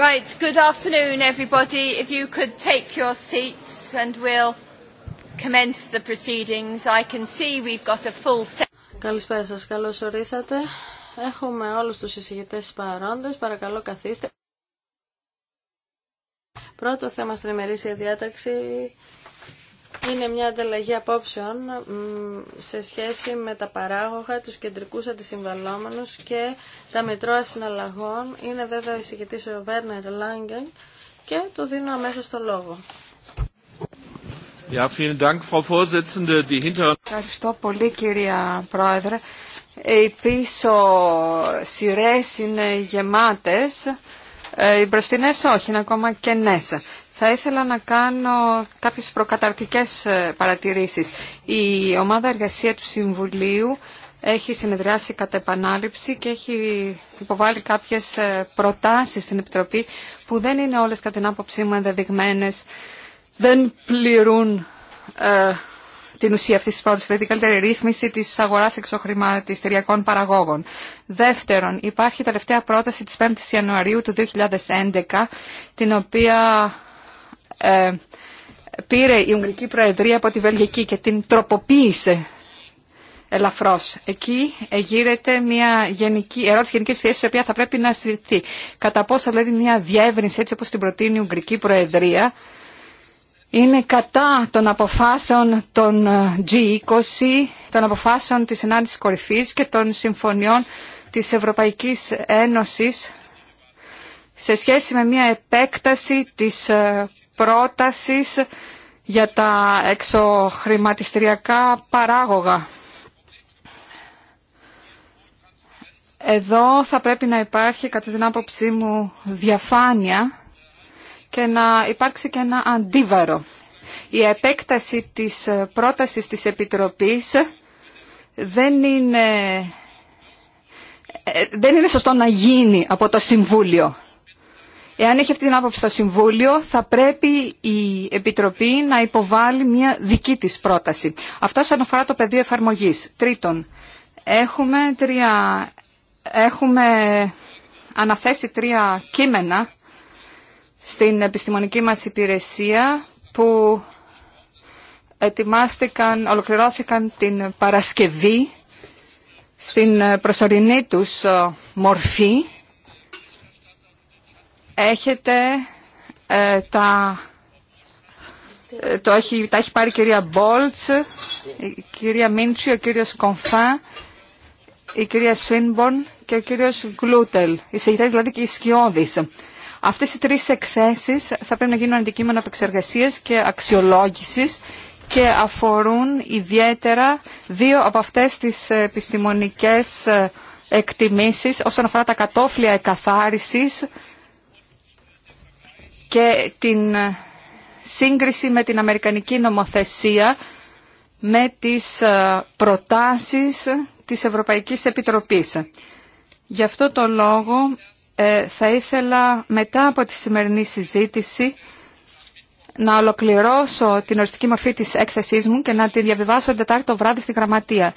Right, good afternoon everybody. If you could take your seats and we'll commence the proceedings. I can see we've got a full set. Καλησπέρα σας, καλώς ορίσατε. Έχουμε όλους τους εισηγητές παρόντες, παρακαλώ καθίστε. Πρώτο θέμα στην ημερήσια διάταξη είναι μια ανταλλαγή απόψεων σε σχέση με τα παράγωγα, τους κεντρικούς αντισυμβαλόμενους και τα μητρώα συναλλαγών. Είναι βέβαια η συγκεκριτής ο Βέρνερ Λάγκεν και το δίνω αμέσως το λόγο. Ευχαριστώ πολύ κυρία Πρόεδρε. Οι πίσω σειρέ είναι γεμάτες, ε, οι μπροστινές όχι, είναι ακόμα κενές. Θα ήθελα να κάνω κάποιες προκαταρτικές ε, παρατηρήσεις. Η ομάδα εργασία του Συμβουλίου έχει συνεδριάσει κατά επανάληψη και έχει υποβάλει κάποιες ε, προτάσεις στην Επιτροπή που δεν είναι όλες κατά την άποψή μου ενδεδειγμένες, δεν πληρούν ε, την ουσία αυτής της πρότασης, δηλαδή καλύτερη ρύθμιση της αγοράς εξωχρηματιστηριακών παραγόγων. Δεύτερον, υπάρχει η τελευταία πρόταση της 5ης Ιανουαρίου του 2011, την οποία ε, πήρε η Ουγγρική Προεδρία από τη Βελγική και την τροποποίησε ελαφρώς. Εκεί γύρεται μια γενική, ερώτηση γενικής φύσης, η οποία θα πρέπει να συζητηθεί. Κατά πόσο δηλαδή μια διεύρυνση, έτσι όπως την προτείνει η Ουγγρική Προεδρία, είναι κατά των αποφάσεων των ε, G20, των αποφάσεων της συνάντησης κορυφής και των συμφωνιών της Ευρωπαϊκής Ένωσης σε σχέση με μια επέκταση της ε, πρότασης για τα εξωχρηματιστριακά παράγωγα. Εδώ θα πρέπει να υπάρχει, κατά την άποψή μου, διαφάνεια και να υπάρξει και ένα αντίβαρο. Η επέκταση της πρότασης της Επιτροπής δεν είναι, ε, δεν είναι σωστό να γίνει από το Συμβούλιο. Εάν έχει αυτή την άποψη το Συμβούλιο, θα πρέπει η Επιτροπή να υποβάλει μια δική της πρόταση. Αυτό σαν αφορά το πεδίο εφαρμογής. Τρίτον, έχουμε, τρία, έχουμε αναθέσει τρία κείμενα στην επιστημονική μας υπηρεσία που ετοιμάστηκαν, ολοκληρώθηκαν την Παρασκευή στην προσωρινή τους μορφή έχετε ε, τα... Ε, το έχει, τα έχει πάρει η κυρία Μπόλτς, η κυρία Μίντσου, ο κύριος Κομφά, η κυρία Σουίνμπορν και ο κύριος Γκλούτελ, οι συγητές δηλαδή και οι σκιώδεις. Αυτές οι τρεις εκθέσεις θα πρέπει να γίνουν αντικείμενα επεξεργασίας και αξιολόγησης και αφορούν ιδιαίτερα δύο από αυτές τις επιστημονικές ε, εκτιμήσεις όσον αφορά τα κατόφλια εκαθάρισης και την σύγκριση με την Αμερικανική νομοθεσία με τις ε, προτάσεις της Ευρωπαϊκής Επιτροπής. Γι' αυτό το λόγο ε, θα ήθελα μετά από τη σημερινή συζήτηση να ολοκληρώσω την οριστική μορφή της έκθεσής μου και να τη διαβιβάσω την Τετάρτη το βράδυ στη Γραμματεία.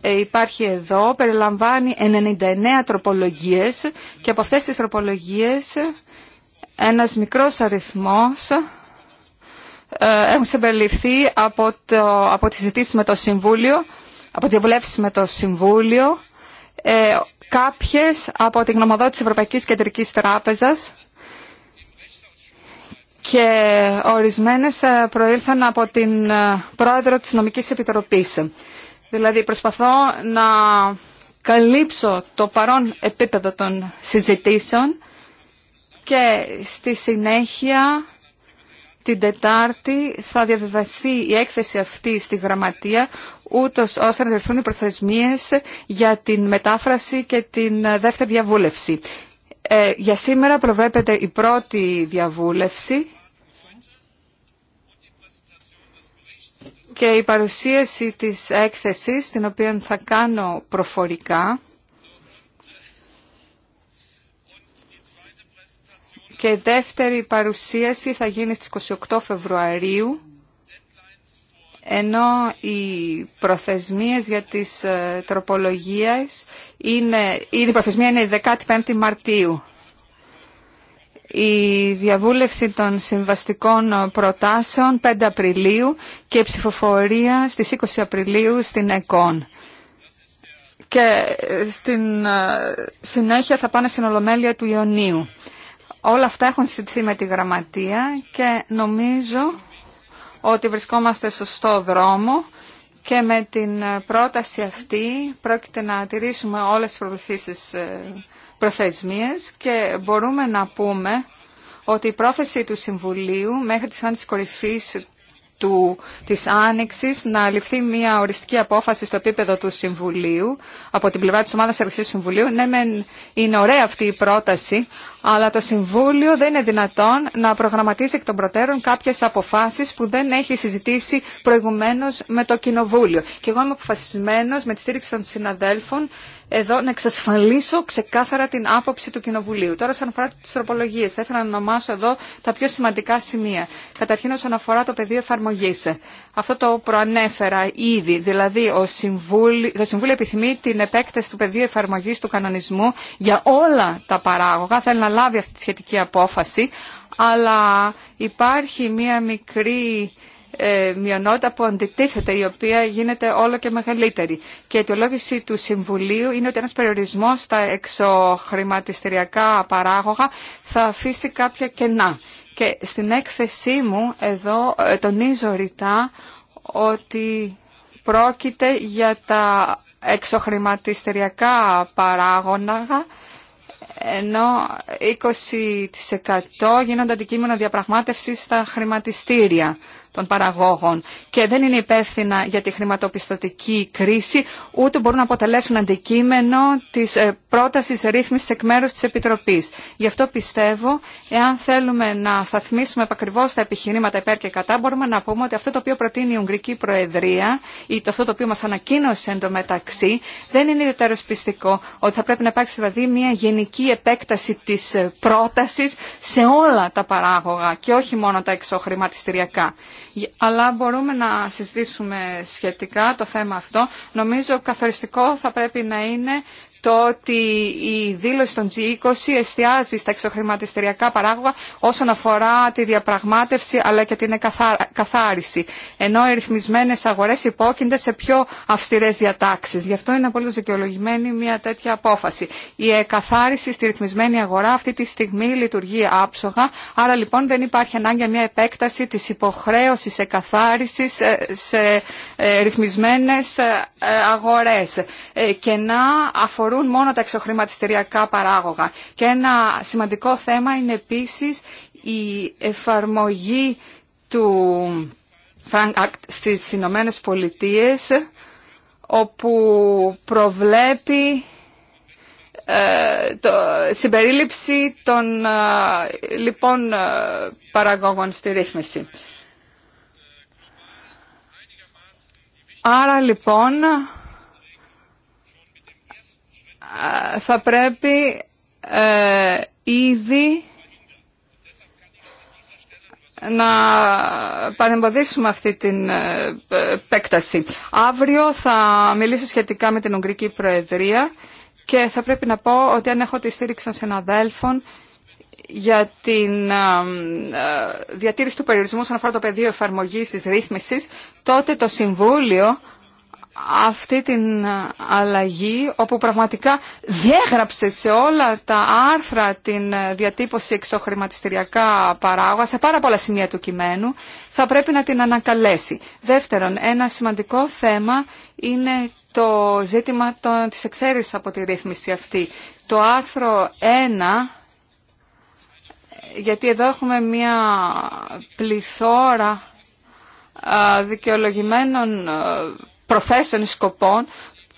Ε, υπάρχει εδώ, περιλαμβάνει 99 τροπολογίες και από αυτές τις τροπολογίες ένας μικρός αριθμός ε, έχουν συμπεριληφθεί από, το, από με το Συμβούλιο, από τη βουλεύση με το Συμβούλιο, ε, κάποιες από την γνωμοδότηση της Ευρωπαϊκής Κεντρικής Τράπεζας και ορισμένες ε, προήλθαν από την ε, πρόεδρο της Νομικής Επιτροπής. Δηλαδή προσπαθώ να καλύψω το παρόν επίπεδο των συζητήσεων και στη συνέχεια την Τετάρτη θα διαβιβαστεί η έκθεση αυτή στη Γραμματεία, ούτω ώστε να διευθούν οι προθεσμίες για την μετάφραση και την δεύτερη διαβούλευση. Ε, για σήμερα προβλέπεται η πρώτη διαβούλευση και η παρουσίαση της έκθεσης, την οποία θα κάνω προφορικά. και η δεύτερη παρουσίαση θα γίνει στις 28 Φεβρουαρίου ενώ οι προθεσμίες για τις ε, τροπολογίες είναι, η προθεσμία είναι η 15η Μαρτίου. Η διαβούλευση των συμβαστικών προτάσεων 5 Απριλίου και η ψηφοφορία στις 20 Απριλίου στην ΕΚΟΝ. Και ε, στην ε, συνέχεια θα πάνε στην Ολομέλεια του Ιωνίου. Όλα αυτά έχουν συζητηθεί με τη γραμματεία και νομίζω ότι βρισκόμαστε στο σωστό δρόμο και με την πρόταση αυτή πρόκειται να τηρήσουμε όλες τις προθέσεις ε, προθεσμίες και μπορούμε να πούμε ότι η πρόθεση του Συμβουλίου μέχρι τη συνάντηση κορυφής του, της Άνοιξης να ληφθεί μια οριστική απόφαση στο επίπεδο του Συμβουλίου, από την πλευρά της Ομάδας Εργασίας Συμβουλίου. Ναι, είναι ωραία αυτή η πρόταση, αλλά το Συμβούλιο δεν είναι δυνατόν να προγραμματίσει εκ των προτέρων κάποιες αποφάσεις που δεν έχει συζητήσει προηγουμένως με το Κοινοβούλιο. Και εγώ είμαι αποφασισμένος με τη στήριξη των συναδέλφων εδώ να εξασφαλίσω ξεκάθαρα την άποψη του Κοινοβουλίου. Τώρα, σαν αφορά τι τροπολογίε, θα ήθελα να ονομάσω εδώ τα πιο σημαντικά σημεία. Καταρχήν, όσον αφορά το πεδίο εφαρμογή. Αυτό το προανέφερα ήδη. Δηλαδή, ο το Συμβούλιο επιθυμεί την επέκταση του πεδίου εφαρμογή του κανονισμού για όλα τα παράγωγα. Θέλει να λάβει αυτή τη σχετική απόφαση. Αλλά υπάρχει μία μικρή ε, μειονότητα που αντιτίθεται, η οποία γίνεται όλο και μεγαλύτερη. Και η αιτιολόγηση του Συμβουλίου είναι ότι ένας περιορισμός στα εξωχρηματιστηριακά παράγωγα θα αφήσει κάποια κενά. Και στην έκθεσή μου εδώ ε, τονίζω ρητά ότι πρόκειται για τα εξωχρηματιστηριακά παράγωνα ενώ 20% γίνονται αντικείμενα διαπραγμάτευσης στα χρηματιστήρια των παραγόγων και δεν είναι υπεύθυνα για τη χρηματοπιστωτική κρίση, ούτε μπορούν να αποτελέσουν αντικείμενο τη ε, πρόταση ρύθμιση εκ μέρου τη επιτροπή. Γι' αυτό πιστεύω, εάν θέλουμε να σταθμίσουμε ακριβώ τα επιχειρήματα υπέρ και κατά, μπορούμε να πούμε ότι αυτό το οποίο προτείνει η Ουγγρική Προεδρία ή το αυτό το οποίο μα ανακοίνωσε εντωμεταξύ, δεν είναι ιδιαίτερο πιστικό ότι θα πρέπει να υπάρξει δηλαδή μια γενική επέκταση τη ε, πρόταση σε όλα τα παράγωγα και όχι μόνο τα εξωχρηματιστηριακά αλλά μπορούμε να συζητήσουμε σχετικά το θέμα αυτό. Νομίζω καθοριστικό θα πρέπει να είναι το ότι η δήλωση των G20 εστιάζει στα εξωχρηματιστηριακά παράγωγα όσον αφορά τη διαπραγμάτευση αλλά και την καθάριση. Ενώ οι ρυθμισμένε αγορέ υπόκεινται σε πιο αυστηρέ διατάξει. Γι' αυτό είναι απολύτω δικαιολογημένη μια τέτοια απόφαση. Η εκαθάριση στη ρυθμισμένη αγορά αυτή τη στιγμή λειτουργεί άψογα, άρα λοιπόν δεν υπάρχει ανάγκη μια επέκταση τη υποχρέωση εκαθάριση ε, σε ε, ρυθμισμένε ε, αγορέ. Και να αφορούν μόνο τα εξοχρηματιστηριακά παράγωγα. Και ένα σημαντικό θέμα είναι επίσης η εφαρμογή του Frank Act στις Ηνωμένε Πολιτείε, όπου προβλέπει ε, το, συμπερίληψη των ε, λοιπόν ε, παραγωγών στη ρύθμιση. Άρα λοιπόν θα πρέπει ε, ήδη να παρεμποδίσουμε αυτή την ε, πέκταση. Αύριο θα μιλήσω σχετικά με την Ουγγρική Προεδρία και θα πρέπει να πω ότι αν έχω τη στήριξη των συναδέλφων για την ε, διατήρηση του περιορισμού όσον αφορά το πεδίο εφαρμογής της ρύθμισης, τότε το Συμβούλιο αυτή την αλλαγή όπου πραγματικά διέγραψε σε όλα τα άρθρα την διατύπωση εξωχρηματιστηριακά παράγωγα σε πάρα πολλά σημεία του κειμένου θα πρέπει να την ανακαλέσει. Δεύτερον, ένα σημαντικό θέμα είναι το ζήτημα της εξαίρεσης από τη ρύθμιση αυτή. Το άρθρο 1 γιατί εδώ έχουμε μια πληθώρα δικαιολογημένων προθέσεων σκοπών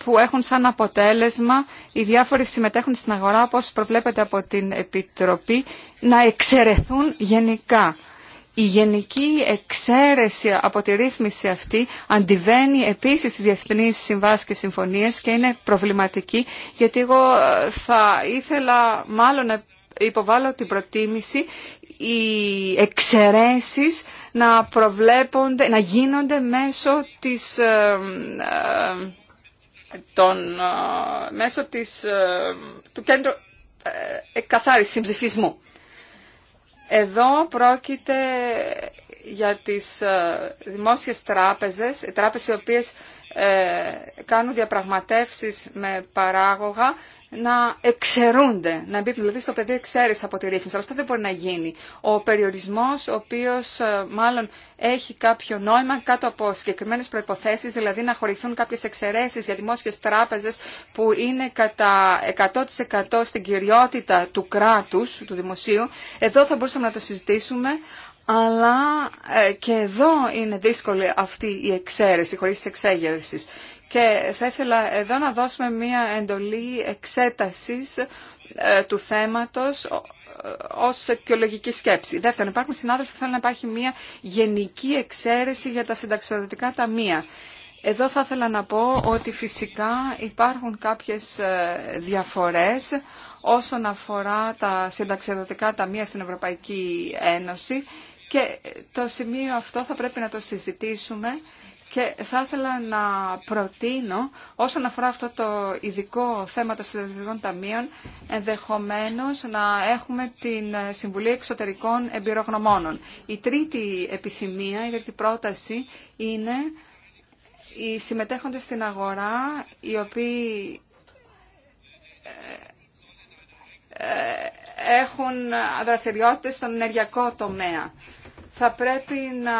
που έχουν σαν αποτέλεσμα οι διάφοροι συμμετέχοντες στην αγορά, όπως προβλέπεται από την Επιτροπή, να εξαιρεθούν γενικά. Η γενική εξαίρεση από τη ρύθμιση αυτή αντιβαίνει επίσης στις διεθνείς συμβάσεις και συμφωνίες και είναι προβληματική γιατί εγώ ε, θα ήθελα μάλλον να υποβάλω την προτίμηση οι εξαιρεσει να προβλέπονται, να γίνονται μέσω της, ε, ε, των, ε, μέσω της, του κέντρου Καθάρισης συμψηφισμού. Εδώ πρόκειται για τις δημόσιες τράπεζες, τράπεζες οι οποίες κάνουν διαπραγματεύσεις με παράγωγα να εξαιρούνται, να μπει δηλαδή στο πεδίο εξαίρεση από τη ρύθμιση. Αλλά αυτό δεν μπορεί να γίνει. Ο περιορισμό, ο οποίο ε, μάλλον έχει κάποιο νόημα κάτω από συγκεκριμένε προποθέσει, δηλαδή να χορηγηθούν κάποιε εξαιρέσει για δημόσιε τράπεζε που είναι κατά 100% στην κυριότητα του κράτου, του δημοσίου. Εδώ θα μπορούσαμε να το συζητήσουμε. Αλλά ε, και εδώ είναι δύσκολη αυτή η εξαίρεση, χωρίς εξέγερση. Και θα ήθελα εδώ να δώσουμε μία εντολή εξέτασης ε, του θέματος ε, ω αιτιολογική σκέψη. Δεύτερον, υπάρχουν συνάδελφοι που θέλουν να υπάρχει μια γενική εξαίρεση για τα συνταξιοδοτικά ταμεία. Εδώ θα ήθελα να πω ότι φυσικά υπάρχουν κάποιες ε, διαφορές όσον αφορά τα συνταξιοδοτικά ταμεία στην Ευρωπαϊκή Ένωση και το σημείο αυτό θα πρέπει να το συζητήσουμε και θα ήθελα να προτείνω όσον αφορά αυτό το ειδικό θέμα των συνδεδετικών ταμείων ενδεχομένως να έχουμε την Συμβουλή Εξωτερικών Εμπειρογνωμόνων. Η τρίτη επιθυμία, η τρίτη πρόταση είναι οι συμμετέχοντες στην αγορά οι οποίοι ε, ε, έχουν δραστηριότητες στον ενεργειακό τομέα θα πρέπει να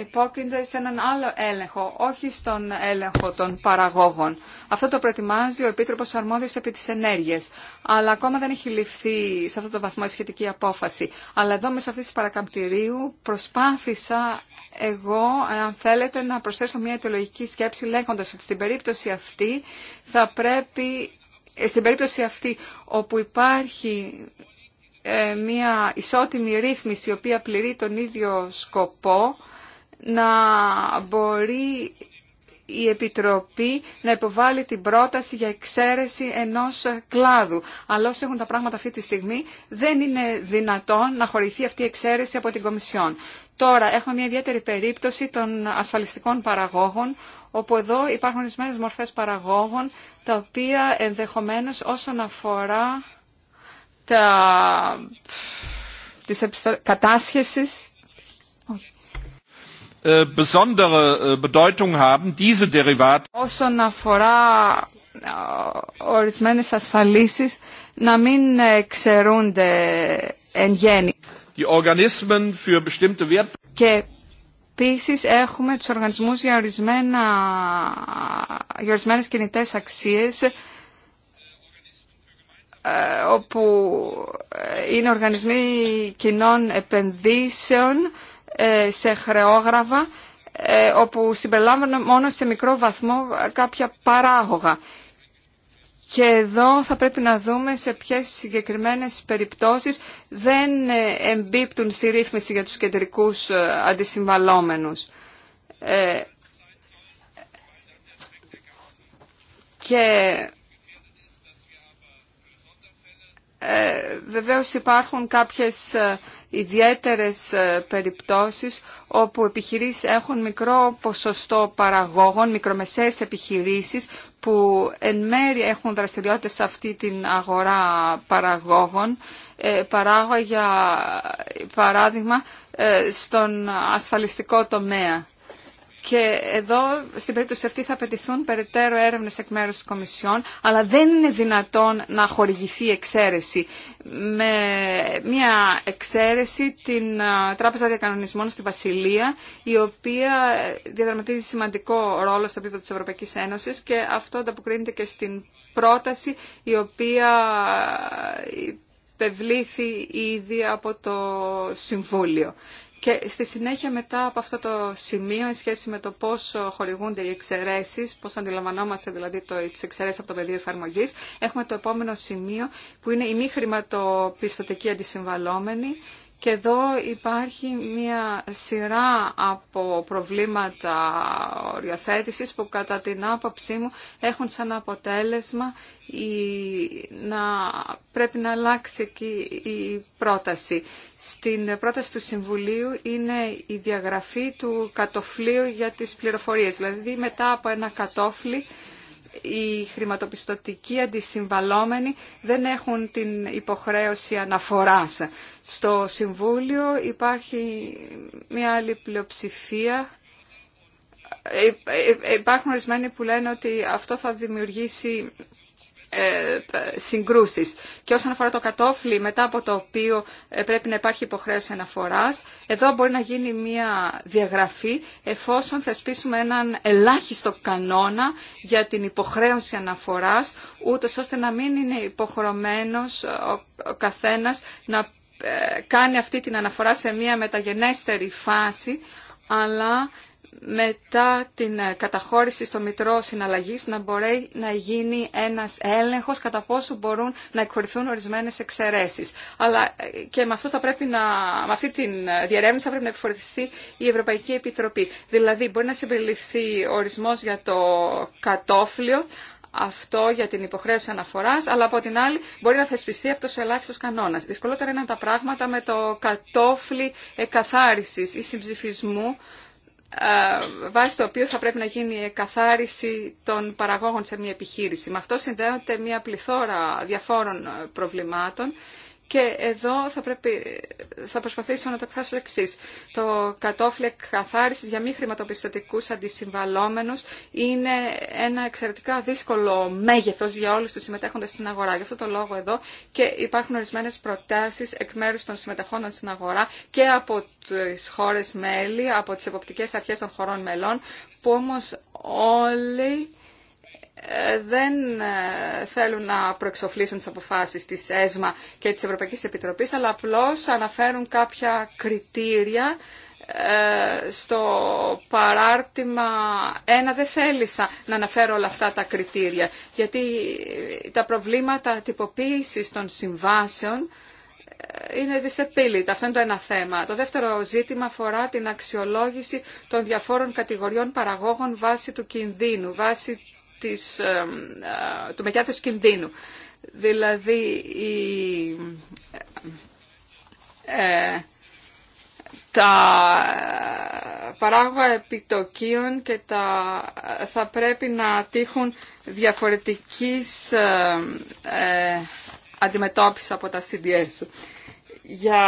υπόκεινται σε έναν άλλο έλεγχο, όχι στον έλεγχο των παραγόγων. Αυτό το προετοιμάζει ο Επίτροπος Αρμόδιος επί της ενέργειας. Αλλά ακόμα δεν έχει ληφθεί σε αυτό το βαθμό η σχετική απόφαση. Αλλά εδώ μέσα αυτής της παρακαμπτηρίου προσπάθησα εγώ, αν θέλετε, να προσθέσω μια αιτιολογική σκέψη λέγοντας ότι στην περίπτωση αυτή θα πρέπει στην περίπτωση αυτή όπου υπάρχει ε, μια ισότιμη ρύθμιση η οποία πληρεί τον ίδιο σκοπό να μπορεί η Επιτροπή να υποβάλει την πρόταση για εξαίρεση ενός κλάδου. Αλλά οσο έχουν τα πράγματα αυτή τη στιγμή δεν είναι δυνατόν να χωρηθεί αυτή η εξαίρεση από την Κομισιόν. Τώρα έχουμε μια ιδιαίτερη περίπτωση των ασφαλιστικών παραγόγων, όπου εδώ υπάρχουν ορισμένε μορφές παραγόγων, τα οποία ενδεχομένως όσον αφορά τα, της κατάσχεσης. Ε, ε, Όσον αφορά ε, ορισμένε ασφαλίσεις, να μην ξερούνται εν γέννη. Και Επίση έχουμε του οργανισμού για, ορισμένε κινητέ αξίε. Ε, όπου ε, είναι οργανισμοί κοινών επενδύσεων ε, σε χρεόγραφα όπου συμπεριλάμβανε μόνο σε μικρό βαθμό κάποια παράγωγα. Και εδώ θα πρέπει να δούμε σε ποιες συγκεκριμένες περιπτώσεις δεν εμπίπτουν στη ρύθμιση για τους κεντρικούς αντισυμβαλόμενους. Και Ε, βεβαίως υπάρχουν κάποιες ε, ιδιαίτερες ε, περιπτώσεις όπου επιχειρήσεις έχουν μικρό ποσοστό παραγόγων, μικρομεσαίες επιχειρήσεις που εν μέρει έχουν δραστηριότητες σε αυτή την αγορά παραγόγων. Ε, παράγω για παράδειγμα στον ασφαλιστικό τομέα. Και εδώ, στην περίπτωση αυτή, θα απαιτηθούν περαιτέρω έρευνε εκ μέρου τη Κομισιόν, αλλά δεν είναι δυνατόν να χορηγηθεί εξαίρεση. Με μια εξαίρεση την Τράπεζα Διακανονισμών στη Βασιλεία, η οποία διαδραματίζει σημαντικό ρόλο στο επίπεδο τη Ευρωπαϊκή Ένωση και αυτό ανταποκρίνεται και στην πρόταση η οποία υπευλήθη ήδη από το Συμβούλιο. Και στη συνέχεια μετά από αυτό το σημείο, εν σχέση με το πώς χορηγούνται οι εξαιρέσεις, πώς αντιλαμβανόμαστε δηλαδή το, τις εξαιρέσεις από το πεδίο εφαρμογή, έχουμε το επόμενο σημείο που είναι η μη χρηματοπιστωτική αντισυμβαλόμενη, και εδώ υπάρχει μια σειρά από προβλήματα οριοθέτηση που κατά την άποψή μου έχουν σαν αποτέλεσμα η... να πρέπει να αλλάξει και η πρόταση. Στην πρόταση του Συμβουλίου είναι η διαγραφή του κατοφλίου για τις πληροφορίες. Δηλαδή μετά από ένα κατόφλι οι χρηματοπιστωτικοί αντισυμβαλόμενοι δεν έχουν την υποχρέωση αναφοράς. Στο Συμβούλιο υπάρχει μια άλλη πλειοψηφία. Ε, ε, ε, υπάρχουν ορισμένοι που λένε ότι αυτό θα δημιουργήσει ε, συγκρούσεις. Και όσον αφορά το κατόφλι μετά από το οποίο ε, πρέπει να υπάρχει υποχρέωση αναφοράς, εδώ μπορεί να γίνει μια διαγραφή εφόσον θεσπίσουμε έναν ελάχιστο κανόνα για την υποχρέωση αναφοράς, ούτως ώστε να μην είναι υποχρεωμένος ε, ο καθένας να κάνει αυτή την αναφορά σε μια μεταγενέστερη φάση, αλλά μετά την ε, καταχώρηση στο Μητρό συναλλαγή, να μπορεί να γίνει ένα έλεγχο κατά πόσο μπορούν να εκχωρηθούν ορισμένε εξαιρεσει. Αλλά ε, και με, αυτό θα πρέπει να, αυτή τη ε, διερεύνηση θα πρέπει να εκφορηθεί η Ευρωπαϊκή Επιτροπή. Δηλαδή μπορεί να συμπεριληφθεί ορισμό για το κατόφλιο, αυτό για την υποχρέωση αναφορά, αλλά από την άλλη μπορεί να θεσπιστεί αυτό ο ελάχιστο κανόνα. Δυσκολότερα είναι τα πράγματα με το κατόφλι εκαθάριση ή συμψηφισμού βάσει το οποίο θα πρέπει να γίνει η εκαθάριση των παραγόγων σε μια επιχείρηση. Με αυτό συνδέονται μια πληθώρα διαφόρων ε, προβλημάτων και εδώ θα, πρέπει, θα προσπαθήσω να το εκφράσω εξή. Το κατόφλι καθάρισης για μη χρηματοπιστωτικού αντισυμβαλόμενου είναι ένα εξαιρετικά δύσκολο μέγεθος για όλους τους συμμετέχοντες στην αγορά. Γι' αυτό το λόγο εδώ και υπάρχουν ορισμένε προτάσεις εκ μέρους των συμμετεχόντων στην αγορά και από τι χώρε μέλη, από τι εποπτικές αρχέ των χωρών μελών, που όμω όλοι ε, δεν ε, θέλουν να προεξοφλήσουν τις αποφάσεις της ΕΣΜΑ και της Ευρωπαϊκής Επιτροπής, αλλά απλώς αναφέρουν κάποια κριτήρια ε, στο παράρτημα ένα δεν θέλησα να αναφέρω όλα αυτά τα κριτήρια γιατί τα προβλήματα τυποποίησης των συμβάσεων είναι δυσεπίλητα. Αυτό είναι το ένα θέμα. Το δεύτερο ζήτημα αφορά την αξιολόγηση των διαφόρων κατηγοριών παραγόγων βάσει του κινδύνου, βάσει ε, ε, του μεγέθους κινδύνου. Δηλαδή, ε, τα παράγωγα επιτοκίων και τα, θα πρέπει να τύχουν διαφορετικής ε, αντιμετώπισης από τα CDS. Για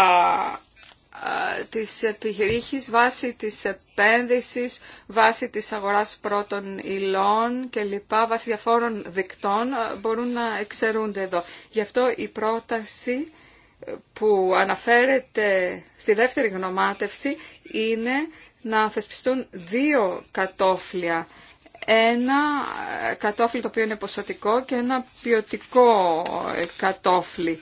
της επιχειρήχης βάσει της επένδυσης, βάσει της αγοράς πρώτων υλών και λοιπά, βάσει διαφόρων δικτών ε, μπορούν να εξαιρούνται εδώ. Γι' αυτό η πρόταση ε, που αναφέρεται στη δεύτερη γνωμάτευση είναι να θεσπιστούν δύο κατόφλια. Ένα ε, κατόφλι το οποίο είναι ποσοτικό και ένα ποιοτικό κατόφλι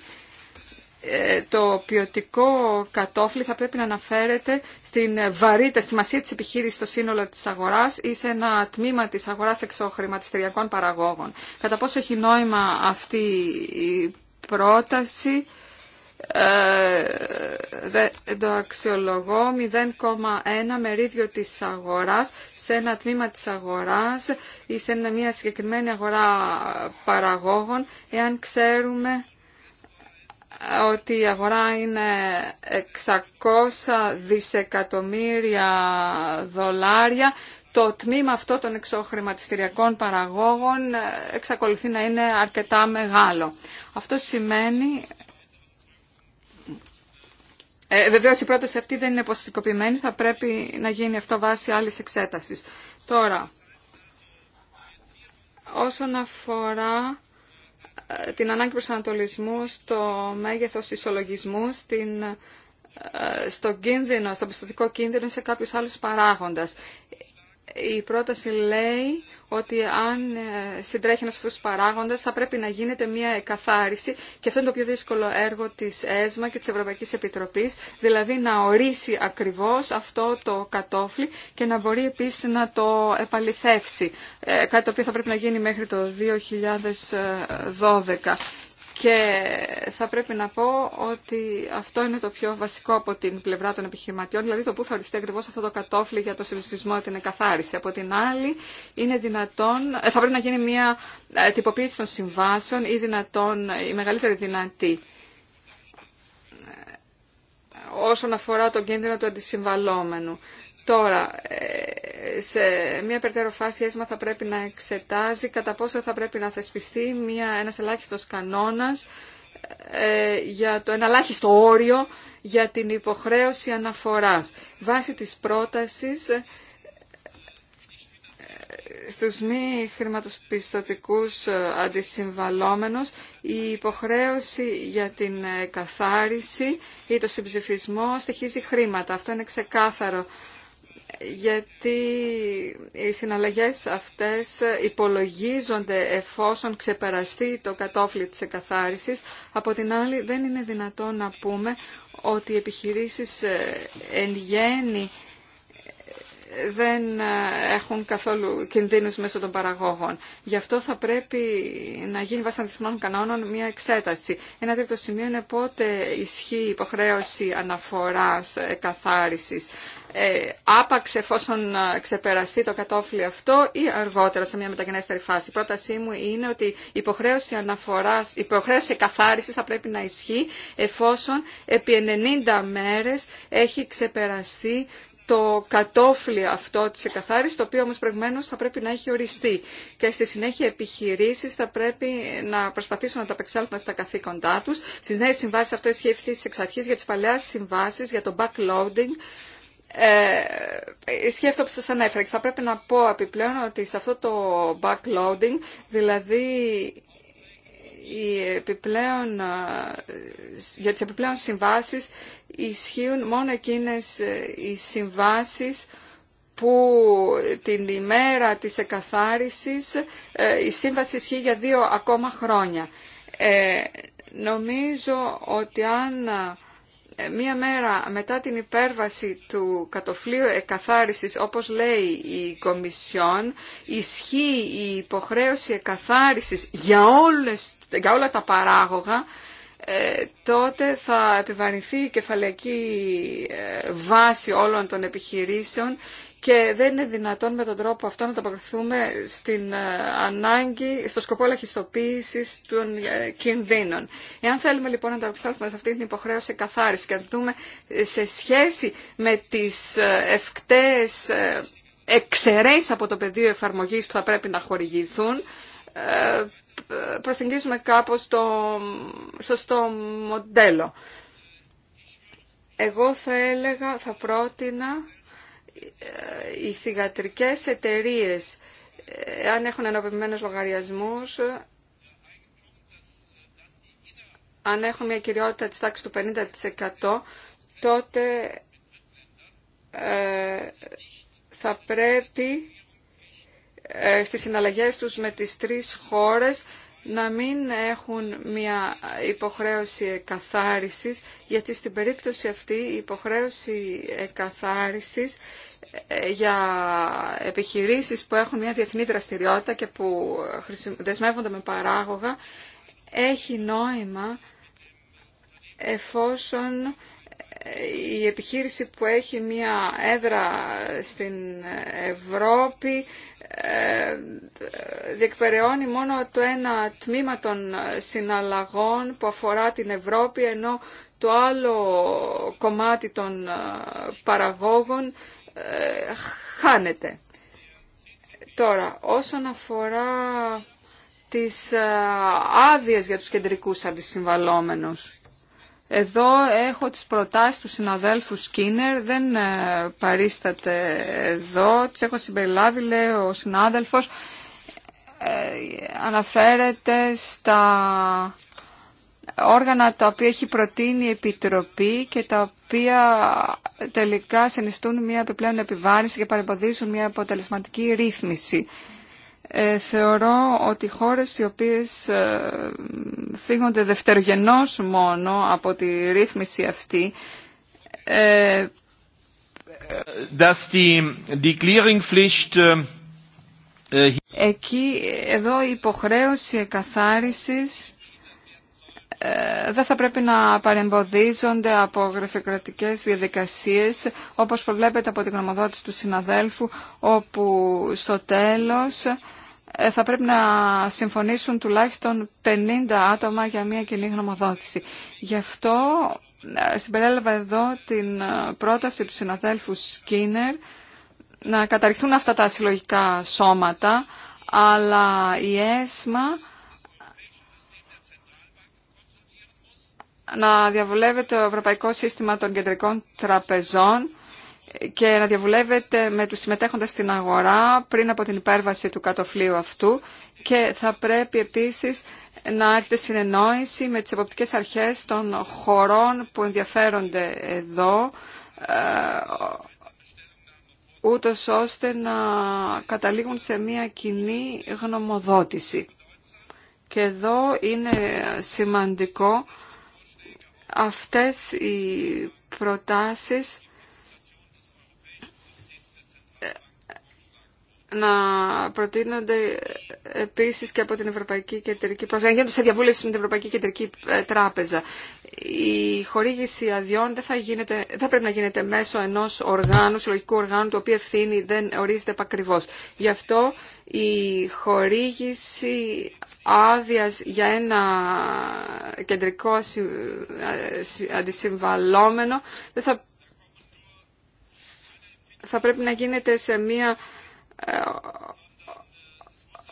ε, το ποιοτικό κατόφλι θα πρέπει να αναφέρεται στην βαρύτητα, στη σημασία της επιχείρησης στο σύνολο της αγοράς ή σε ένα τμήμα της αγοράς εξωχρηματιστηριακών παραγόγων. Κατά πόσο έχει νόημα αυτή η πρόταση ε, το αξιολογώ 0,1 μερίδιο της αγοράς σε ένα τμήμα της αγοράς ή σε μια συγκεκριμένη αγορά παραγόγων εάν ξέρουμε ότι η αγορά είναι 600 δισεκατομμύρια δολάρια. Το τμήμα αυτό των εξωχρηματιστηριακών παραγόγων εξακολουθεί να είναι αρκετά μεγάλο. Αυτό σημαίνει... Ε, βεβαίως η πρόταση αυτή δεν είναι ποσοτικοποιημένη, θα πρέπει να γίνει αυτό βάσει άλλης εξέτασης. Τώρα, όσον αφορά την ανάγκη προσανατολισμού στο μέγεθος ισολογισμού, στην, ε, στο κίνδυνο, στο πιστοτικό κίνδυνο σε κάποιους άλλους παράγοντας η πρόταση λέει ότι αν ε, συντρέχει ένας αυτός παράγοντας θα πρέπει να γίνεται μια εκαθάριση και αυτό είναι το πιο δύσκολο έργο της ΕΣΜΑ και της Ευρωπαϊκής Επιτροπής, δηλαδή να ορίσει ακριβώς αυτό το κατόφλι και να μπορεί επίσης να το επαληθεύσει, ε, κάτι το οποίο θα πρέπει να γίνει μέχρι το 2012. Και θα πρέπει να πω ότι αυτό είναι το πιο βασικό από την πλευρά των επιχειρηματιών, δηλαδή το που θα οριστεί ακριβώ αυτό το κατόφλι για το συμβισμό την εκαθάριση. Από την άλλη, είναι δυνατόν, ε, θα πρέπει να γίνει μια ε, τυποποίηση των συμβάσεων ή δυνατόν ε, η μεγαλύτερη δυνατή όσον αφορά τον κίνδυνο του αντισυμβαλόμενου. Τώρα, ε, σε μια περαιτέρω φάση ΕΣΜΑ θα πρέπει να εξετάζει κατά πόσο θα πρέπει να θεσπιστεί μια, ένας ελάχιστος κανόνας ε, για το ελάχιστο όριο για την υποχρέωση αναφοράς. Βάσει της πρότασης ε, στους μη χρηματοπιστωτικούς ε, αντισυμβαλόμενους η υποχρέωση για την καθάριση ή το συμψηφισμό στοιχίζει χρήματα. Αυτό είναι ξεκάθαρο γιατί οι συναλλαγές αυτές υπολογίζονται εφόσον ξεπεραστεί το κατόφλι της εκαθάρισης. Από την άλλη δεν είναι δυνατόν να πούμε ότι οι επιχειρήσεις ε, εν γέννη δεν ε, έχουν καθόλου κινδύνους μέσω των παραγόγων. Γι' αυτό θα πρέπει να γίνει βάσει κανόνων μια εξέταση. Ένα τρίτο σημείο είναι πότε ισχύει η υποχρέωση αναφοράς καθάρισης. Ε, άπαξ εφόσον ξεπεραστεί το κατόφλι αυτό ή αργότερα σε μια μεταγενέστερη φάση. Η πρότασή μου είναι ότι η υποχρέωση, αναφοράς, η υποχρέωση καθάρισης θα πρέπει να ισχύει εφόσον επί 90 μέρες έχει ξεπεραστεί το κατόφλι αυτό της εκαθάρισης, το οποίο όμως προηγουμένως θα πρέπει να έχει οριστεί. Και στη συνέχεια επιχειρήσεις θα πρέπει να προσπαθήσουν να τα απεξέλθουν στα καθήκοντά τους. Στις νέες συμβάσεις αυτό ισχύει ευθύς εξ αρχής για τις παλαιές συμβάσεις, για το backloading, ε, σκέφτομαι που σας ανέφερα και θα πρέπει να πω επιπλέον ότι σε αυτό το backloading, δηλαδή οι επιπλέον, ε, για τις επιπλέον συμβάσεις ισχύουν μόνο εκείνες ε, οι συμβάσεις που την ημέρα της εκαθάρισης η σύμβαση ισχύει για δύο ακόμα χρόνια. νομίζω ότι αν μία μέρα μετά την υπέρβαση του κατοφλίου εκαθάρισης, όπως λέει η Κομισιόν, ισχύει η υποχρέωση εκαθάρισης για, όλες, για όλα τα παράγωγα, ε, τότε θα επιβαρυνθεί η κεφαλαϊκή ε, βάση όλων των επιχειρήσεων και δεν είναι δυνατόν με τον τρόπο αυτό να ταποκριθούμε στην ε, ανάγκη, στο σκοπό ελαχιστοποίηση των ε, κινδύνων. Εάν θέλουμε λοιπόν να ταποκριθούμε σε αυτή την υποχρέωση καθάριση και να δούμε ε, σε σχέση με τις ευκταίε εξαιρέσει από το πεδίο εφαρμογή που θα πρέπει να χορηγηθούν, προσεγγίζουμε κάπως το σωστό μοντέλο. Εγώ θα έλεγα, θα πρότεινα οι θηγατρικές εταιρείες, ε, αν έχουν ενωπημένους λογαριασμούς, αν έχουν μια κυριότητα της τάξης του 50%, τότε ε, θα πρέπει ε, στις συναλλαγές τους με τις τρεις χώρες να μην έχουν μια υποχρέωση καθάρισης, γιατί στην περίπτωση αυτή η υποχρέωση εκαθάρισης ε, για επιχειρήσεις που έχουν μια διεθνή δραστηριότητα και που δεσμεύονται με παράγωγα έχει νόημα εφόσον η επιχείρηση που έχει μία έδρα στην Ευρώπη ε, διεκπεραιώνει μόνο το ένα τμήμα των συναλλαγών που αφορά την Ευρώπη ενώ το άλλο κομμάτι των ε, παραγόγων ε, χάνεται. Τώρα, όσον αφορά τις άδειες για τους κεντρικούς αντισυμβαλόμενους, εδώ έχω τις προτάσεις του συναδέλφου Σκίνερ, δεν ε, παρίσταται εδώ, τις έχω συμπεριλάβει, λέει ο συνάδελφος, ε, αναφέρεται στα όργανα τα οποία έχει προτείνει η Επιτροπή και τα οποία τελικά συνιστούν μια επιπλέον επιβάρηση και παρεμποδίζουν μια αποτελεσματική ρύθμιση. Ε, θεωρώ ότι οι χώρες οι οποίες ε, φύγονται δευτερογενώς μόνο από τη ρύθμιση αυτή ε, dass die, die Clearingpflicht äh, äh, Εκεί, εδώ η υποχρέωση εκαθάρισης δεν θα πρέπει να παρεμποδίζονται από γραφειοκρατικές διαδικασίες όπως προβλέπεται από την γνωμοδότηση του συναδέλφου όπου στο τέλος ε, θα πρέπει να συμφωνήσουν τουλάχιστον 50 άτομα για μια κοινή γνωμοδότηση. Γι' αυτό ε, συμπεριέλαβα εδώ την ε, πρόταση του συναδέλφου Σκίνερ να καταρριχθούν αυτά τα συλλογικά σώματα, αλλά η ΕΣΜΑ να διαβουλεύεται το Ευρωπαϊκό Σύστημα των Κεντρικών Τραπεζών και να διαβουλεύεται με τους συμμετέχοντες στην αγορά πριν από την υπέρβαση του κατοφλίου αυτού και θα πρέπει επίσης να έρθει συνεννόηση με τις εποπτικές αρχές των χωρών που ενδιαφέρονται εδώ ε, ούτως ώστε να καταλήγουν σε μια κοινή γνωμοδότηση. Και εδώ είναι σημαντικό αυτές οι προτάσεις να προτείνονται επίση και από την Ευρωπαϊκή Κεντρική Τράπεζα, να γίνονται σε διαβούλευση με την Ευρωπαϊκή Κεντρική ε, Τράπεζα. Η χορήγηση αδειών δεν θα, γίνεται, δεν πρέπει να γίνεται μέσω ενός οργάνου, συλλογικού οργάνου, το οποίο ευθύνη δεν ορίζεται επακριβώ. Γι' αυτό η χορήγηση άδεια για ένα κεντρικό αντισυμβαλόμενο θα, θα πρέπει να γίνεται σε μία ε,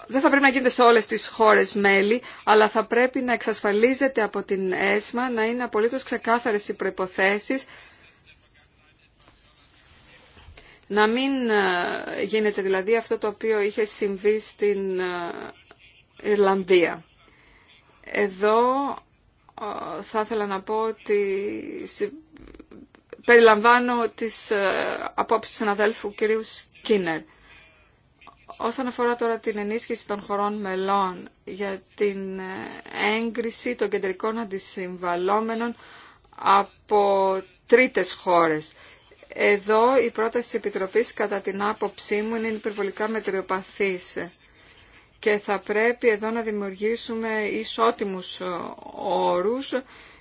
δεν θα πρέπει να γίνεται σε όλες τις χώρες μέλη, αλλά θα πρέπει να εξασφαλίζεται από την ΕΣΜΑ να είναι απολύτως ξεκάθαρες οι προϋποθέσεις, να μην ε, γίνεται δηλαδή αυτό το οποίο είχε συμβεί στην ε, Ιρλανδία. Εδώ θα ήθελα να πω ότι περιλαμβάνω τις απόψεις του συναδέλφου κυρίου Σκίνερ. Όσον αφορά τώρα την ενίσχυση των χωρών μελών για την έγκριση των κεντρικών αντισυμβαλόμενων από τρίτες χώρες. Εδώ η πρόταση της Επιτροπής κατά την άποψή μου είναι υπερβολικά μετριοπαθής και θα πρέπει εδώ να δημιουργήσουμε ισότιμους όρους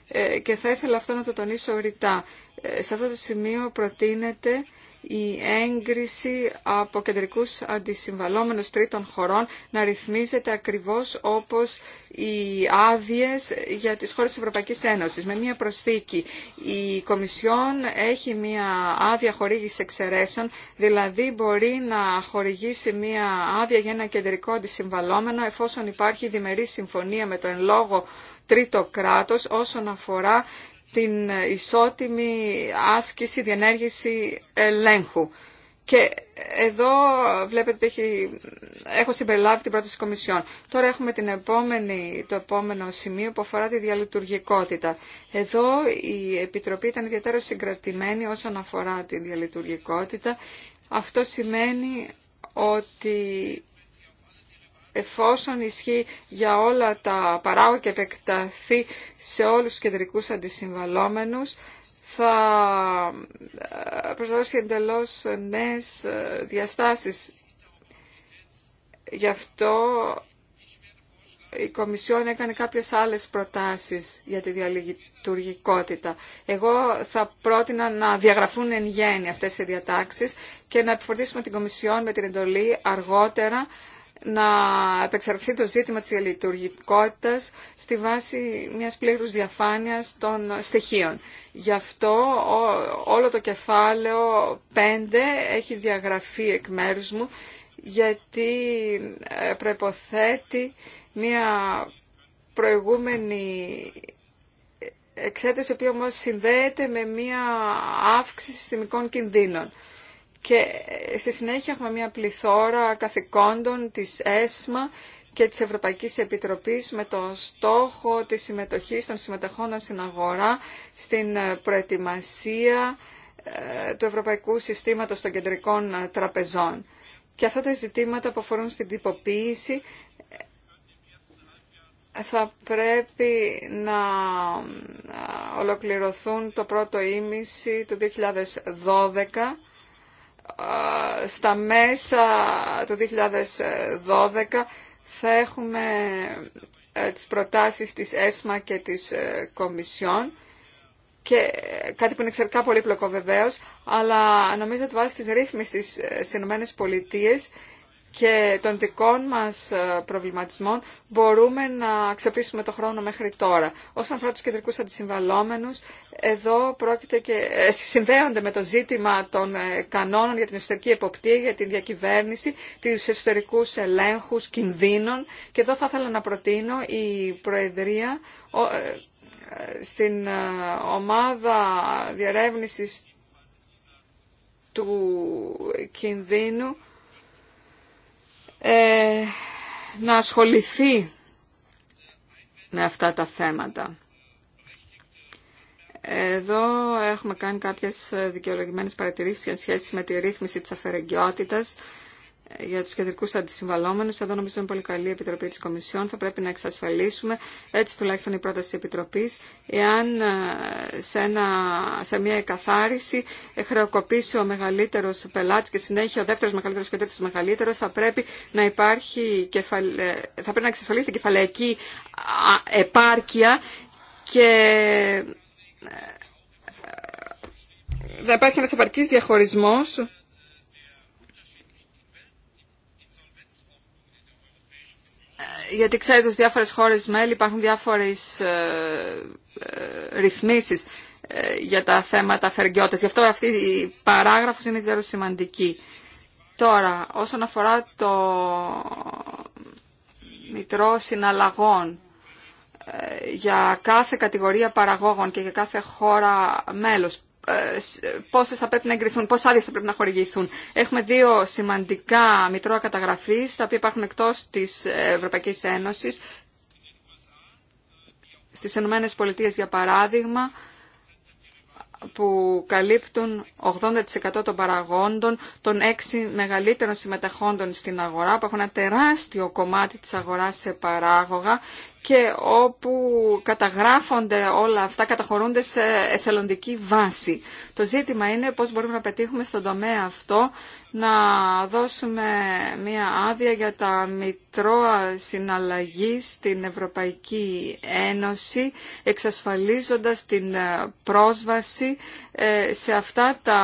ε, και θα ήθελα αυτό να το τονίσω ρητά. Ε, σε αυτό το σημείο προτείνεται η έγκριση από κεντρικούς αντισυμβαλόμενους τρίτων χωρών να ρυθμίζεται ακριβώς όπως οι άδειε για τις χώρες της Ευρωπαϊκής Ένωσης. Με μια προσθήκη, η Κομισιόν έχει μια άδεια χορήγηση εξαιρέσεων, δηλαδή μπορεί να χορηγήσει μια άδεια για ένα κεντρικό αντισυμβαλόμενο εφόσον υπάρχει διμερή συμφωνία με το εν λόγω τρίτο κράτος όσον αφορά την ισότιμη άσκηση, διενέργηση ελέγχου. Και εδώ βλέπετε ότι έχω συμπεριλάβει την πρόταση Κομισιόν. Τώρα έχουμε την επόμενη, το επόμενο σημείο που αφορά τη διαλειτουργικότητα. Εδώ η Επιτροπή ήταν ιδιαίτερα συγκρατημένη όσον αφορά τη διαλειτουργικότητα. Αυτό σημαίνει ότι εφόσον ισχύει για όλα τα παράγω και επεκταθεί σε όλους τους κεντρικούς αντισυμβαλόμενους, θα ε, προσδώσει εντελώς νέες ε, διαστάσεις. Γι' αυτό η Κομισιόν έκανε κάποιες άλλες προτάσεις για τη διαλειτουργικότητα. Εγώ θα πρότεινα να διαγραφούν εν γέννη αυτές οι διατάξεις και να επιφορτήσουμε την Κομισιόν με την εντολή αργότερα να επεξαρτηθεί το ζήτημα της λειτουργικότητας στη βάση μιας πλήρους διαφάνειας των στοιχείων. Γι' αυτό όλο το κεφάλαιο 5 έχει διαγραφεί εκ μέρους μου γιατί ε, προποθέτει μια προηγούμενη εξέταση η οποία όμως συνδέεται με μια αύξηση συστημικών κινδύνων. Και ε, στη συνέχεια έχουμε μια πληθώρα καθηκόντων της ΕΣΜΑ και της Ευρωπαϊκής Επιτροπής με το στόχο της συμμετοχής των συμμετεχόντων στην αγορά, στην ε, προετοιμασία ε, του Ευρωπαϊκού Συστήματος των Κεντρικών Τραπεζών. Και αυτά τα ζητήματα που αφορούν στην τυποποίηση θα πρέπει να ολοκληρωθούν το πρώτο ίμιση του 2012 στα μέσα του 2012 θα έχουμε ε, τις προτάσεις της ΕΣΜΑ και της ε, Κομισιόν και ε, κάτι που είναι εξαιρετικά πολύπλοκο βεβαίως, αλλά νομίζω ότι βάσει της ρύθμισης στις ΗΠΑ και των δικών μας ε, προβληματισμών μπορούμε να αξιοποιήσουμε το χρόνο μέχρι τώρα. Όσον αφορά τους κεντρικούς αντισυμβαλόμενους, εδώ πρόκειται και ε, συνδέονται με το ζήτημα των ε, κανόνων για την εσωτερική εποπτεία, για την διακυβέρνηση, τους εσωτερικούς ελέγχους, κινδύνων και εδώ θα ήθελα να προτείνω η Προεδρία στην ομάδα διερεύνησης του κινδύνου ε, να ασχοληθεί με αυτά τα θέματα. Εδώ έχουμε κάνει κάποιες δικαιολογημένες παρατηρήσεις σε σχέση με τη ρύθμιση της αφερεγγυότητας για τους κεντρικούς αντισυμβαλόμενους. Εδώ νομίζω είναι πολύ καλή η Επιτροπή της Κομισιόν. Θα πρέπει να εξασφαλίσουμε, έτσι τουλάχιστον η πρόταση της Επιτροπής, εάν ε, σε, ένα, σε μια εκαθάριση ε, χρεοκοπήσει ο μεγαλύτερος πελάτης και συνέχεια ο δεύτερος μεγαλύτερος και ο τρίτος μεγαλύτερος, θα πρέπει να υπάρχει, ε, θα πρέπει να εξασφαλίσει την κεφαλαϊκή επάρκεια και θα υπάρχει ένας επαρκής διαχωρισμός γιατί ξέρετε ότι διάφορες χώρες μέλη υπάρχουν διάφορες ε, ε ρυθμίσεις ε, για τα θέματα φεργιώτες. Γι' αυτό αυτή η παράγραφος είναι ιδιαίτερα σημαντική. Τώρα, όσον αφορά το μητρό συναλλαγών ε, για κάθε κατηγορία παραγόγων και για κάθε χώρα μέλος, ε, πόσες θα πρέπει να εγκριθούν, πόσες άδειες θα πρέπει να χορηγηθούν. Έχουμε δύο σημαντικά μητρώα καταγραφής, τα οποία υπάρχουν εκτός της Ευρωπαϊκής Ένωσης. Στις Ηνωμένε Πολιτείε, για παράδειγμα, που καλύπτουν 80% των παραγόντων των έξι μεγαλύτερων συμμεταχόντων στην αγορά, που έχουν ένα τεράστιο κομμάτι της αγοράς σε παράγωγα και όπου καταγράφονται όλα αυτά, καταχωρούνται σε εθελοντική βάση. Το ζήτημα είναι πώς μπορούμε να πετύχουμε στον τομέα αυτό να δώσουμε μία άδεια για τα μητρώα συναλλαγή στην Ευρωπαϊκή Ένωση, εξασφαλίζοντας την ε, πρόσβαση ε, σε αυτά τα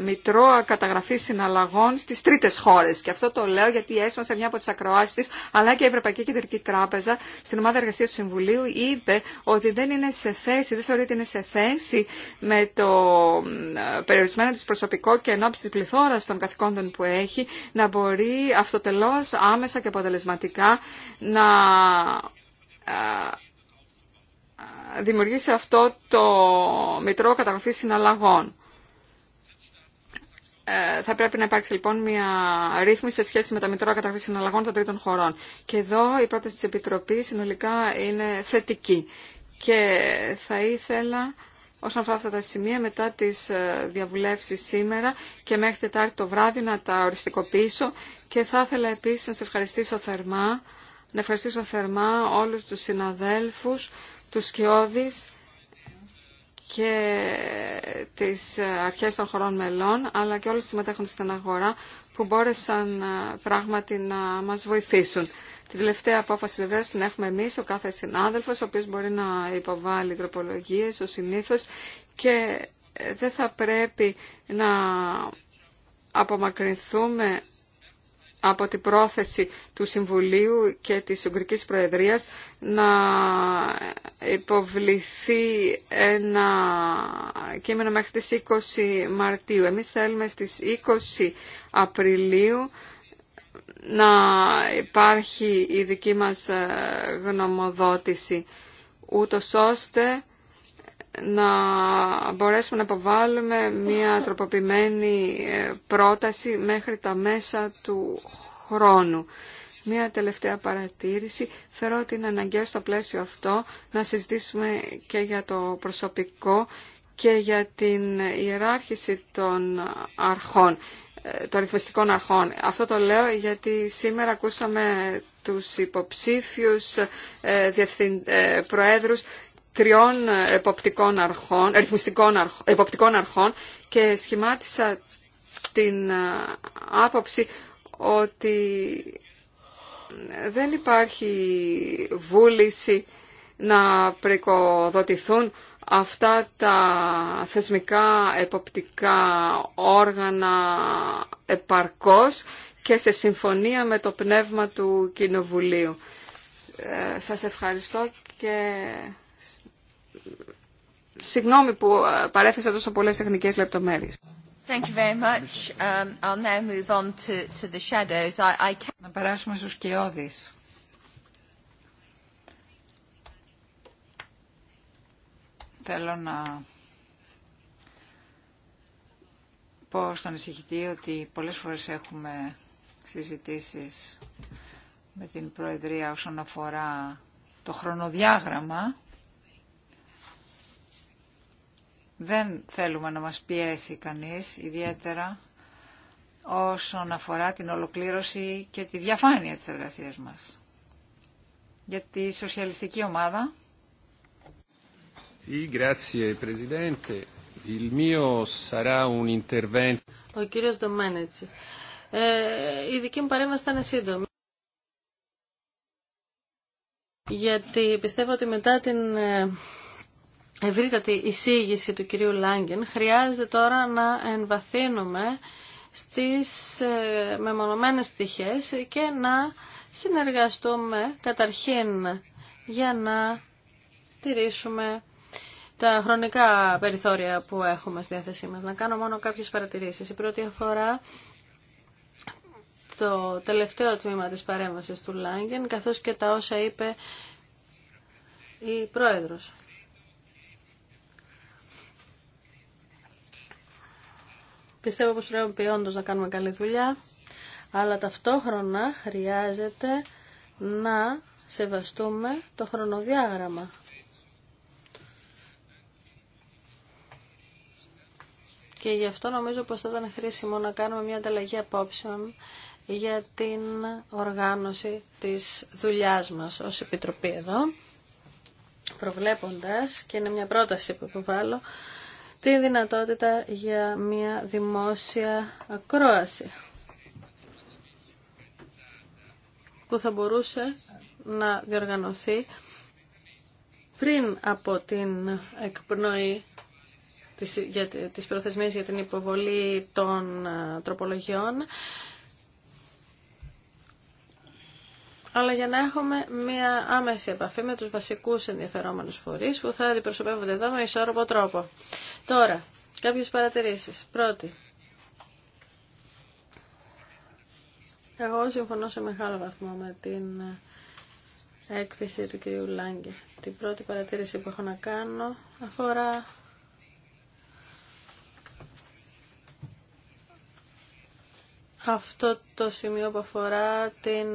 μητρώα καταγραφή συναλλαγών στις τρίτες χώρες. Και αυτό το λέω γιατί έσμασε μια από τις ακροάσεις της, αλλά και η Ευρωπαϊκή Κεντρική Τράπεζα στην ομάδα εργασία του Συμβουλίου είπε ότι δεν είναι σε θέση, δεν θεωρεί ότι είναι σε θέση με το ε, περιορισμένο της προσωπικό και ενόψη τη πληθώρας των καθηκόντων που έχει να μπορεί αυτοτελώς άμεσα και αποτελεσματικά να ε, δημιουργήσει αυτό το Μητρό καταγραφή Συναλλαγών. Ε, θα πρέπει να υπάρξει λοιπόν μια ρύθμιση σε σχέση με τα μητρώα καταχρήση συναλλαγών των τρίτων χωρών. Και εδώ η πρόταση της Επιτροπής συνολικά είναι θετική. Και θα ήθελα όσον αφορά αυτά τα σημεία μετά τις ε, διαβουλεύσεις σήμερα και μέχρι Τετάρτη το βράδυ να τα οριστικοποιήσω και θα ήθελα επίσης να σε ευχαριστήσω θερμά, να ευχαριστήσω θερμά όλους τους συναδέλφους, τους σκιώδεις, και τις ε, αρχές των χωρών μελών, αλλά και όλου τους συμμετέχοντες στην αγορά που μπόρεσαν ε, πράγματι να μας βοηθήσουν. Την τελευταία απόφαση βεβαίως την έχουμε εμείς, ο κάθε συνάδελφος, ο οποίος μπορεί να υποβάλει τροπολογίες, ο συνήθως, και ε, δεν θα πρέπει να απομακρυνθούμε από την πρόθεση του Συμβουλίου και της Ουγγρικής Προεδρίας να υποβληθεί ένα κείμενο μέχρι τις 20 Μαρτίου. Εμείς θέλουμε στις 20 Απριλίου να υπάρχει η δική μας ε, γνωμοδότηση, ούτως ώστε να μπορέσουμε να αποβάλουμε μια τροποποιημένη ε, πρόταση μέχρι τα μέσα του χρόνου. Μια τελευταία παρατήρηση. Θεωρώ ότι είναι αναγκαίο στο πλαίσιο αυτό να συζητήσουμε και για το προσωπικό και για την ιεράρχηση των αρχών, ε, των ρυθμιστικών αρχών. Αυτό το λέω γιατί σήμερα ακούσαμε τους υποψήφιους ε, ε προέδρους τριών εποπτικών αρχών, ρυθμιστικών αρχών, εποπτικών αρχών και σχημάτισα την ε, άποψη ότι δεν υπάρχει βούληση να πρικοδοτηθούν αυτά τα θεσμικά εποπτικά όργανα επαρκώς και σε συμφωνία με το πνεύμα του Κοινοβουλίου. Ε, σας ευχαριστώ και Συγγνώμη που ε, παρέθεσα τόσο πολλές τεχνικές λεπτομέρειες. Να περάσουμε στους κοιόδης. Θέλω να πω στον εισηγητή ότι πολλές φορές έχουμε συζητήσεις με την Προεδρία όσον αφορά το χρονοδιάγραμμα Δεν θέλουμε να μας πιέσει κανείς, ιδιαίτερα όσον αφορά την ολοκλήρωση και τη διαφάνεια της εργασίας μας. Για τη σοσιαλιστική ομάδα. Ο κύριος Ντομένετσι. Ε, η δική μου παρέμβαση θα είναι σύντομη. Γιατί πιστεύω ότι μετά την ε, ευρύτατη εισήγηση του κυρίου Λάγκεν, χρειάζεται τώρα να εμβαθύνουμε στις ε, μεμονωμένες πτυχές και να συνεργαστούμε καταρχήν για να τηρήσουμε τα χρονικά περιθώρια που έχουμε στη διάθεσή μας. Να κάνω μόνο κάποιες παρατηρήσεις. Η πρώτη αφορά το τελευταίο τμήμα της παρέμβασης του Λάγκεν, καθώς και τα όσα είπε η Πρόεδρος. Πιστεύω πως πρέπει όντως να κάνουμε καλή δουλειά, αλλά ταυτόχρονα χρειάζεται να σεβαστούμε το χρονοδιάγραμμα. Και γι' αυτό νομίζω πως θα ήταν χρήσιμο να κάνουμε μια ανταλλαγή απόψεων για την οργάνωση της δουλειάς μας ως Επιτροπή εδώ, προβλέποντας, και είναι μια πρόταση που υποβάλλω, τη δυνατότητα για μια δημόσια ακρόαση που θα μπορούσε να διοργανωθεί πριν από την εκπνοή της προθεσμίας για την υποβολή των ε, τροπολογιών αλλά για να έχουμε μία άμεση επαφή με τους βασικούς ενδιαφερόμενους φορείς που θα αντιπροσωπεύονται εδώ με ισόρροπο τρόπο. Τώρα, κάποιες παρατηρήσεις. Πρώτη, εγώ συμφωνώ σε μεγάλο βαθμό με την ε, έκθεση του κυρίου Λάγκη. Την πρώτη παρατήρηση που έχω να κάνω αφορά αυτό το σημείο που αφορά την,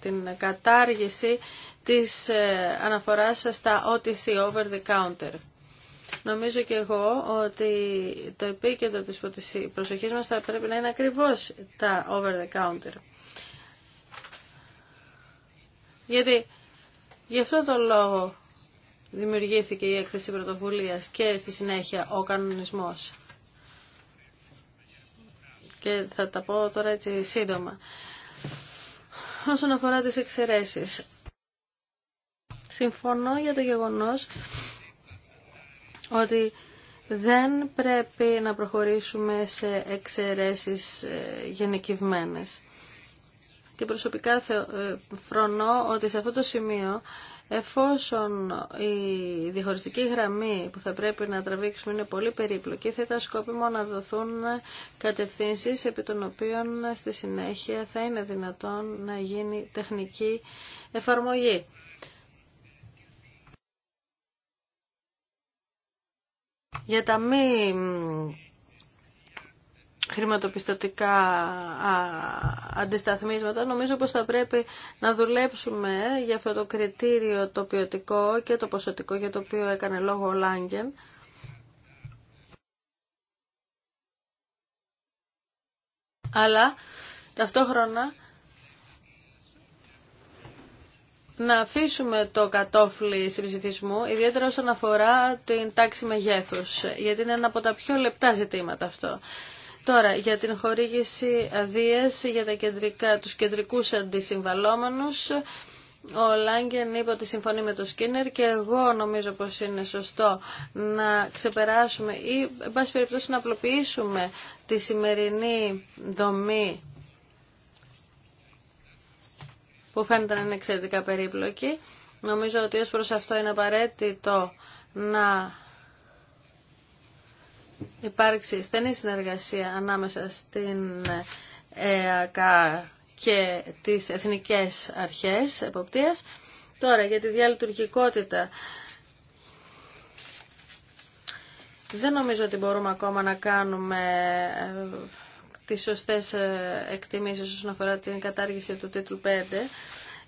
την κατάργηση της ε, αναφοράς στα OTC, over the counter. Νομίζω και εγώ ότι το επίκεντρο της προσοχής μας θα πρέπει να είναι ακριβώς τα over the counter. Γιατί γι' αυτό το λόγο δημιουργήθηκε η έκθεση πρωτοβουλίας και στη συνέχεια ο κανονισμός και θα τα πω τώρα έτσι σύντομα. Όσον αφορά τις εξαιρέσεις, συμφωνώ για το γεγονός ότι δεν πρέπει να προχωρήσουμε σε εξαιρέσεις ε, γενικευμένες και προσωπικά ε, φρονώ ότι σε αυτό το σημείο εφόσον η διχωριστική γραμμή που θα πρέπει να τραβήξουμε είναι πολύ περίπλοκη, θα ήταν σκόπιμο να δοθούν κατευθύνσεις επί των οποίων στη συνέχεια θα είναι δυνατόν να γίνει τεχνική εφαρμογή. Για τα μη χρηματοπιστωτικά αντισταθμίσματα, νομίζω πως θα πρέπει να δουλέψουμε για αυτό το κριτήριο το ποιοτικό και το ποσοτικό για το οποίο έκανε λόγο ο Λάγκεν. Αλλά ταυτόχρονα να αφήσουμε το κατόφλι συμψηφισμού, ιδιαίτερα όσον αφορά την τάξη μεγέθους, γιατί είναι ένα από τα πιο λεπτά ζητήματα αυτό. Τώρα, για την χορήγηση αδείας για τα κεντρικά, τους κεντρικούς αντισυμβαλόμενους, ο Λάγκεν είπε ότι συμφωνεί με το Σκίνερ και εγώ νομίζω πως είναι σωστό να ξεπεράσουμε ή, εν πάση περιπτώσει, να απλοποιήσουμε τη σημερινή δομή που φαίνεται να είναι εξαιρετικά περίπλοκη. Νομίζω ότι ως προς αυτό είναι απαραίτητο να υπάρξει στενή συνεργασία ανάμεσα στην ΕΑΚΑ και τις εθνικές αρχές εποπτείας. Τώρα για τη διαλειτουργικότητα δεν νομίζω ότι μπορούμε ακόμα να κάνουμε ε, τις σωστές ε, εκτιμήσεις όσον αφορά την κατάργηση του τίτλου 5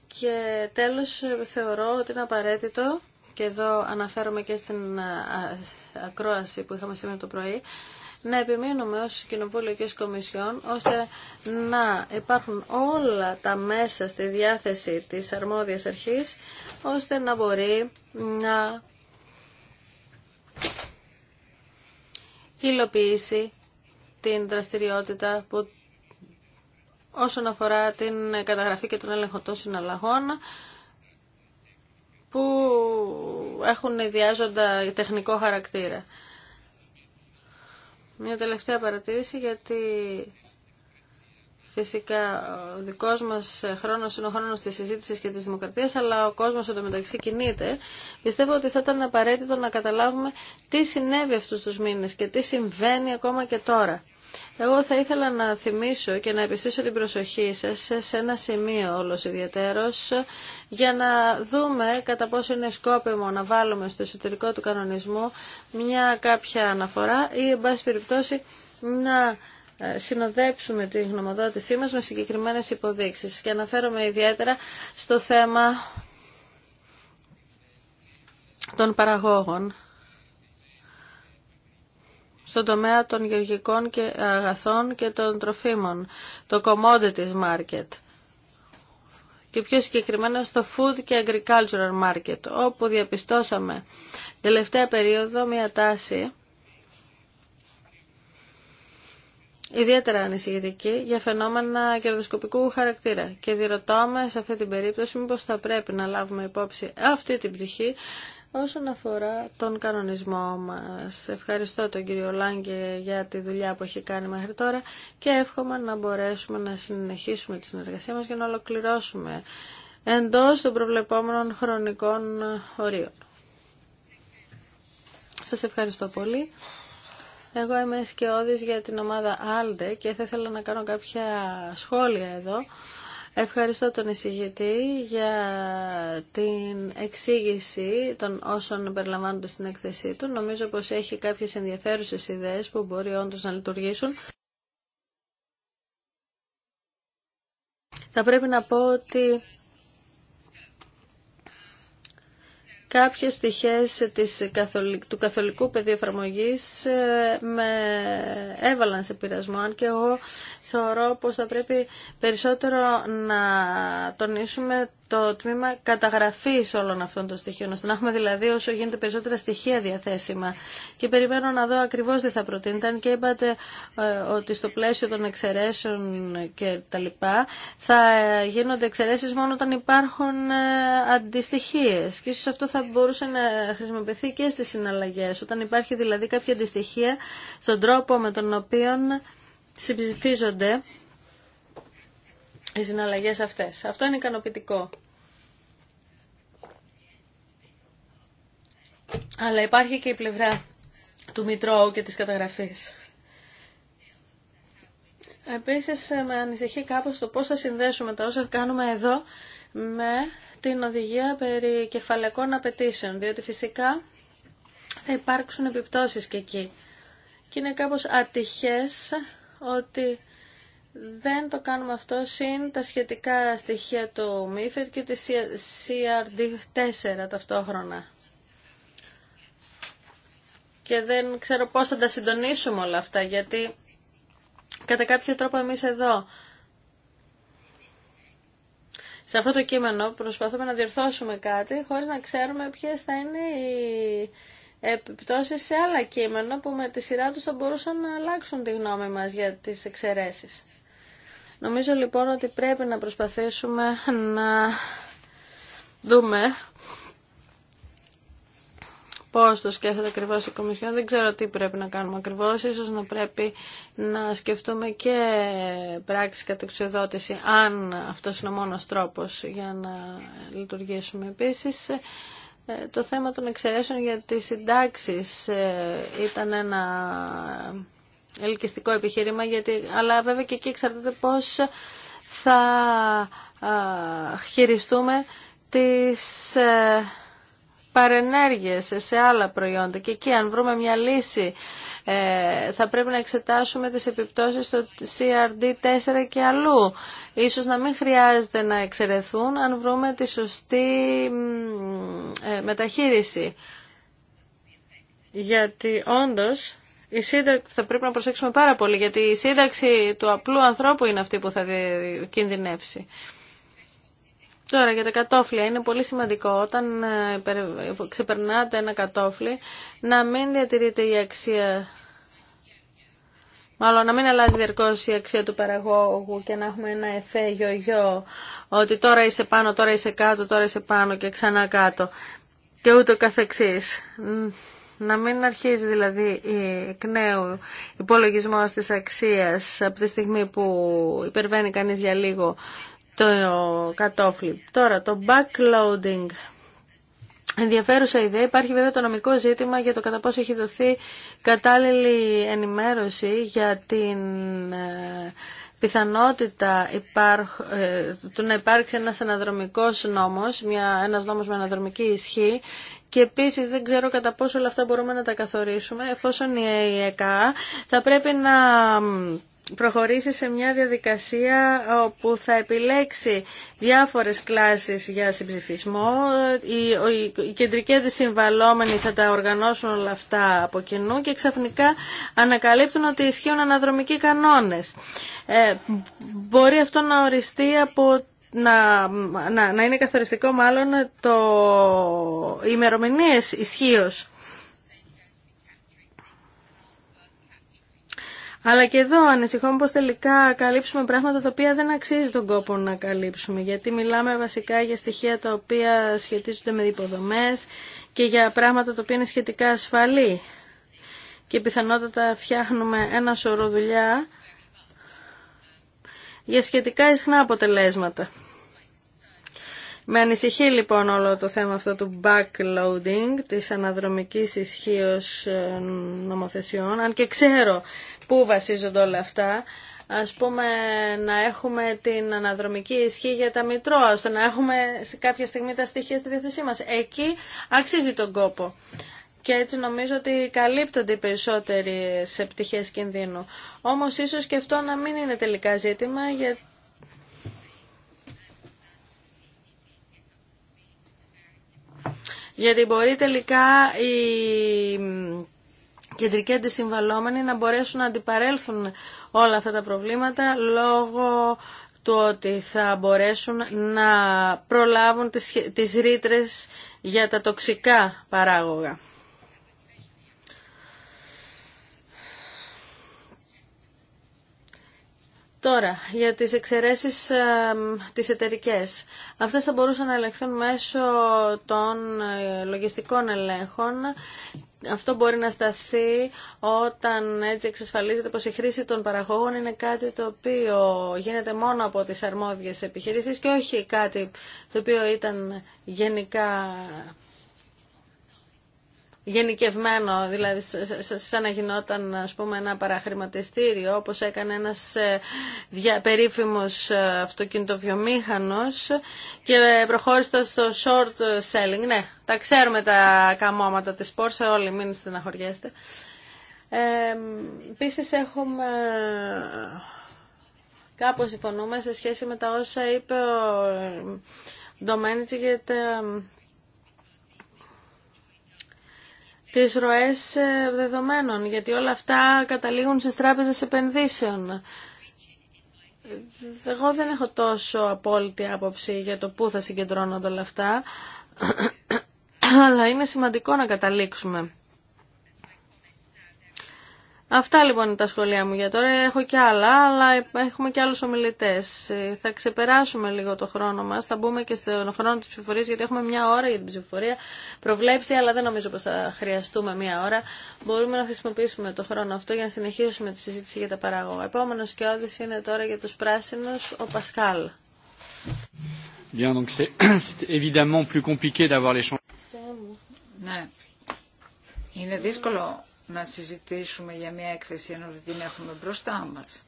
και τέλος ε, θεωρώ ότι είναι απαραίτητο και εδώ αναφέρομαι και στην ε, ακρόαση που είχαμε σήμερα το πρωί, να επιμείνουμε ως Κοινοβούλιο και ως Κομισιόν ώστε να υπάρχουν όλα τα μέσα στη διάθεση της αρμόδιας αρχής ώστε να μπορεί να υλοποιήσει την δραστηριότητα που όσον αφορά την καταγραφή και τον έλεγχο των συναλλαγών που έχουν ιδιάζοντα τεχνικό χαρακτήρα. Μια τελευταία παρατήρηση γιατί Φυσικά ο δικός μας χρόνος είναι ο χρόνος της συζήτησης και της δημοκρατίας, αλλά ο κόσμος εντωμεταξύ κινείται. Πιστεύω ότι θα ήταν απαραίτητο να καταλάβουμε τι συνέβη αυτούς τους μήνες και τι συμβαίνει ακόμα και τώρα. Εγώ θα ήθελα να θυμίσω και να επιστήσω την προσοχή σας σε ένα σημείο όλος ιδιαίτερο για να δούμε κατά πόσο είναι σκόπιμο να βάλουμε στο εσωτερικό του κανονισμού μια κάποια αναφορά ή εν πάση περιπτώσει να ε, συνοδέψουμε τη γνωμοδότησή μας με συγκεκριμένες υποδείξεις και αναφέρομαι ιδιαίτερα στο θέμα των παραγόγων στον τομέα των γεωργικών και αγαθών και των τροφίμων, το commodities market και πιο συγκεκριμένα στο food και agricultural market, όπου διαπιστώσαμε τελευταία περίοδο μια τάση ιδιαίτερα ανησυχητική για φαινόμενα κερδοσκοπικού χαρακτήρα. Και διρωτάμε σε αυτή την περίπτωση μήπως θα πρέπει να λάβουμε υπόψη αυτή την πτυχή Όσον αφορά τον κανονισμό μας, ευχαριστώ τον κύριο Λάγκε για τη δουλειά που έχει κάνει μέχρι τώρα και εύχομαι να μπορέσουμε να συνεχίσουμε τη συνεργασία μας και να ολοκληρώσουμε εντός των προβλεπόμενων χρονικών ορίων. Σας ευχαριστώ πολύ. Εγώ είμαι σκιώδης για την ομάδα ALDE και θα ήθελα να κάνω κάποια σχόλια εδώ. Ευχαριστώ τον εισηγητή για την εξήγηση των όσων περιλαμβάνονται στην έκθεσή του. Νομίζω πως έχει κάποιες ενδιαφέρουσες ιδέες που μπορεί όντως να λειτουργήσουν. Θα πρέπει να πω ότι κάποιες πτυχές της του καθολικού πεδίου εφαρμογή ε, με έβαλαν σε πειρασμό, αν και εγώ θεωρώ πως θα πρέπει περισσότερο να τονίσουμε το τμήμα καταγραφής όλων αυτών των στοιχείων, ώστε να έχουμε δηλαδή όσο γίνεται περισσότερα στοιχεία διαθέσιμα. Και περιμένω να δω ακριβώς τι θα προτείνετε, και είπατε ε, ότι στο πλαίσιο των εξαιρέσεων και τα λοιπά θα γίνονται εξαιρέσεις μόνο όταν υπάρχουν ε, αντιστοιχίες. Και ίσως αυτό θα μπορούσε να χρησιμοποιηθεί και στις συναλλαγές, όταν υπάρχει δηλαδή κάποια αντιστοιχία στον τρόπο με τον οποίο συμψηφίζονται οι συναλλαγές αυτές. Αυτό είναι ικανοποιητικό. Αλλά υπάρχει και η πλευρά του Μητρώου και της καταγραφής. Επίσης με ανησυχεί κάπως το πώς θα συνδέσουμε τα όσα κάνουμε εδώ με την οδηγία περί κεφαλαικών απαιτήσεων, διότι φυσικά θα υπάρξουν επιπτώσεις και εκεί. Και είναι κάπως ατυχές ότι δεν το κάνουμε αυτό συν τα σχετικά στοιχεία του MIFID και τη CRD4 ταυτόχρονα. Και δεν ξέρω πώς θα τα συντονίσουμε όλα αυτά, γιατί κατά κάποιο τρόπο εμείς εδώ σε αυτό το κείμενο προσπαθούμε να διορθώσουμε κάτι χωρίς να ξέρουμε ποιες θα είναι οι επιπτώσεις σε άλλα κείμενα που με τη σειρά τους θα μπορούσαν να αλλάξουν τη γνώμη μας για τις εξαιρεσει. Νομίζω λοιπόν ότι πρέπει να προσπαθήσουμε να δούμε πώς το σκέφτεται ακριβώς η Κομισιόν. Δεν ξέρω τι πρέπει να κάνουμε ακριβώς. Ίσως να πρέπει να σκεφτούμε και πράξη κατεξοδότηση αν αυτός είναι ο μόνος τρόπος για να λειτουργήσουμε επίσης. Ε, το θέμα των εξαιρέσεων για τις συντάξεις ε, ήταν ένα ελκυστικό επιχείρημα, γιατί, αλλά βέβαια και εκεί εξαρτάται πώς θα χειριστούμε τις ε, παρενέργειες σε άλλα προϊόντα. Και εκεί αν βρούμε μια λύση ε, θα πρέπει να εξετάσουμε τις επιπτώσεις στο CRD4 και αλλού. Ίσως να μην χρειάζεται να εξαιρεθούν αν βρούμε τη σωστή ε, μεταχείριση. Γιατί όντως η σύνταξη, θα πρέπει να προσέξουμε πάρα πολύ γιατί η σύνταξη του απλού ανθρώπου είναι αυτή που θα κινδυνεύσει. Τώρα για τα κατόφλια είναι πολύ σημαντικό όταν ε, ξεπερνάτε ένα κατόφλι να μην διατηρείται η αξία Μάλλον να μην αλλάζει διαρκώ η αξία του παραγόγου και να έχουμε ένα εφέ γιο-γιο ότι τώρα είσαι πάνω, τώρα είσαι κάτω, τώρα είσαι πάνω και ξανά κάτω και ούτω καθεξής. Να μην αρχίζει δηλαδή η εκ νέου υπολογισμός της αξίας από τη στιγμή που υπερβαίνει κανείς για λίγο το κατόφλι. Τώρα, το backloading. Ενδιαφέρουσα ιδέα. Υπάρχει βέβαια το νομικό ζήτημα για το κατά πόσο έχει δοθεί κατάλληλη ενημέρωση για την ε, πιθανότητα υπάρχ, ε, του να υπάρξει ένας αναδρομικός νόμος, μια, ένας νόμος με αναδρομική ισχύ και επίσης δεν ξέρω κατά πόσο όλα αυτά μπορούμε να τα καθορίσουμε εφόσον η ΕΕΚΑ θα πρέπει να προχωρήσει σε μια διαδικασία όπου θα επιλέξει διάφορες κλάσεις για συμψηφισμό. Οι, κεντρικοί συμβαλόμενοι θα τα οργανώσουν όλα αυτά από κοινού και ξαφνικά ανακαλύπτουν ότι ισχύουν αναδρομικοί κανόνες. Ε, μπορεί αυτό να οριστεί από να, να, να είναι καθοριστικό μάλλον το ημερομηνίες ισχύως Αλλά και εδώ ανησυχώ πως τελικά καλύψουμε πράγματα τα οποία δεν αξίζει τον κόπο να καλύψουμε. Γιατί μιλάμε βασικά για στοιχεία τα οποία σχετίζονται με υποδομές και για πράγματα τα οποία είναι σχετικά ασφαλή. Και πιθανότατα φτιάχνουμε ένα σωρό δουλειά για σχετικά ισχνά αποτελέσματα. Με ανησυχεί λοιπόν όλο το θέμα αυτό του backloading, της αναδρομικής ισχύω ε, νομοθεσιών, αν και ξέρω πού βασίζονται όλα αυτά. Ας πούμε να έχουμε την αναδρομική ισχύ για τα μητρώα, ώστε να έχουμε σε κάποια στιγμή τα στοιχεία στη διάθεσή μας. Εκεί αξίζει τον κόπο. Και έτσι νομίζω ότι καλύπτονται οι περισσότεροι σε πτυχές κινδύνου. Όμως ίσως και αυτό να μην είναι τελικά ζήτημα, γιατί γιατί μπορεί τελικά η κεντρικοί αντισυμβαλόμενοι να μπορέσουν να αντιπαρέλθουν όλα αυτά τα προβλήματα λόγω του ότι θα μπορέσουν να προλάβουν τις, τις ρήτρε για τα τοξικά παράγωγα. Τώρα, για τις εξαιρέσεις ε, τις εταιρικές. Αυτές θα μπορούσαν να ελεγχθούν μέσω των ε, λογιστικών ελέγχων. Αυτό μπορεί να σταθεί όταν έτσι εξασφαλίζεται πως η χρήση των παραγωγών είναι κάτι το οποίο γίνεται μόνο από τις αρμόδιες επιχειρήσεις και όχι κάτι το οποίο ήταν γενικά γενικευμένο, δηλαδή σαν να γινόταν ας πούμε, ένα παραχρηματιστήριο, όπως έκανε ένας ε, δια, περίφημος ε, αυτοκινητοβιομήχανος και προχώρησε στο short selling. Ναι, τα ξέρουμε τα καμώματα της Porsche, όλοι μην στεναχωριέστε. Ε, Επίση έχουμε... Κάπως συμφωνούμε σε σχέση με τα όσα είπε ο Ντομένιτς ε, για τις ροές ε, δεδομένων, γιατί όλα αυτά καταλήγουν στις τράπεζες επενδύσεων. Εγώ δεν έχω τόσο απόλυτη άποψη για το πού θα συγκεντρώνονται όλα αυτά, αλλά είναι σημαντικό να καταλήξουμε. Αυτά λοιπόν είναι τα σχολεία μου για τώρα. Έχω και άλλα, αλλά έχουμε και άλλους ομιλητές. Ε, θα ξεπεράσουμε λίγο το χρόνο μας. Θα μπούμε και στον χρόνο της ψηφοφορίας, γιατί έχουμε μια ώρα για την ψηφοφορία προβλέψη, αλλά δεν νομίζω πως θα χρειαστούμε μια ώρα. Μπορούμε να χρησιμοποιήσουμε το χρόνο αυτό για να συνεχίσουμε τη συζήτηση για τα παράγωγα. Επόμενο και είναι τώρα για τους πράσινους, ο Πασκάλ. Ναι. Είναι δύσκολο να συζητήσουμε για μια έκθεση ενώ δεν την έχουμε μπροστά μας.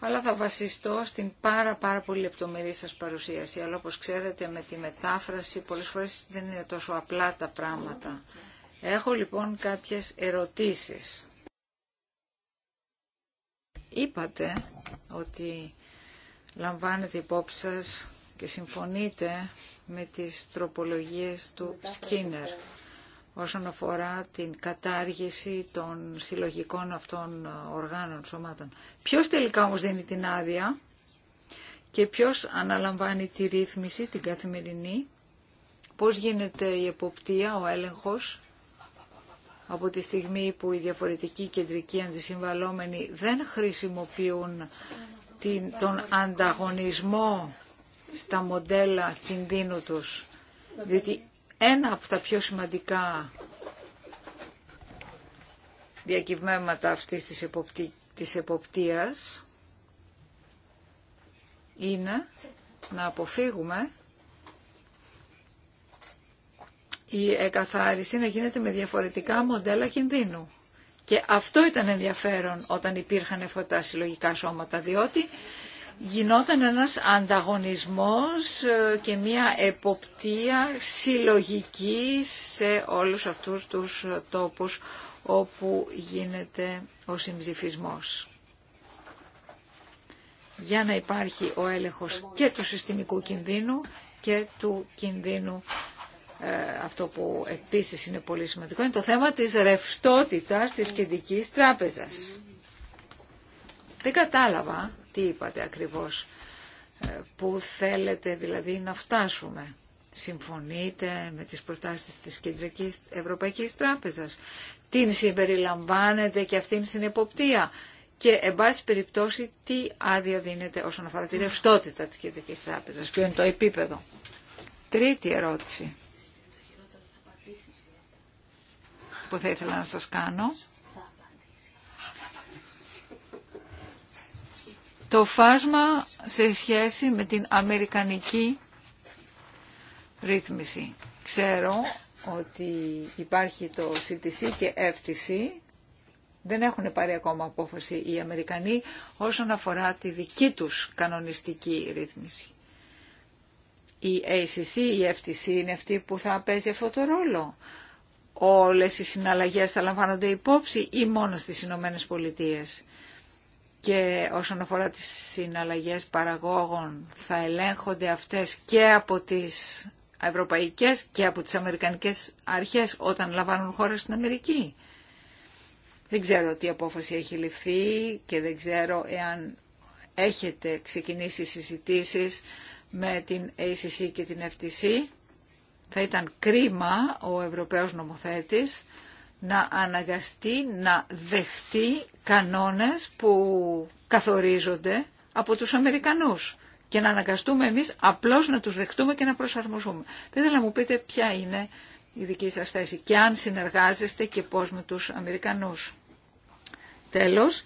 Αλλά θα βασιστώ στην πάρα πάρα πολύ λεπτομερή σας παρουσίαση. Αλλά όπως ξέρετε με τη μετάφραση πολλές φορές δεν είναι τόσο απλά τα πράγματα. Έχω λοιπόν κάποιες ερωτήσεις. Είπατε ότι λαμβάνετε υπόψη σας και συμφωνείτε με τις τροπολογίες του Σκίνερ όσον αφορά την κατάργηση των συλλογικών αυτών ε, οργάνων, σωμάτων. Ποιος τελικά όμως δίνει την άδεια και ποιος αναλαμβάνει τη ρύθμιση, την καθημερινή, πώς γίνεται η εποπτεία, ο έλεγχος, από τη στιγμή που οι διαφορετικοί κεντρικοί αντισυμβαλόμενοι δεν χρησιμοποιούν την, τον ανταγωνισμό στα μοντέλα κινδύνου τους. Ένα από τα πιο σημαντικά διακυβεύματα αυτής της, εποπτή, εποπτείας είναι να αποφύγουμε η εκαθάριση να γίνεται με διαφορετικά μοντέλα κινδύνου. Και αυτό ήταν ενδιαφέρον όταν υπήρχαν εφωτά συλλογικά σώματα, διότι γινόταν ένας ανταγωνισμός ε, και μια εποπτεία συλλογική σε όλους αυτούς τους τόπους όπου γίνεται ο συμψηφισμός. Για να υπάρχει ο έλεγχος και του συστημικού κινδύνου και του κινδύνου ε, αυτό που επίσης είναι πολύ σημαντικό είναι το θέμα της ρευστότητας της κεντρικής τράπεζας. Δεν κατάλαβα τι είπατε ακριβώς, ε, πού θέλετε δηλαδή να φτάσουμε. Συμφωνείτε με τις προτάσεις της Κεντρικής Ευρωπαϊκής Τράπεζας. Την συμπεριλαμβάνετε και αυτήν στην εποπτεία. Και, εν πάση περιπτώσει, τι άδεια δίνεται όσον αφορά τη ρευστότητα της Κεντρικής Τράπεζας. Ποιο είναι το επίπεδο. Τρίτη ερώτηση που θα ήθελα να σας κάνω το φάσμα σε σχέση με την αμερικανική ρύθμιση. Ξέρω ότι υπάρχει το CTC και FTC. Δεν έχουν πάρει ακόμα απόφαση οι Αμερικανοί όσον αφορά τη δική τους κανονιστική ρύθμιση. Η ACC, η FTC είναι αυτή που θα παίζει αυτό το ρόλο. Όλες οι συναλλαγές θα λαμβάνονται υπόψη ή μόνο στις Ηνωμένε Πολιτείες και όσον αφορά τις συναλλαγές παραγόγων θα ελέγχονται αυτές και από τις ευρωπαϊκές και από τις αμερικανικές αρχές όταν λαμβάνουν χώρες στην Αμερική. Δεν ξέρω τι απόφαση έχει ληφθεί και δεν ξέρω εάν έχετε ξεκινήσει συζητήσεις με την ACC και την FTC. Θα ήταν κρίμα ο Ευρωπαίος νομοθέτης να αναγκαστεί να δεχτεί κανόνες που καθορίζονται από τους Αμερικανούς και να αναγκαστούμε εμείς απλώς να τους δεχτούμε και να προσαρμοζούμε. Δεν θέλω να μου πείτε ποια είναι η δική σας θέση και αν συνεργάζεστε και πώς με τους Αμερικανούς. Τέλος,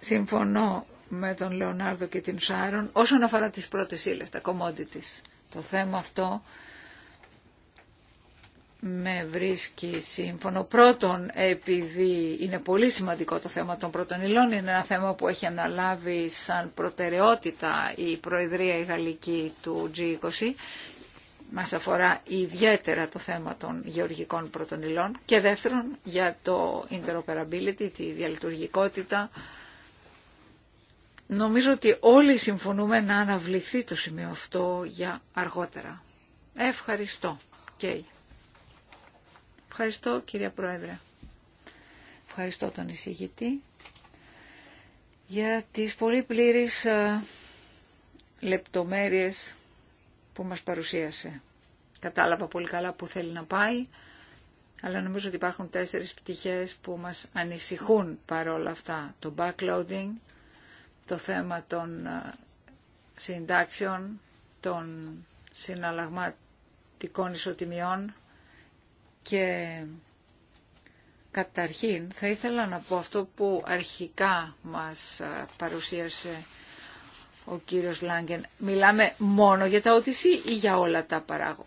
συμφωνώ με τον Λεωνάρδο και την Σάρον όσον αφορά τις πρώτες ύλες, τα commodities. Το θέμα αυτό με βρίσκει σύμφωνο. Πρώτον, επειδή είναι πολύ σημαντικό το θέμα των πρώτων είναι ένα θέμα που έχει αναλάβει σαν προτεραιότητα η Προεδρία η Γαλλική του G20. Μας αφορά ιδιαίτερα το θέμα των γεωργικών πρώτων Και δεύτερον, για το interoperability, τη διαλειτουργικότητα. Νομίζω ότι όλοι συμφωνούμε να αναβληθεί το σημείο αυτό για αργότερα. Ευχαριστώ. Okay. Ευχαριστώ κυρία Πρόεδρε. Ευχαριστώ τον εισηγητή για τις πολύ πλήρεις ε, λεπτομέρειες που μας παρουσίασε. Κατάλαβα πολύ καλά που θέλει να πάει, αλλά νομίζω ότι υπάρχουν τέσσερις πτυχές που μας ανησυχούν παρόλα αυτά. Το backloading, το θέμα των ε, συντάξεων, των συναλλαγματικών ισοτιμιών, και καταρχήν θα ήθελα να πω αυτό που αρχικά μας ε, παρουσίασε ο κύριος Λάγκεν. Μιλάμε μόνο για τα OTC ή για όλα τα παράγω.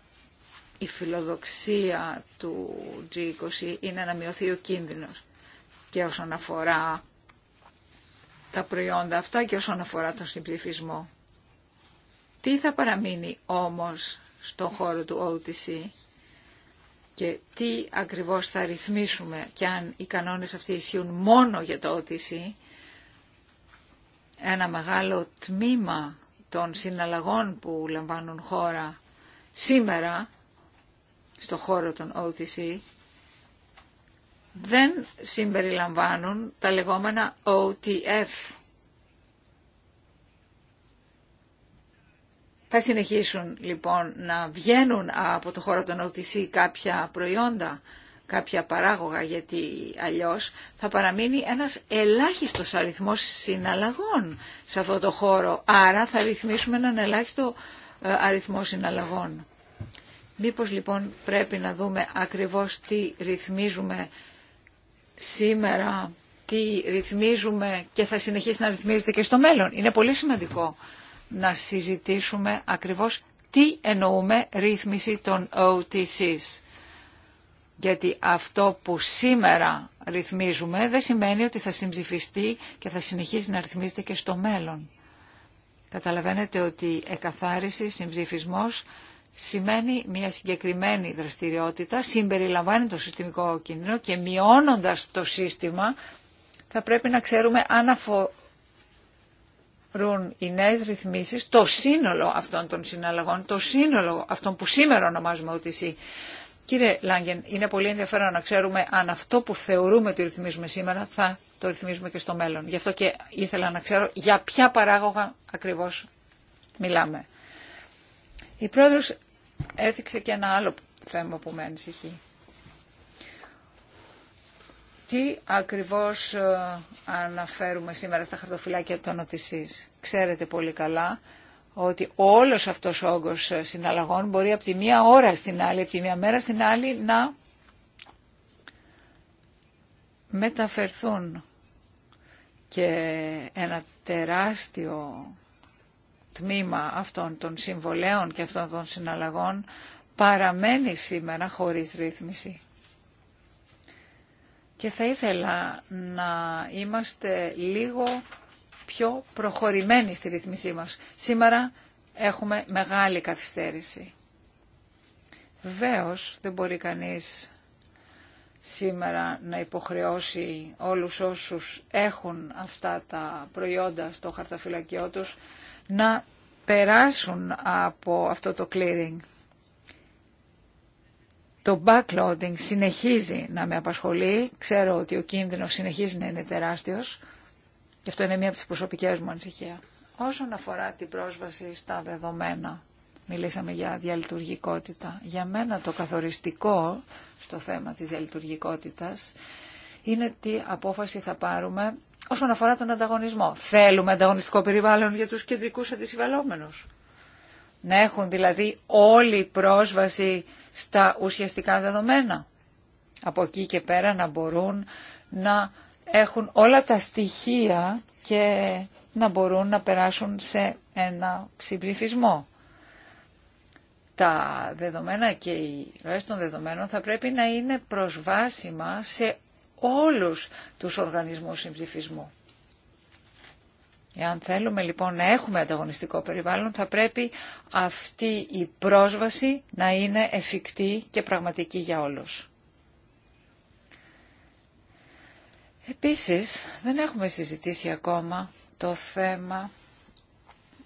Η φιλοδοξία του G20 είναι να μειωθεί ο κίνδυνος και όσον αφορά τα προϊόντα αυτά και όσον αφορά τον συμπληφισμό. Τι θα παραμείνει όμως στον χώρο του OTC και τι ακριβώς θα ρυθμίσουμε και αν οι κανόνες αυτοί ισχύουν μόνο για το OTC, ένα μεγάλο τμήμα των συναλλαγών που λαμβάνουν χώρα σήμερα στο χώρο των OTC δεν συμπεριλαμβάνουν τα λεγόμενα OTF Θα συνεχίσουν λοιπόν να βγαίνουν από το χώρο των OTC κάποια προϊόντα, κάποια παράγωγα, γιατί αλλιώς θα παραμείνει ένας ελάχιστος αριθμός συναλλαγών σε αυτό το χώρο. Άρα θα ρυθμίσουμε έναν ελάχιστο ε, αριθμό συναλλαγών. Μήπως λοιπόν πρέπει να δούμε ακριβώς τι ρυθμίζουμε σήμερα, τι ρυθμίζουμε και θα συνεχίσει να ρυθμίζεται και στο μέλλον. Είναι πολύ σημαντικό να συζητήσουμε ακριβώς τι εννοούμε ρύθμιση των OTCs. Γιατί αυτό που σήμερα ρυθμίζουμε δεν σημαίνει ότι θα συμψηφιστεί και θα συνεχίσει να ρυθμίζεται και στο μέλλον. Καταλαβαίνετε ότι εκαθάριση, συμψηφισμός σημαίνει μια συγκεκριμένη δραστηριότητα, συμπεριλαμβάνει το συστημικό κίνδυνο και μειώνοντας το σύστημα θα πρέπει να ξέρουμε αν ρουν οι νέες ρυθμίσεις το σύνολο αυτών των συναλλαγών, το σύνολο αυτών που σήμερα ονομάζουμε OTC. Κύριε Λάγκεν, είναι πολύ ενδιαφέρον να ξέρουμε αν αυτό που θεωρούμε ότι ρυθμίζουμε σήμερα θα το ρυθμίζουμε και στο μέλλον. Γι' αυτό και ήθελα να ξέρω για ποια παράγωγα ακριβώ μιλάμε. Η πρόεδρος έθιξε και ένα άλλο θέμα που με ανησυχεί. Τι ακριβώς ε, αναφέρουμε σήμερα στα χαρτοφυλάκια των ΟΤΙΣΗΣ. Ξέρετε πολύ καλά ότι όλος αυτός ο όγκος ε, συναλλαγών μπορεί από τη μία ώρα στην άλλη, από τη μία μέρα στην άλλη να μεταφερθούν και ένα τεράστιο τμήμα αυτών των συμβολέων και αυτών των συναλλαγών παραμένει σήμερα χωρίς ρύθμιση και θα ήθελα να είμαστε λίγο πιο προχωρημένοι στη ρυθμίσή μας. Σήμερα έχουμε μεγάλη καθυστέρηση. Βεβαίω δεν μπορεί κανείς σήμερα να υποχρεώσει όλους όσους έχουν αυτά τα προϊόντα στο χαρταφυλακιό τους να περάσουν από αυτό το clearing. Το backloading συνεχίζει να με απασχολεί. Ξέρω ότι ο κίνδυνος συνεχίζει να είναι τεράστιος. Και αυτό είναι μία από τις προσωπικές μου ανησυχία. Όσον αφορά την πρόσβαση στα δεδομένα, μιλήσαμε για διαλειτουργικότητα. Για μένα το καθοριστικό στο θέμα της διαλειτουργικότητας είναι τι απόφαση θα πάρουμε όσον αφορά τον ανταγωνισμό. Θέλουμε ανταγωνιστικό περιβάλλον για τους κεντρικούς αντισυμβαλόμενους. Να έχουν δηλαδή όλη πρόσβαση στα ουσιαστικά δεδομένα. Από εκεί και πέρα να μπορούν να έχουν όλα τα στοιχεία και να μπορούν να περάσουν σε ένα συμπληφισμό. Τα δεδομένα και οι ροές των δεδομένων θα πρέπει να είναι προσβάσιμα σε όλους τους οργανισμούς συμψηφισμού. Εάν θέλουμε λοιπόν να έχουμε ανταγωνιστικό περιβάλλον, θα πρέπει αυτή η πρόσβαση να είναι εφικτή και πραγματική για όλους. Επίσης, δεν έχουμε συζητήσει ακόμα το θέμα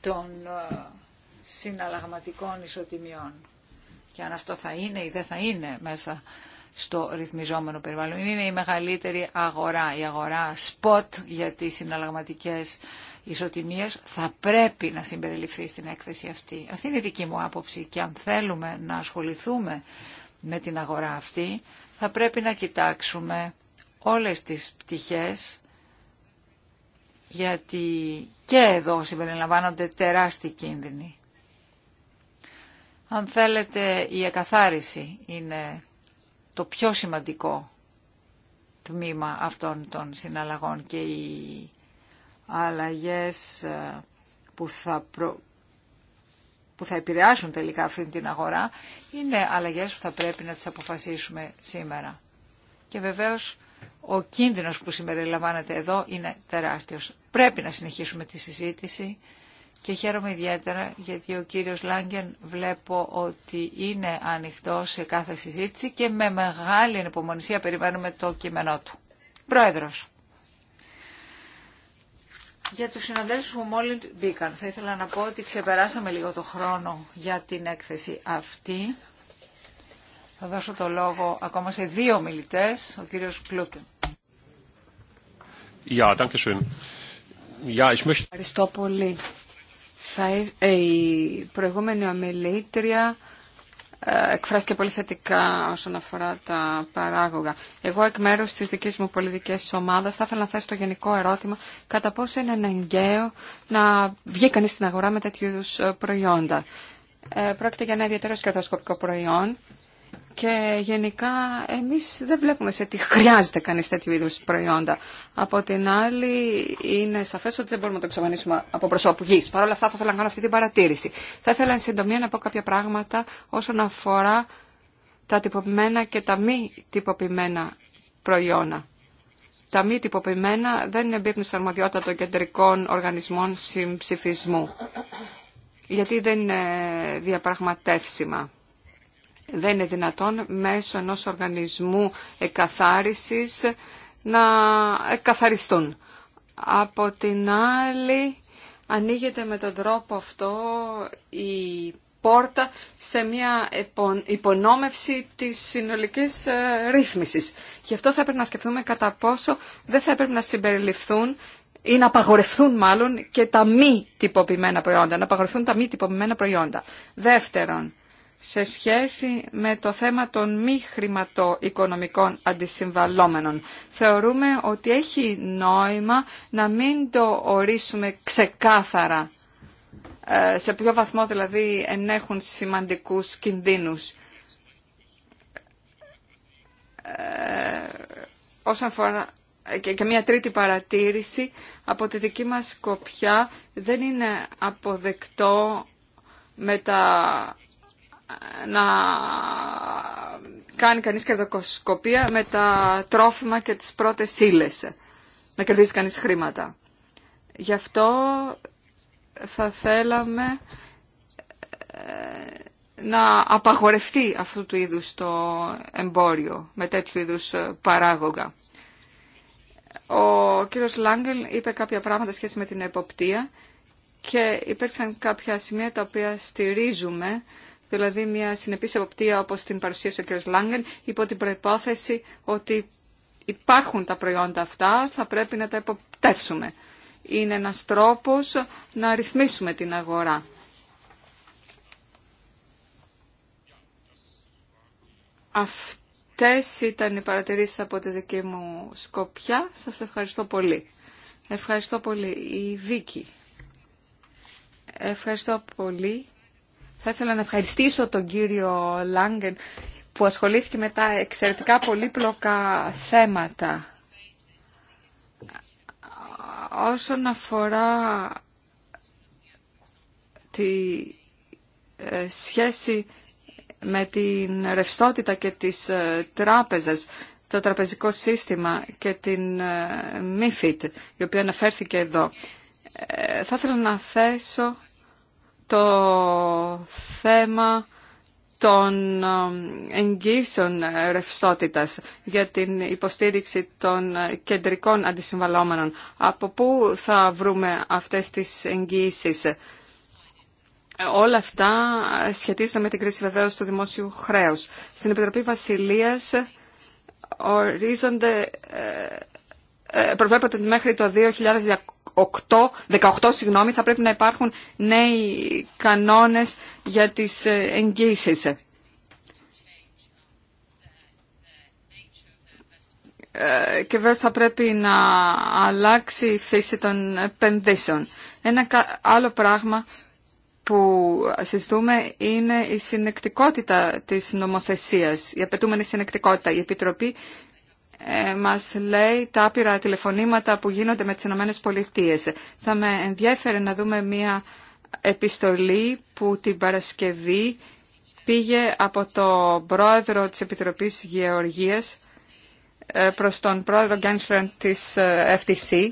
των ε, συναλλαγματικών ισοτιμιών και αν αυτό θα είναι ή δεν θα είναι μέσα στο ρυθμιζόμενο περιβάλλον. Είναι η μεγαλύτερη αγορά, η αγορά spot για τις συναλλαγματικές ισοτιμίας θα πρέπει να συμπεριληφθεί στην έκθεση αυτή. Αυτή είναι η δική μου άποψη και αν θέλουμε να ασχοληθούμε με την αγορά αυτή θα πρέπει να κοιτάξουμε όλες τις πτυχές γιατί και εδώ συμπεριλαμβάνονται τεράστιοι κίνδυνοι. Αν θέλετε η εκαθάριση είναι το πιο σημαντικό τμήμα αυτών των συναλλαγών και η αλλαγές ε, που θα, που θα επηρεάσουν τελικά αυτή την αγορά, είναι αλλαγές που θα πρέπει να τις αποφασίσουμε σήμερα. Και βεβαίως ο κίνδυνος που συμπεριλαμβάνεται εδώ είναι τεράστιος. Πρέπει να συνεχίσουμε τη συζήτηση και χαίρομαι ιδιαίτερα γιατί ο κύριος Λάγκεν βλέπω ότι είναι ανοιχτό σε κάθε συζήτηση και με μεγάλη ανεπομονησία περιμένουμε το κείμενό του. Πρόεδρος. Για τους συναδέλφους που μόλι μπήκαν, θα ήθελα να πω ότι ξεπεράσαμε λίγο το χρόνο για την έκθεση αυτή. Θα δώσω το λόγο ακόμα σε δύο μιλητές, ο κύριος Κλούτεν. schön. ich möchte... Ευχαριστώ πολύ. Ε, η προηγούμενη ομιλήτρια εκφράστηκε πολύ θετικά όσον αφορά τα παράγωγα. Εγώ εκ μέρου τη δική μου πολιτική ομάδα θα ήθελα να θέσω το γενικό ερώτημα κατά πόσο είναι αναγκαίο να βγει κανεί στην αγορά με τέτοιου είδου προϊόντα. Ε, πρόκειται για ένα ιδιαίτερο κερδοσκοπικό προϊόν και γενικά εμείς δεν βλέπουμε σε τι χρειάζεται κανείς τέτοιου είδους προϊόντα. Από την άλλη είναι σαφές ότι δεν μπορούμε να το εξαφανίσουμε από προσώπου γης. Παρ' όλα αυτά θα ήθελα να κάνω αυτή την παρατήρηση. Θα ήθελα εν συντομία να πω κάποια πράγματα όσον αφορά τα τυποποιημένα και τα μη τυποποιημένα προϊόντα. Τα μη τυποποιημένα δεν είναι στην αρμοδιότητα των κεντρικών οργανισμών συμψηφισμού, γιατί δεν είναι διαπραγματεύσιμα δεν είναι δυνατόν μέσω ενός οργανισμού εκαθάρισης να εκαθαριστούν. Από την άλλη ανοίγεται με τον τρόπο αυτό η πόρτα σε μια υπονόμευση της συνολικής ε, ρύθμισης. Γι' αυτό θα έπρεπε να σκεφτούμε κατά πόσο δεν θα έπρεπε να συμπεριληφθούν ή να απαγορευθούν μάλλον και τα μη τυποποιημένα προϊόντα, να απαγορευθούν τα μη τυποποιημένα προϊόντα. Δεύτερον, σε σχέση με το θέμα των μη χρηματοοικονομικών αντισυμβαλόμενων. Θεωρούμε ότι έχει νόημα να μην το ορίσουμε ξεκάθαρα, ε, σε ποιο βαθμό δηλαδή ενέχουν σημαντικούς κινδύνους. Ε, όσον αφορά και μια τρίτη παρατήρηση, από τη δική μας σκοπιά δεν είναι αποδεκτό με τα να κάνει κανείς κερδοσκοπία με τα τρόφιμα και τις πρώτες ύλε. να κερδίσει κανείς χρήματα. Γι' αυτό θα θέλαμε ε, να απαγορευτεί αυτού του είδους το εμπόριο με τέτοιου είδους παράγωγα. Ο κύριος Λάγκελ είπε κάποια πράγματα σχέση με την εποπτεία και υπήρξαν κάποια σημεία τα οποία στηρίζουμε δηλαδή μια συνεπής εποπτεία όπω την παρουσίασε ο κ. Λάγκεν, υπό την προπόθεση ότι υπάρχουν τα προϊόντα αυτά, θα πρέπει να τα εποπτεύσουμε. Είναι ένα τρόπο να ρυθμίσουμε την αγορά. Αυτές ήταν οι παρατηρήσεις από τη δική μου σκοπιά. Σας ευχαριστώ πολύ. Ευχαριστώ πολύ. Η Βίκη. Ευχαριστώ πολύ. Θα ήθελα να ευχαριστήσω τον κύριο Λάγκεν που ασχολήθηκε με τα εξαιρετικά πολύπλοκα θέματα. Όσον αφορά τη ε, σχέση με την ρευστότητα και τις ε, τράπεζες, το τραπεζικό σύστημα και την ε, MIFID, η οποία αναφέρθηκε εδώ. Θα ήθελα να θέσω το θέμα των εγγύσεων ρευστότητα για την υποστήριξη των κεντρικών αντισυμβαλόμενων. Από πού θα βρούμε αυτές τις εγγύσει, Όλα αυτά σχετίζονται με την κρίση βεβαίως του δημόσιου χρέους. Στην Επιτροπή Βασιλείας ορίζονται ε, ε, προβλέπεται ότι μέχρι το 2018 συγγνώμη, θα πρέπει να υπάρχουν νέοι κανόνες για τις ε, εγγύησεις. Ε, και βέβαια θα πρέπει να αλλάξει η φύση των επενδύσεων. Ένα άλλο πράγμα που συζητούμε είναι η συνεκτικότητα της νομοθεσίας, η απαιτούμενη συνεκτικότητα. Η Επιτροπή ε, μας λέει τα άπειρα τηλεφωνήματα που γίνονται με τις Ηνωμένες Πολιτείες. Θα με ενδιέφερε να δούμε μία επιστολή που την Παρασκευή πήγε από το πρόεδρο της Επιτροπής Γεωργίας ε, προς τον πρόεδρο της FTC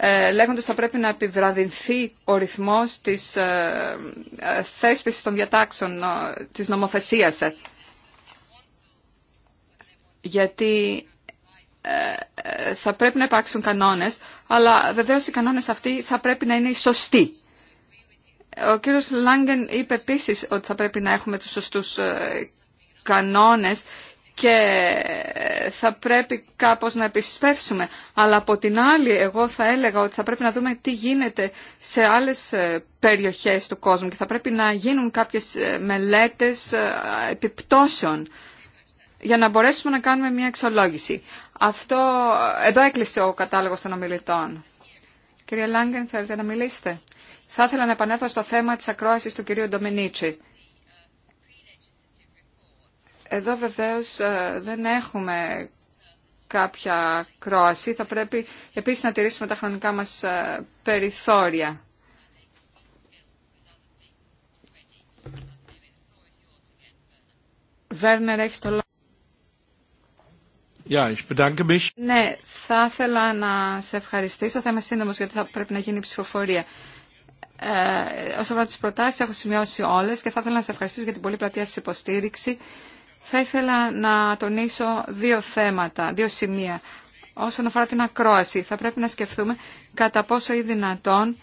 ε, λέγοντας θα πρέπει να επιβραδυνθεί ο ρυθμός της θέσπισης των διατάξεων της νομοθεσίας γιατί θα πρέπει να υπάρξουν κανόνες, αλλά βεβαίως οι κανόνες αυτοί θα πρέπει να είναι οι σωστοί. Ο κύριος Λάγκεν είπε επίση ότι θα πρέπει να έχουμε τους σωστούς ε, κανόνες και ε, θα πρέπει κάπως να επισπεύσουμε. Αλλά από την άλλη, εγώ θα έλεγα ότι θα πρέπει να δούμε τι γίνεται σε άλλες ε, περιοχές του κόσμου και θα πρέπει να γίνουν κάποιες μελέτες επιπτώσεων για να μπορέσουμε να κάνουμε μια εξολόγηση. Αυτό, εδώ έκλεισε ο κατάλογος των ομιλητών. Κύριε Λάγκεν, θέλετε να μιλήσετε. Θα ήθελα να επανέλθω στο θέμα της ακρόασης του κυρίου Ντομινίτσι. Εδώ βεβαίως ε, δεν έχουμε κάποια ακρόαση. Θα πρέπει επίσης να τηρήσουμε τα χρονικά μας ε, περιθώρια. Βέρνερ, έχει λόγο ich bedanke mich. Ναι, θα ήθελα να σε ευχαριστήσω. Θα είμαι σύντομο γιατί θα πρέπει να γίνει η ψηφοφορία. Ε, αφορά τι προτάσει, έχω σημειώσει όλε και θα ήθελα να σε ευχαριστήσω για την πολύ πλατεία σα υποστήριξη. Θα ήθελα να τονίσω δύο θέματα, δύο σημεία. Όσον αφορά την ακρόαση, θα πρέπει να σκεφτούμε κατά πόσο ή δυνατόν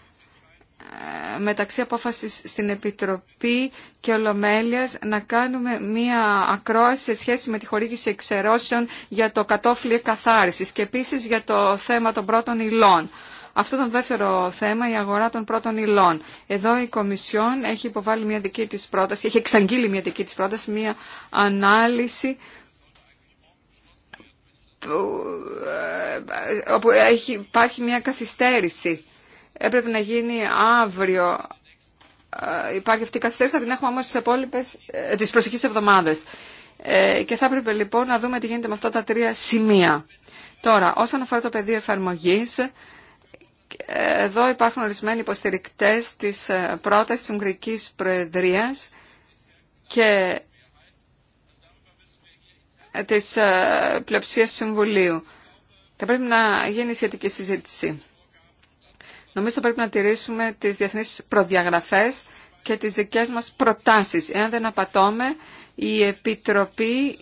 μεταξύ απόφασης στην Επιτροπή και Ολομέλειας να κάνουμε μία ακρόαση σε σχέση με τη χορήγηση εξαιρώσεων για το κατόφλι καθάρισης και επίσης για το θέμα των πρώτων υλών. Αυτό το δεύτερο θέμα, η αγορά των πρώτων υλών. Εδώ η Κομισιόν έχει υποβάλει μια δική της πρόταση, έχει εξαγγείλει μια δική της πρόταση, μια ανάλυση ε, όπου έχει, υπάρχει μια καθυστέρηση έπρεπε να γίνει αύριο. Ε, υπάρχει αυτή η καθυστέρηση, θα την έχουμε όμως τις, επόλοιπες, ε, τις προσεχείς εβδομάδες. Ε, και θα έπρεπε λοιπόν να δούμε τι γίνεται με αυτά τα τρία σημεία. Τώρα, όσον αφορά το πεδίο εφαρμογής, εδώ υπάρχουν ορισμένοι υποστηρικτές της πρότασης της Ουγγρικής Προεδρίας και της πλειοψηφίας του Συμβουλίου. Θα πρέπει να γίνει σχετική συζήτηση. Νομίζω πρέπει να τηρήσουμε τις διεθνείς προδιαγραφές και τις δικές μας προτάσεις. Εάν δεν απατώμε, η Επιτροπή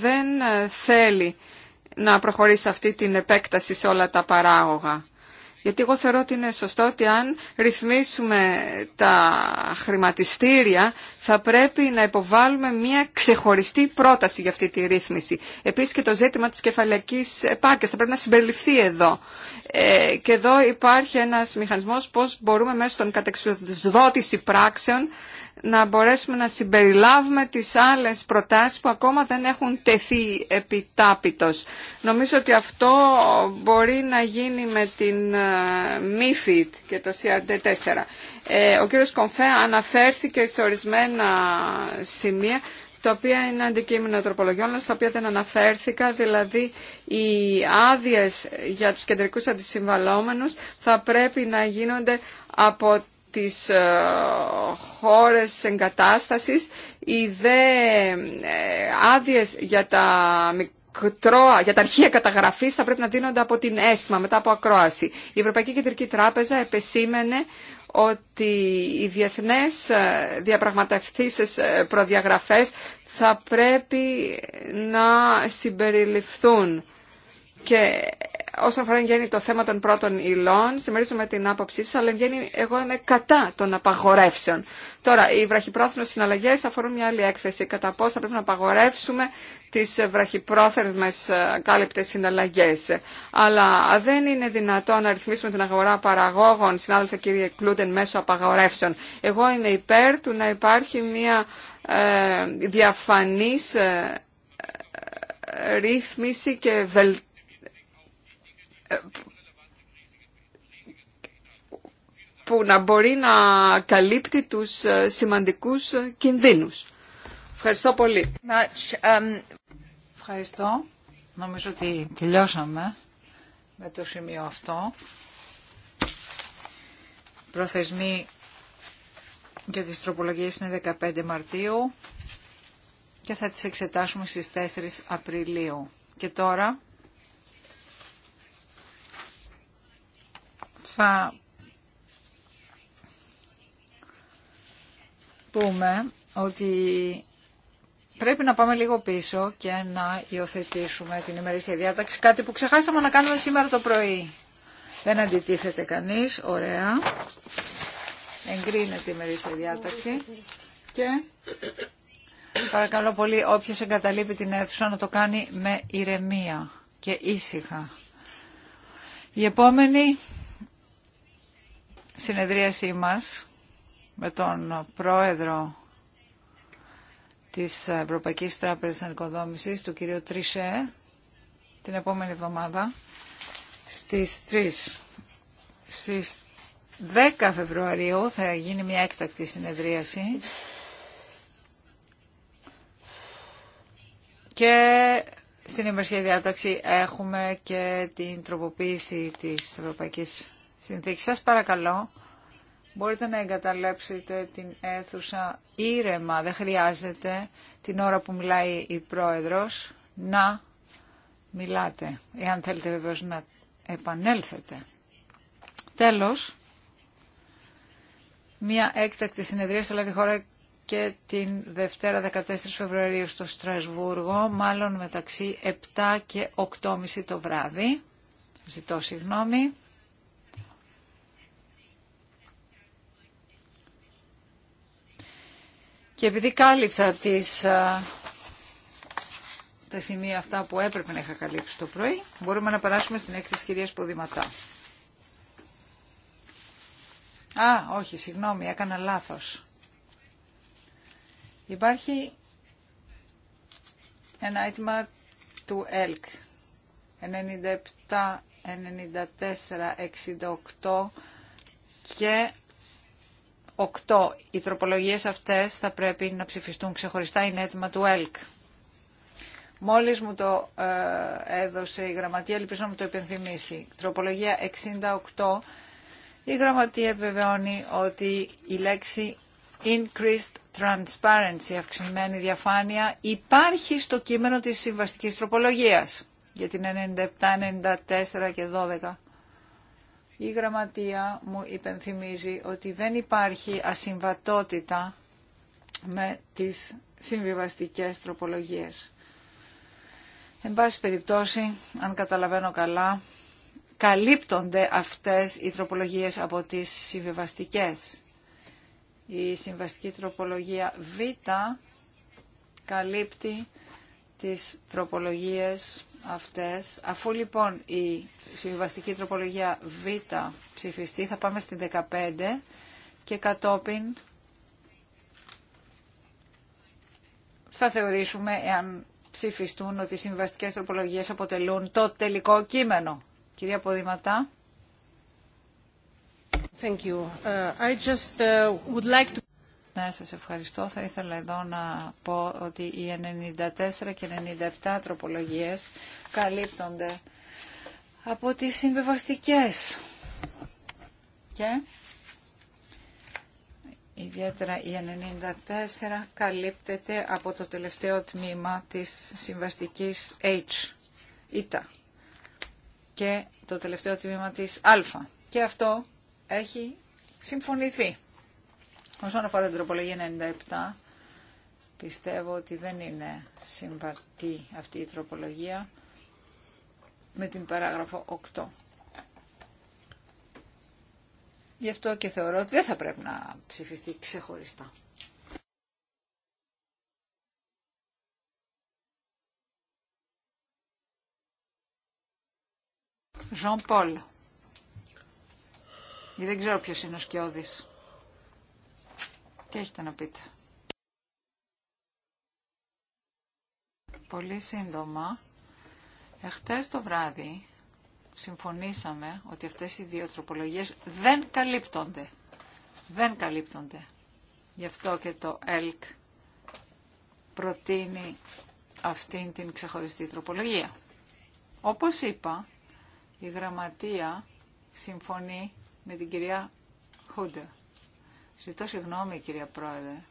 δεν θέλει να προχωρήσει αυτή την επέκταση σε όλα τα παράγωγα. Γιατί εγώ θεωρώ ότι είναι σωστό ότι αν ρυθμίσουμε τα χρηματιστήρια θα πρέπει να υποβάλουμε μια ξεχωριστή πρόταση για αυτή τη ρύθμιση. Επίσης και το ζήτημα της κεφαλαϊκής επάρκειας θα πρέπει να συμπεριληφθεί εδώ. Ε, και εδώ υπάρχει ένας μηχανισμός πώς μπορούμε μέσω των κατεξοδότηση πράξεων να μπορέσουμε να συμπεριλάβουμε τις άλλες προτάσεις που ακόμα δεν έχουν τεθεί επιτάπητος. Νομίζω ότι αυτό μπορεί να γίνει με την ε, MIFID και το CRD4. Ε, ο κύριος Κομφέ αναφέρθηκε σε ορισμένα σημεία τα οποία είναι αντικείμενα τροπολογιών, στα οποία δεν αναφέρθηκα, δηλαδή οι άδειες για τους κεντρικούς αντισυμβαλόμενους θα πρέπει να γίνονται από τις ε, χώρες εγκατάστασης, οι δε ε, άδειες για τα μικρόα, για τα αρχεία καταγραφής θα πρέπει να δίνονται από την ΕΣΜΑ μετά από ακρόαση. Η Ευρωπαϊκή Κεντρική Τράπεζα επεσήμενε ότι οι διεθνές ε, διαπραγματευθήσεις προδιαγραφές θα πρέπει να συμπεριληφθούν και όσον αφορά γέννη το θέμα των πρώτων υλών, συμμερίζομαι την άποψή σα, αλλά γέννη εγώ είμαι κατά των απαγορεύσεων. Τώρα, οι βραχυπρόθεσμε συναλλαγέ αφορούν μια άλλη έκθεση. Κατά πώ θα πρέπει να απαγορεύσουμε τι βραχυπρόθεσμε ε, κάλυπτε συναλλαγέ. Αλλά δεν είναι δυνατόν να ρυθμίσουμε την αγορά παραγόγων, συνάδελφε κύριε Κλούντεν, μέσω απαγορεύσεων. Εγώ είμαι υπέρ του να υπάρχει μια ε, διαφανής ε, ε ρύθμιση και βελτίωση που να μπορεί να καλύπτει τους ε, σημαντικούς ε, κινδύνους. Ευχαριστώ πολύ. Um, Ευχαριστώ. Νομίζω ότι τελειώσαμε με το σημείο αυτό. Προθεσμή για τις τροπολογίες είναι 15 Μαρτίου και θα τις εξετάσουμε στις 4 Απριλίου. Και τώρα θα πούμε ότι πρέπει να πάμε λίγο πίσω και να υιοθετήσουμε την ημερήσια διάταξη, κάτι που ξεχάσαμε να κάνουμε σήμερα το πρωί. Δεν αντιτίθεται κανείς, ωραία. Εγκρίνεται η ημερήσια διάταξη. Και παρακαλώ πολύ όποιος εγκαταλείπει την αίθουσα να το κάνει με ηρεμία και ήσυχα. Η επόμενη συνεδρίασή μας με τον πρόεδρο της Ευρωπαϊκής Τράπεζας Ανοικοδόμησης, του κύριο Τρισέ, την επόμενη εβδομάδα, στις 3. Στις 10 Φεβρουαρίου θα γίνει μια έκτακτη συνεδρίαση και στην ημερσία διάταξη έχουμε και την τροποποίηση της Ευρωπαϊκής συνθήκη. Σας παρακαλώ, μπορείτε να εγκαταλέψετε την αίθουσα ήρεμα, δεν χρειάζεται την ώρα που μιλάει η Πρόεδρος να μιλάτε, εάν θέλετε βεβαίως να επανέλθετε. Τέλος, μια έκτακτη συνεδρία θα λάβει χώρα και την Δευτέρα 14 Φεβρουαρίου στο Στρασβούργο, μάλλον μεταξύ 7 και 8.30 το βράδυ. Ζητώ συγγνώμη. Και επειδή κάλυψα τις, τα σημεία αυτά που έπρεπε να είχα καλύψει το πρωί, μπορούμε να περάσουμε στην έκθεση της κυρίας Ποδηματά. Α, όχι, συγγνώμη, έκανα λάθος. Υπάρχει ένα αίτημα του ΕΛΚ. 97, 94, 68 και 8. Οι τροπολογίες αυτές θα πρέπει να ψηφιστούν ξεχωριστά, είναι έτοιμα του ΕΛΚ. Μόλις μου το ε, έδωσε η γραμματεία, ελπίζω να μου το υπενθυμίσει. Τροπολογία 68. Η γραμματεία επιβεβαιώνει ότι η λέξη increased transparency, αυξημένη διαφάνεια, υπάρχει στο κείμενο της συμβαστικής τροπολογίας για την 97, 94 και 12. Η γραμματεία μου υπενθυμίζει ότι δεν υπάρχει ασυμβατότητα με τις συμβιβαστικές τροπολογίες. Εν πάση περιπτώσει, αν καταλαβαίνω καλά, καλύπτονται αυτές οι τροπολογίες από τις συμβιβαστικές. Η συμβαστική τροπολογία Β καλύπτει τις τροπολογίες αυτές. Αφού λοιπόν η συμβαστική τροπολογία Β ψηφιστεί, θα πάμε στην 15 και κατόπιν θα θεωρήσουμε εάν ψηφιστούν ότι οι συμβαστικές τροπολογίες αποτελούν το τελικό κείμενο. Κυρία Ποδηματά. Uh, uh, να σας ευχαριστώ. Θα ήθελα εδώ να πω ότι οι 94 και 97 τροπολογίες καλύπτονται από τις συμβεβαστικές. Και ιδιαίτερα η 94 καλύπτεται από το τελευταίο τμήμα της συμβαστικής H, ήτα, και το τελευταίο τμήμα της α. Και αυτό έχει συμφωνηθεί. Όσον αφορά την τροπολογία 97, πιστεύω ότι δεν είναι συμβατή αυτή η τροπολογία με την παράγραφο 8. Γι' αυτό και θεωρώ ότι δεν θα πρέπει να ψηφιστεί ξεχωριστά. Ζων Πολ. Δεν ξέρω ποιος είναι ο Σκιώδης. Τι έχετε να πείτε. Πολύ σύντομα, εχθές το βράδυ συμφωνήσαμε ότι αυτές οι δύο τροπολογίες δεν καλύπτονται. Δεν καλύπτονται. Γι' αυτό και το ΕΛΚ προτείνει αυτήν την ξεχωριστή τροπολογία. Όπως είπα, η γραμματεία συμφωνεί με την κυρία Χούντερ. Ζητώ συγγνώμη κυρία Πρόεδρε,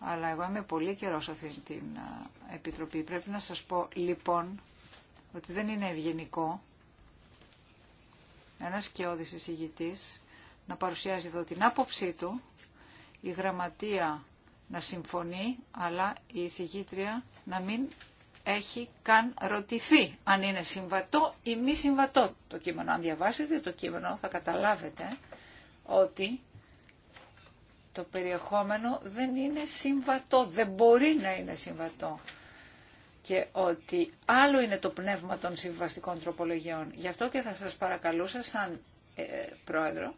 αλλά εγώ είμαι πολύ καιρό σε αυτή την Επιτροπή. Πρέπει να σας πω λοιπόν ότι δεν είναι ευγενικό ένας κοιόδης εισηγητής να παρουσιάζει εδώ την άποψή του, η γραμματεία να συμφωνεί, αλλά η εισηγήτρια να μην έχει καν ρωτηθεί αν είναι συμβατό ή μη συμβατό το κείμενο. Αν διαβάσετε το κείμενο θα καταλάβετε ότι το περιεχόμενο δεν είναι συμβατό, δεν μπορεί να είναι συμβατό. Και ότι άλλο είναι το πνεύμα των συμβαστικών τροπολογιών. Γι' αυτό και θα σας παρακαλούσα σαν ε, πρόεδρο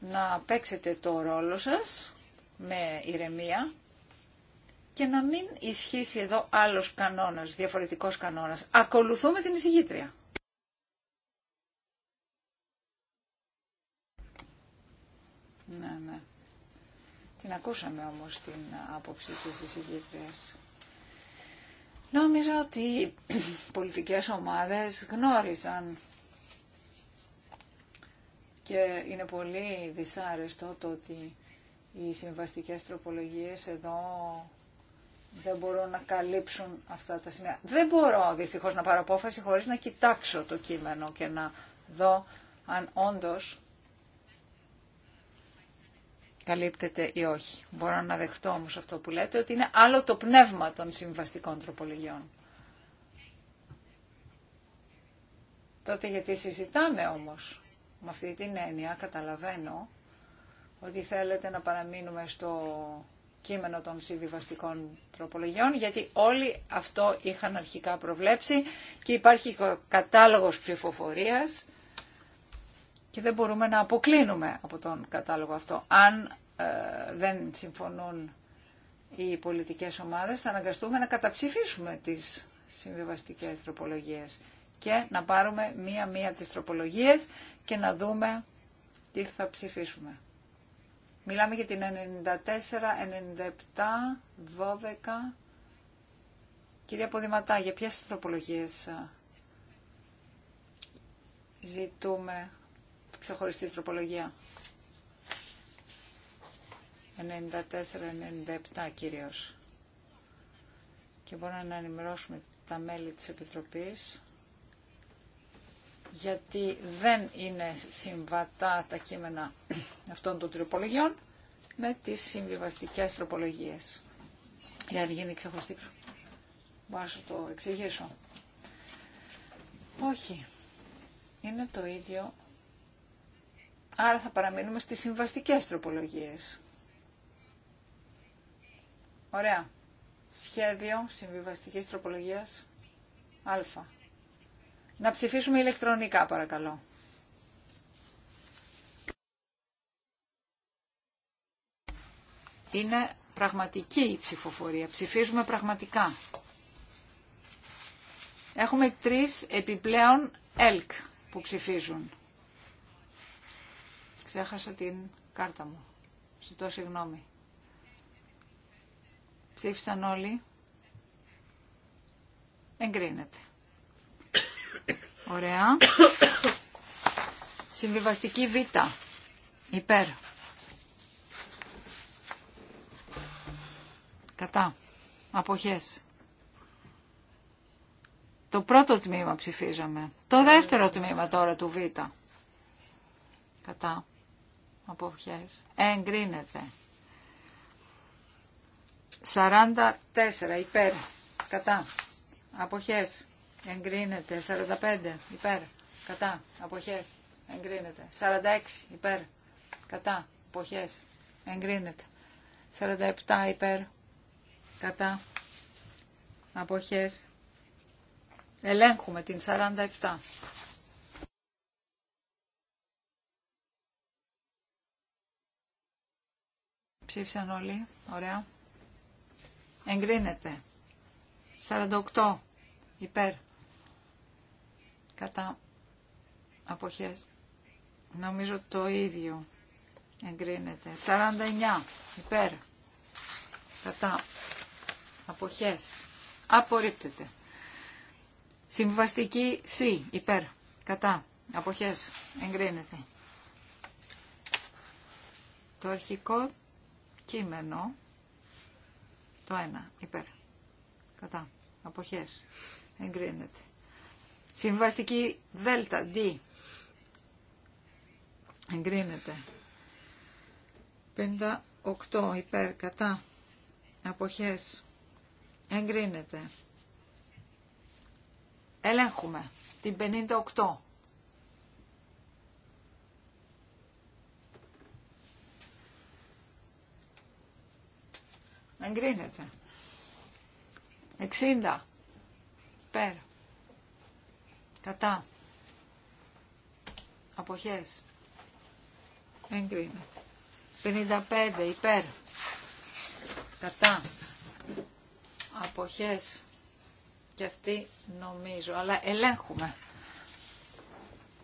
να παίξετε το ρόλο σας με ηρεμία και να μην ισχύσει εδώ άλλος κανόνας, διαφορετικός κανόνας. Ακολουθούμε την εισηγήτρια. Ναι, ναι. Την ακούσαμε όμως την άποψη της εισηγήτριας. Νόμιζα ότι οι πολιτικές ομάδες γνώριζαν και είναι πολύ δυσάρεστο το ότι οι συμβαστικές τροπολογίες εδώ δεν μπορούν να καλύψουν αυτά τα σημεία. Δεν μπορώ δυστυχώς να πάρω απόφαση χωρίς να κοιτάξω το κείμενο και να δω αν όντως καλύπτεται ή όχι. Μπορώ να δεχτώ όμως αυτό που λέτε ότι είναι άλλο το πνεύμα των συμβαστικών τροπολογιών. Τότε γιατί συζητάμε όμως. Με αυτή την έννοια καταλαβαίνω ότι θέλετε να παραμείνουμε στο κείμενο των συμβιβαστικών τροπολογιών, γιατί όλοι αυτό είχαν αρχικά προβλέψει και υπάρχει κατάλογος ψηφοφορίας και δεν μπορούμε να αποκλίνουμε από τον κατάλογο αυτό. Αν ε, δεν συμφωνούν οι πολιτικές ομάδες θα αναγκαστούμε να καταψηφίσουμε τις συμβιβαστικές τροπολογίες και να πάρουμε μία-μία τις τροπολογίες και να δούμε τι θα ψηφίσουμε. Μιλάμε για την 94, 97, 12. Κυρία Ποδηματά, για ποιες τροπολογίες ε, ζητούμε ξεχωριστή τροπολογία. 94-97 κυρίως. Και μπορούμε να ενημερώσουμε τα μέλη της Επιτροπής γιατί δεν είναι συμβατά τα κείμενα αυτών των τροπολογιών με τις συμβιβαστικές τροπολογίες. Για να γίνει ξεχωριστή Μπορώ να σου το εξηγήσω. Όχι. Είναι το ίδιο Άρα θα παραμείνουμε στις συμβαστικές τροπολογίες. Ωραία. Σχέδιο συμβιβαστικής τροπολογίας Α. Να ψηφίσουμε ηλεκτρονικά παρακαλώ. Είναι πραγματική η ψηφοφορία. Ψηφίζουμε πραγματικά. Έχουμε τρεις επιπλέον ΕΛΚ που ψηφίζουν. Ξέχασα την κάρτα μου. Ζητώ συγγνώμη. Ψήφισαν όλοι. Εγκρίνεται. Ωραία. Συμβιβαστική Β. Υπέρ. Κατά. Αποχές. Το πρώτο τμήμα ψηφίζαμε. Το δεύτερο τμήμα τώρα του Β. Κατά αποχές εγκρίνεται. 44 υπέρ κατά αποχές εγκρίνεται. 45 υπέρ κατά αποχές εγκρίνεται. 46 υπέρ κατά αποχές εγκρίνεται. 47 υπέρ κατά αποχές Ελέγχουμε την 47. Ψήφισαν όλοι. Ωραία. Εγκρίνεται. 48 υπέρ. Κατά αποχές. Νομίζω το ίδιο εγκρίνεται. 49 υπέρ. Κατά αποχές. Απορρίπτεται. Συμβαστική C υπέρ. Κατά αποχές. Εγκρίνεται. Το αρχικό κείμενο. Το 1. Υπέρ. Κατά. Αποχές. Εγκρίνεται. Συμβαστική δέλτα. D. Εγκρίνεται. 58. Υπέρ. Κατά. Αποχές. Εγκρίνεται. Ελέγχουμε. Την 58. Εγκρίνεται. 60. Πέρ. Κατά. Αποχές. Εγκρίνεται. πέντε. Υπέρ. Κατά. Αποχές. Και αυτή νομίζω. Αλλά ελέγχουμε.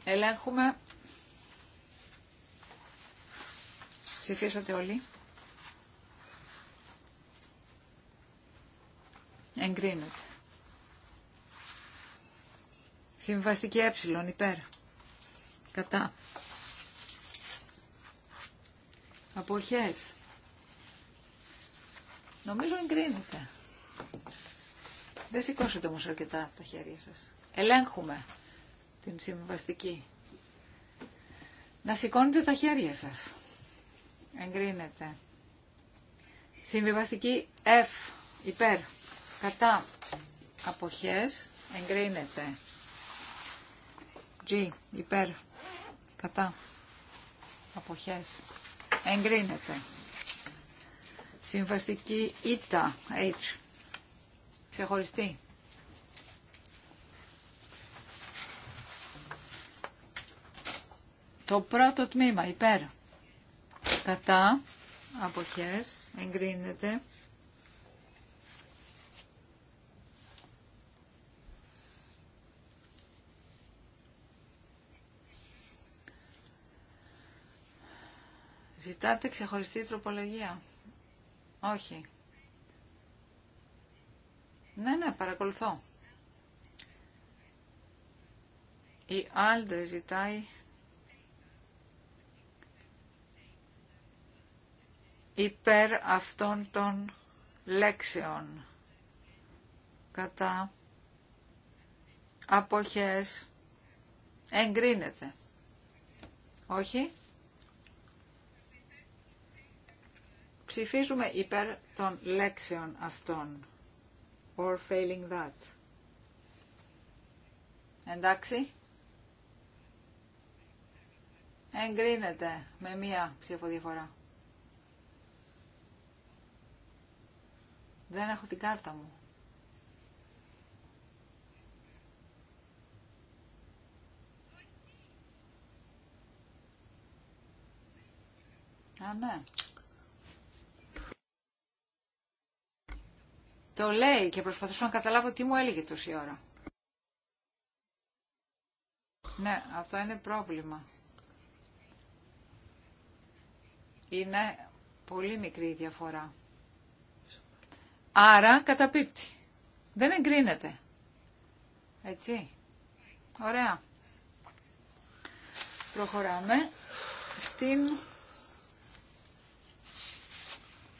Ελέγχουμε. Ψηφίσατε όλοι. Εγκρίνεται. Συμβαστική ε υπέρ. Κατά. Αποχές. Νομίζω εγκρίνεται. Δεν σηκώσετε όμως αρκετά τα χέρια σας. Ελέγχουμε την συμβαστική. Να σηκώνετε τα χέρια σας. Εγκρίνεται. Συμβιβαστική F υπέρ κατά αποχές εγκρίνεται. G υπέρ κατά αποχές εγκρίνεται. Συμβαστική ήτα H ξεχωριστή. Το πρώτο τμήμα υπέρ κατά αποχές εγκρίνεται. Ζητάτε ξεχωριστή τροπολογία. Όχι. Ναι, ναι, παρακολουθώ. Η Άλντε ζητάει υπέρ αυτών των λέξεων κατά αποχές εγκρίνεται. Όχι. Ψηφίζουμε υπέρ των λέξεων αυτών. Or failing that. Εντάξει. Εγκρίνεται με μία ψηφοδιαφορά. Δεν έχω την κάρτα μου. Α, ναι. Το λέει και προσπαθούσα να καταλάβω τι μου έλεγε τόση ώρα. Ναι, αυτό είναι πρόβλημα. Είναι πολύ μικρή η διαφορά. Άρα καταπίπτει. Δεν εγκρίνεται. Έτσι. Ωραία. Προχωράμε στην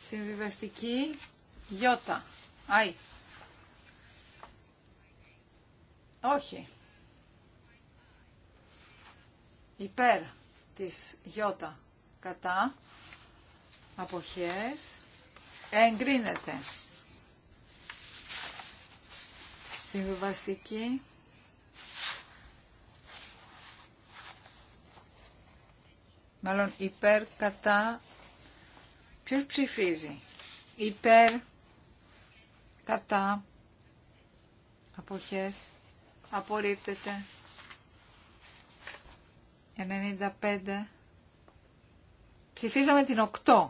συμβιβαστική γιώτα. Άι. Όχι. Υπέρ της γιώτα κατά αποχές εγκρίνεται. Συμβιβαστική. Μάλλον υπέρ κατά. Ποιος ψηφίζει. Υπέρ κατά αποχές απορρίπτεται 95 ψηφίζαμε την 8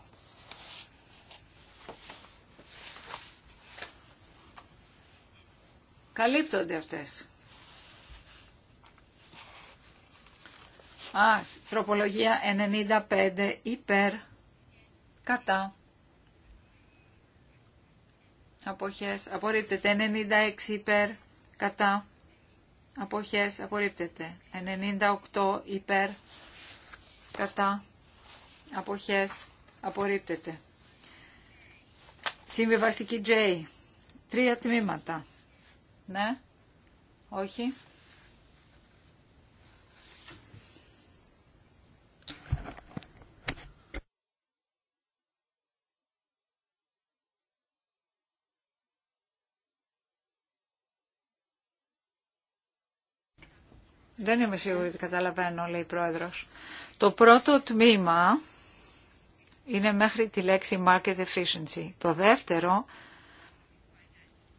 καλύπτονται αυτές Α, τροπολογία 95 υπέρ κατά αποχές απορρίπτεται 96 υπέρ κατά αποχές απορρίπτεται 98 υπέρ κατά αποχές απορρίπτεται συμβιβαστική J τρία τμήματα ναι όχι Δεν είμαι σίγουρη ότι καταλαβαίνω, λέει η Πρόεδρος. Το πρώτο τμήμα είναι μέχρι τη λέξη market efficiency. Το δεύτερο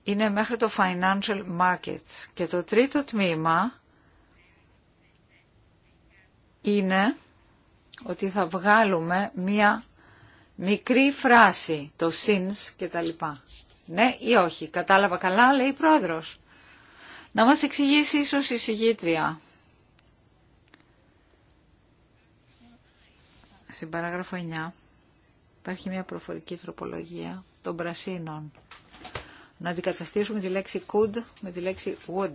είναι μέχρι το financial markets. Και το τρίτο τμήμα είναι ότι θα βγάλουμε μία μικρή φράση, το since και τα λοιπά. Ναι ή όχι, κατάλαβα καλά, λέει η πρόεδρος. Να μας εξηγήσει ίσως η συγγήτρια. Στην παράγραφο 9 υπάρχει μια προφορική τροπολογία των πρασίνων. Να αντικαταστήσουμε τη λέξη could με τη λέξη would.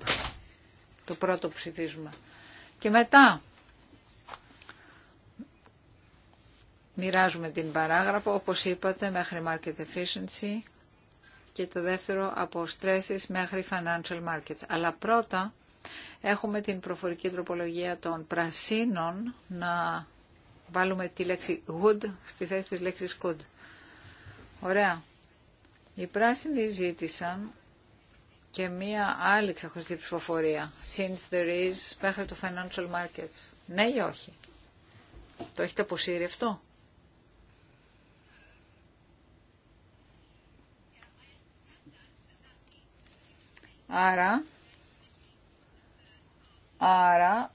Το πρώτο που ψηφίζουμε. Και μετά μοιράζουμε την παράγραφο, όπως είπατε, μέχρι market efficiency και το δεύτερο από stresses μέχρι financial markets. Αλλά πρώτα έχουμε την προφορική τροπολογία των πρασίνων να βάλουμε τη λέξη good στη θέση της λέξης could. Ωραία. Οι πράσινοι ζήτησαν και μία άλλη ξεχωριστή ψηφοφορία. Since there is μέχρι το financial market. Ναι ή όχι. Το έχετε αποσύρει αυτό. Άρα, άρα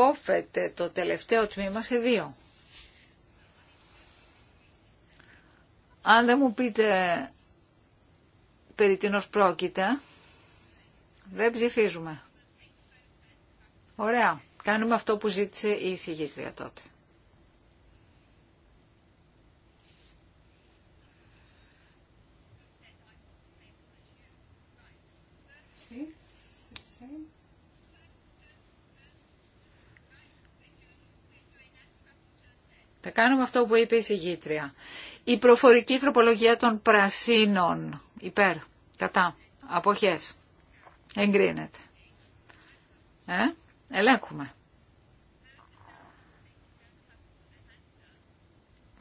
κόφεται το τελευταίο τμήμα σε δύο. Αν δεν μου πείτε περί τίνος πρόκειται, δεν ψηφίζουμε. Ωραία. Κάνουμε αυτό που ζήτησε η εισηγήτρια τότε. Θα κάνουμε αυτό που είπε η συγγήτρια. Η προφορική τροπολογία των πρασίνων. Υπέρ. Κατά. Αποχές. Εγκρίνεται. Ε, ελέγχουμε.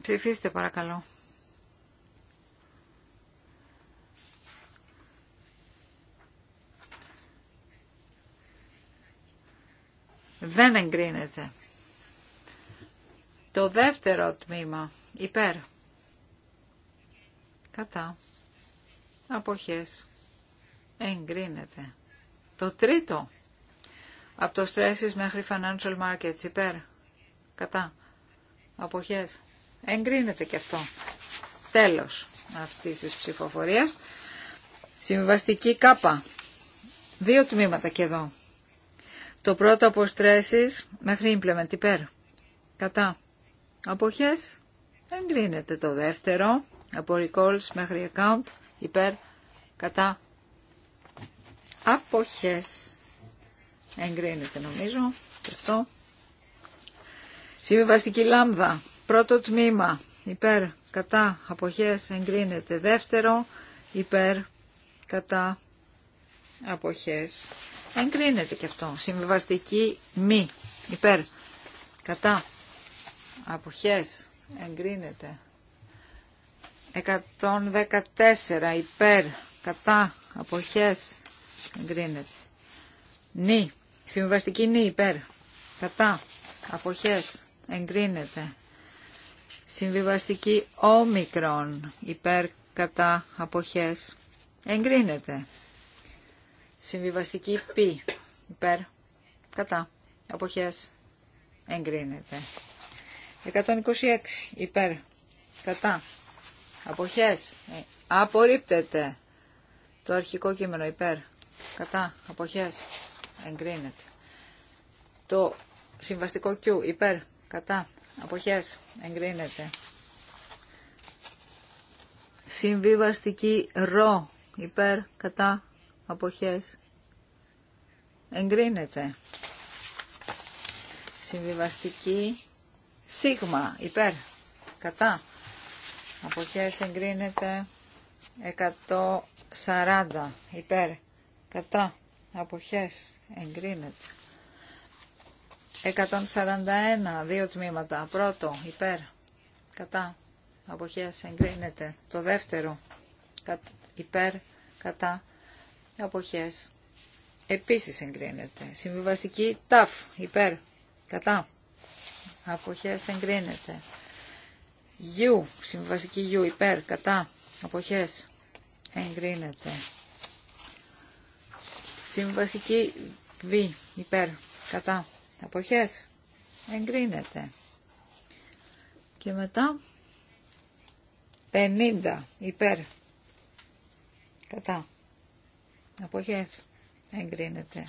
Ψηφίστε παρακαλώ. Δεν εγκρίνεται. Το δεύτερο τμήμα. Υπέρ. Κατά. Αποχές. Εγκρίνεται. Το τρίτο. Από το stresses μέχρι financial markets. Υπέρ. Κατά. Αποχές. Εγκρίνεται και αυτό. Τέλος αυτής της ψηφοφορίας. Συμβαστική κάπα. Δύο τμήματα και εδώ. Το πρώτο από stresses μέχρι implement. Υπέρ. Κατά αποχές εγκρίνεται το δεύτερο από recalls μέχρι account υπέρ κατά αποχές εγκρίνεται νομίζω και αυτό συμβιβαστική λάμδα πρώτο τμήμα υπέρ κατά αποχές εγκρίνεται δεύτερο υπέρ κατά αποχές εγκρίνεται και αυτό συμβιβαστική μη υπέρ κατά αποχές εγκρίνεται 114 υπέρ κατά αποχές εγκρίνεται νη συμβαστική νη υπέρ κατά αποχές εγκρίνεται συμβιβαστική όμικρον υπέρ κατά αποχές εγκρίνεται συμβιβαστική π υπέρ κατά αποχές εγκρίνεται 126 υπέρ. Κατά. Αποχές. Ε, απορρίπτεται. Το αρχικό κείμενο υπέρ. Κατά. Αποχές. Εγκρίνεται. Το συμβαστικό Q υπέρ. Κατά. Αποχές. Εγκρίνεται. Συμβιβαστική ρο υπέρ. Κατά. Αποχές. Εγκρίνεται. Συμβιβαστική Σίγμα υπέρ κατά αποχές εγκρίνεται 140 υπέρ κατά αποχές εγκρίνεται 141 δύο τμήματα πρώτο υπέρ κατά αποχές εγκρίνεται το δεύτερο υπέρ κατά αποχές επίσης εγκρίνεται συμβιβαστική ταφ υπέρ κατά αποχές εγκρίνεται. Γιου, συμβασική γιου, υπέρ, κατά, αποχές εγκρίνεται. Συμβασική β, υπέρ, κατά, αποχές εγκρίνεται. Και μετά 50 υπέρ κατά αποχές εγκρίνεται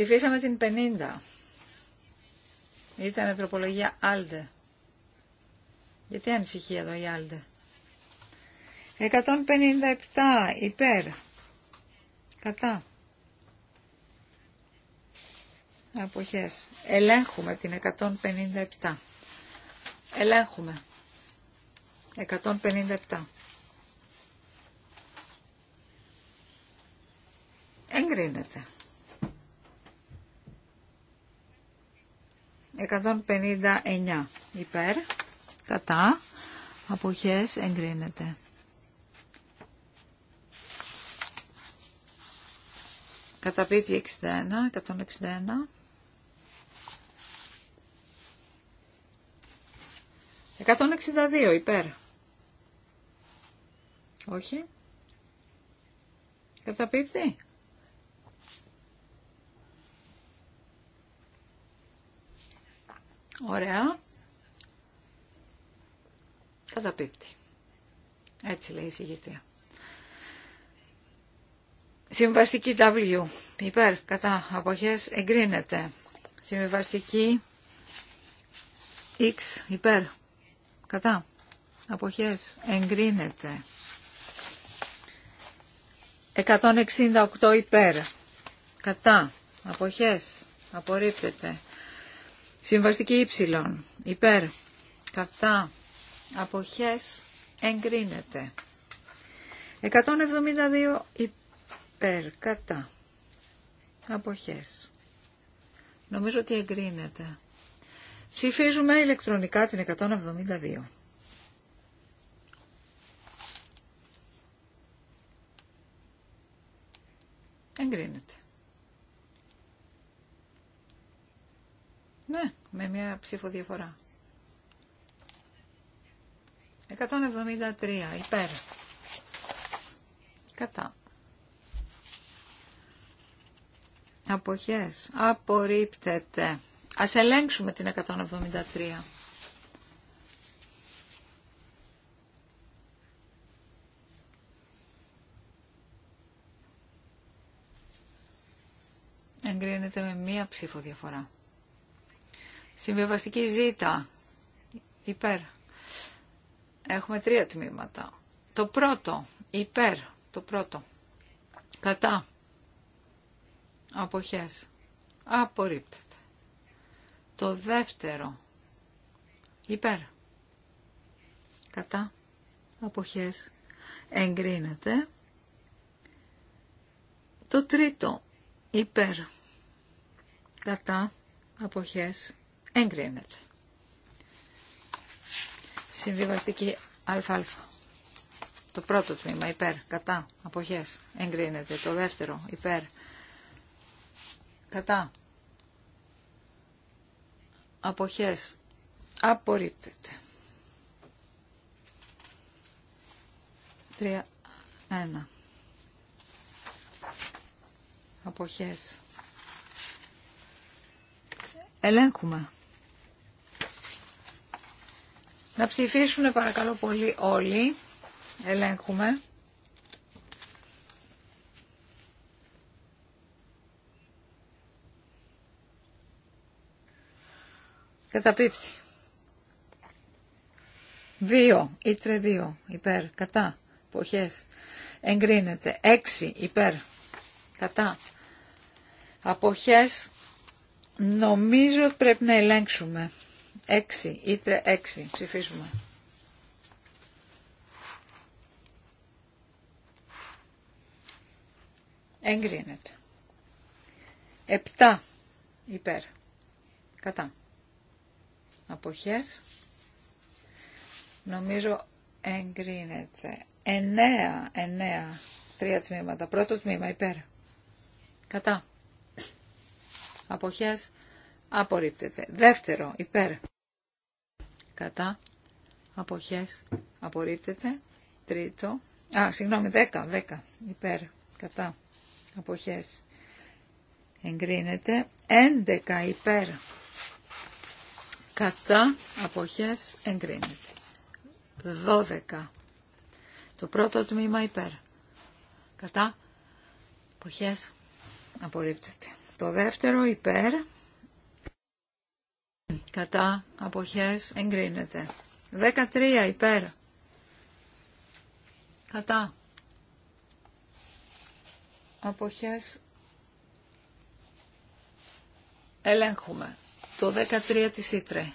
Ψηφίσαμε την 50. Ήταν τροπολογία Άλντε. Γιατί ανησυχεί εδώ η Άλντε. 157 υπέρ. Κατά. Αποχές. Ελέγχουμε την 157. Ελέγχουμε. 157. Εγκρίνεται. 159 υπέρ, κατά, αποχές εγκρίνεται. Καταπίπτει 61, 161. 162 εξήντα υπέρ. Όχι. Καταπίπτει. Ωραία. Καταπίπτει. Έτσι λέει η συγγετία. Συμβαστική W. Υπέρ, κατά, αποχές, εγκρίνεται. Συμβαστική X. Υπέρ, κατά, αποχές, εγκρίνεται. 168 υπέρ, κατά, αποχές, απορρίπτεται. Συμβαστική ύψιλον. Υπέρ. Κατά. Αποχές. Εγκρίνεται. 172 υπέρ. Κατά. Αποχές. Νομίζω ότι εγκρίνεται. Ψηφίζουμε ηλεκτρονικά την 172. Εγκρίνεται. Ναι με μια ψηφοδιαφορά. 173 υπέρ. Κατά. Αποχές. Απορρίπτεται. Ας ελέγξουμε την 173. Εγκρίνεται με μία ψήφο διαφορά. Συμβιβαστική ζήτα. Υπέρ. Έχουμε τρία τμήματα. Το πρώτο. Υπέρ. Το πρώτο. Κατά. Αποχές. Απορρίπτεται. Το δεύτερο. Υπέρ. Κατά. Αποχές. Εγκρίνεται. Το τρίτο. Υπέρ. Κατά. Αποχές. Εγκρίνεται. Συμβιβαστική αλφα. Το πρώτο τμήμα υπέρ, κατά, αποχές, εγκρίνεται. Το δεύτερο υπέρ, κατά, αποχές, Τρία. Ένα. Αποχές. Ελέγχουμε. Να ψηφίσουν παρακαλώ πολύ όλοι. Ελέγχουμε. Καταπίπτει. Δύο, ήτρε δύο, υπέρ, κατά, ποχές, εγκρίνεται. Έξι, υπέρ, κατά, αποχές, νομίζω ότι πρέπει να ελέγξουμε. 6, ήτρε 6, ψηφίζουμε. Εγκρίνεται. 7 υπέρ. Κατά. Αποχές. Νομίζω εγκρίνεται. 9, 9, τρία τμήματα. Πρώτο τμήμα υπέρ. Κατά. Αποχές. Απορρίπτεται. Δεύτερο υπέρ κατά αποχές απορρίπτεται. Τρίτο, α, συγγνώμη, δέκα δέκα υπέρ κατά αποχές εγκρίνεται. Έντεκα, υπέρ κατά αποχές εγκρίνεται. δώδεκα Το πρώτο τμήμα υπέρ. Κατά αποχές απορρίπτεται. Το δεύτερο υπέρ κατά αποχές εγκρίνεται. 13 υπέρ κατά αποχές ελέγχουμε το 13 της Ήτρε.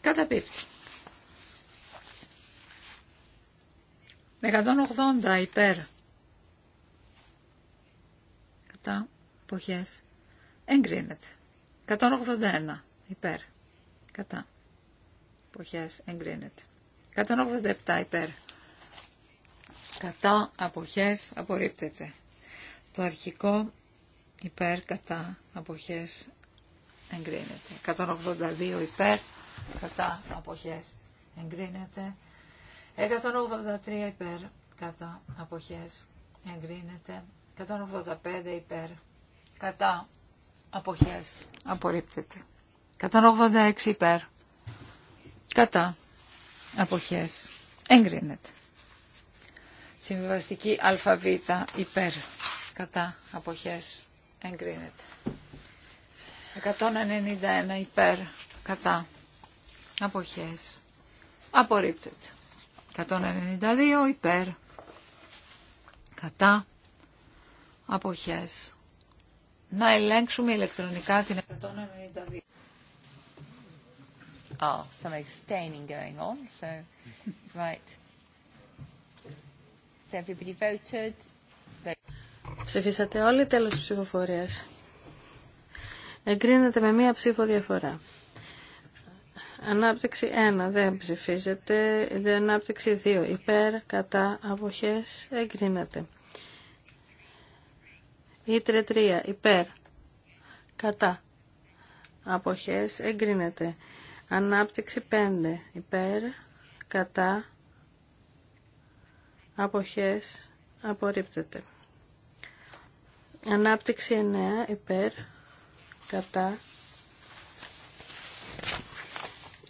Καταπίπτει. 180 υπέρ. Κατά εποχές εγκρίνεται. 181 υπέρ. Κατά εποχές εγκρίνεται. 187 υπέρ. Κατά αποχές απορρίπτεται. Το αρχικό υπέρ κατά αποχές εγκρίνεται. 182 υπέρ κατά αποχές εγκρίνεται. 183 υπέρ κατά αποχές εγκρίνεται. 185 υπέρ κατά αποχές απορρίπτεται. 186 υπέρ κατά αποχές εγκρίνεται. Συμβιβαστική ΑΒ υπέρ κατά αποχές εγκρίνεται. 191 υπέρ κατά αποχές απορρίπτεται. 192 υπέρ κατά αποχές. Να ελέγξουμε ηλεκτρονικά την 192. Oh, some abstaining going on, so, right. everybody voted. Ψηφίσατε όλοι, τέλος ψηφοφορίας. Εγκρίνεται με μία ψήφο διαφορά. Ανάπτυξη 1 δεν ψηφίζεται. Δεν ανάπτυξη 2 υπέρ, κατά, αποχές, εγκρίνεται. Ήτρε 3 υπέρ, κατά, αποχές, εγκρίνεται. Ανάπτυξη 5 υπέρ, κατά, αποχές, απορρίπτεται. Ανάπτυξη 9 υπέρ, κατά,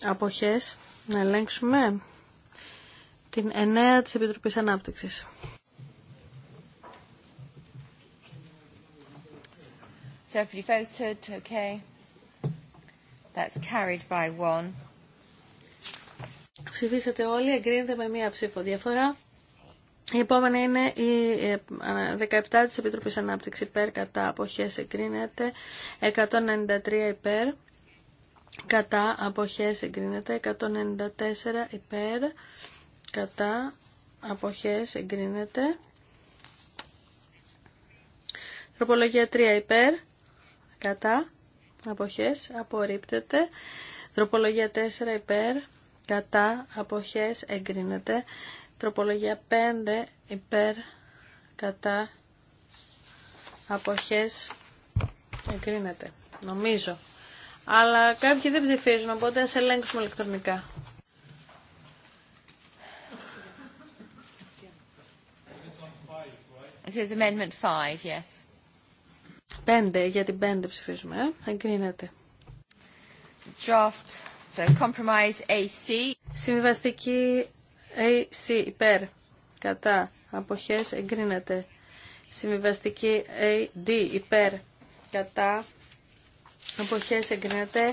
αποχές να ελέγξουμε την 9 της Επιτροπής Ανάπτυξης. So if okay. That's carried by one. Ψηφίσατε όλοι, εγκρίνεται με μία ψήφο διαφορά. Η επόμενη είναι η 17 ε, της Επιτροπής Ανάπτυξης υπέρ κατά αποχές εγκρίνεται, 193 υπέρ κατά αποχές εγκρίνεται 194 υπέρ κατά αποχές εγκρίνεται τροπολογία 3 υπέρ κατά αποχές απορρίπτεται τροπολογία 4 υπέρ κατά αποχές εγκρίνεται τροπολογία 5 υπέρ κατά αποχές εγκρίνεται νομίζω αλλά κάποιοι δεν ψηφίζουν, οπότε ας ελέγξουμε ηλεκτρονικά. Πέντε, γιατί amendment yes. για την ψηφίζουμε, ε. εγκρίνεται. Συμβιβαστική AC υπέρ, κατά, αποχές εγκρίνεται. Συμβιβαστική AD υπέρ, κατά, αποχές εγκρίνεται.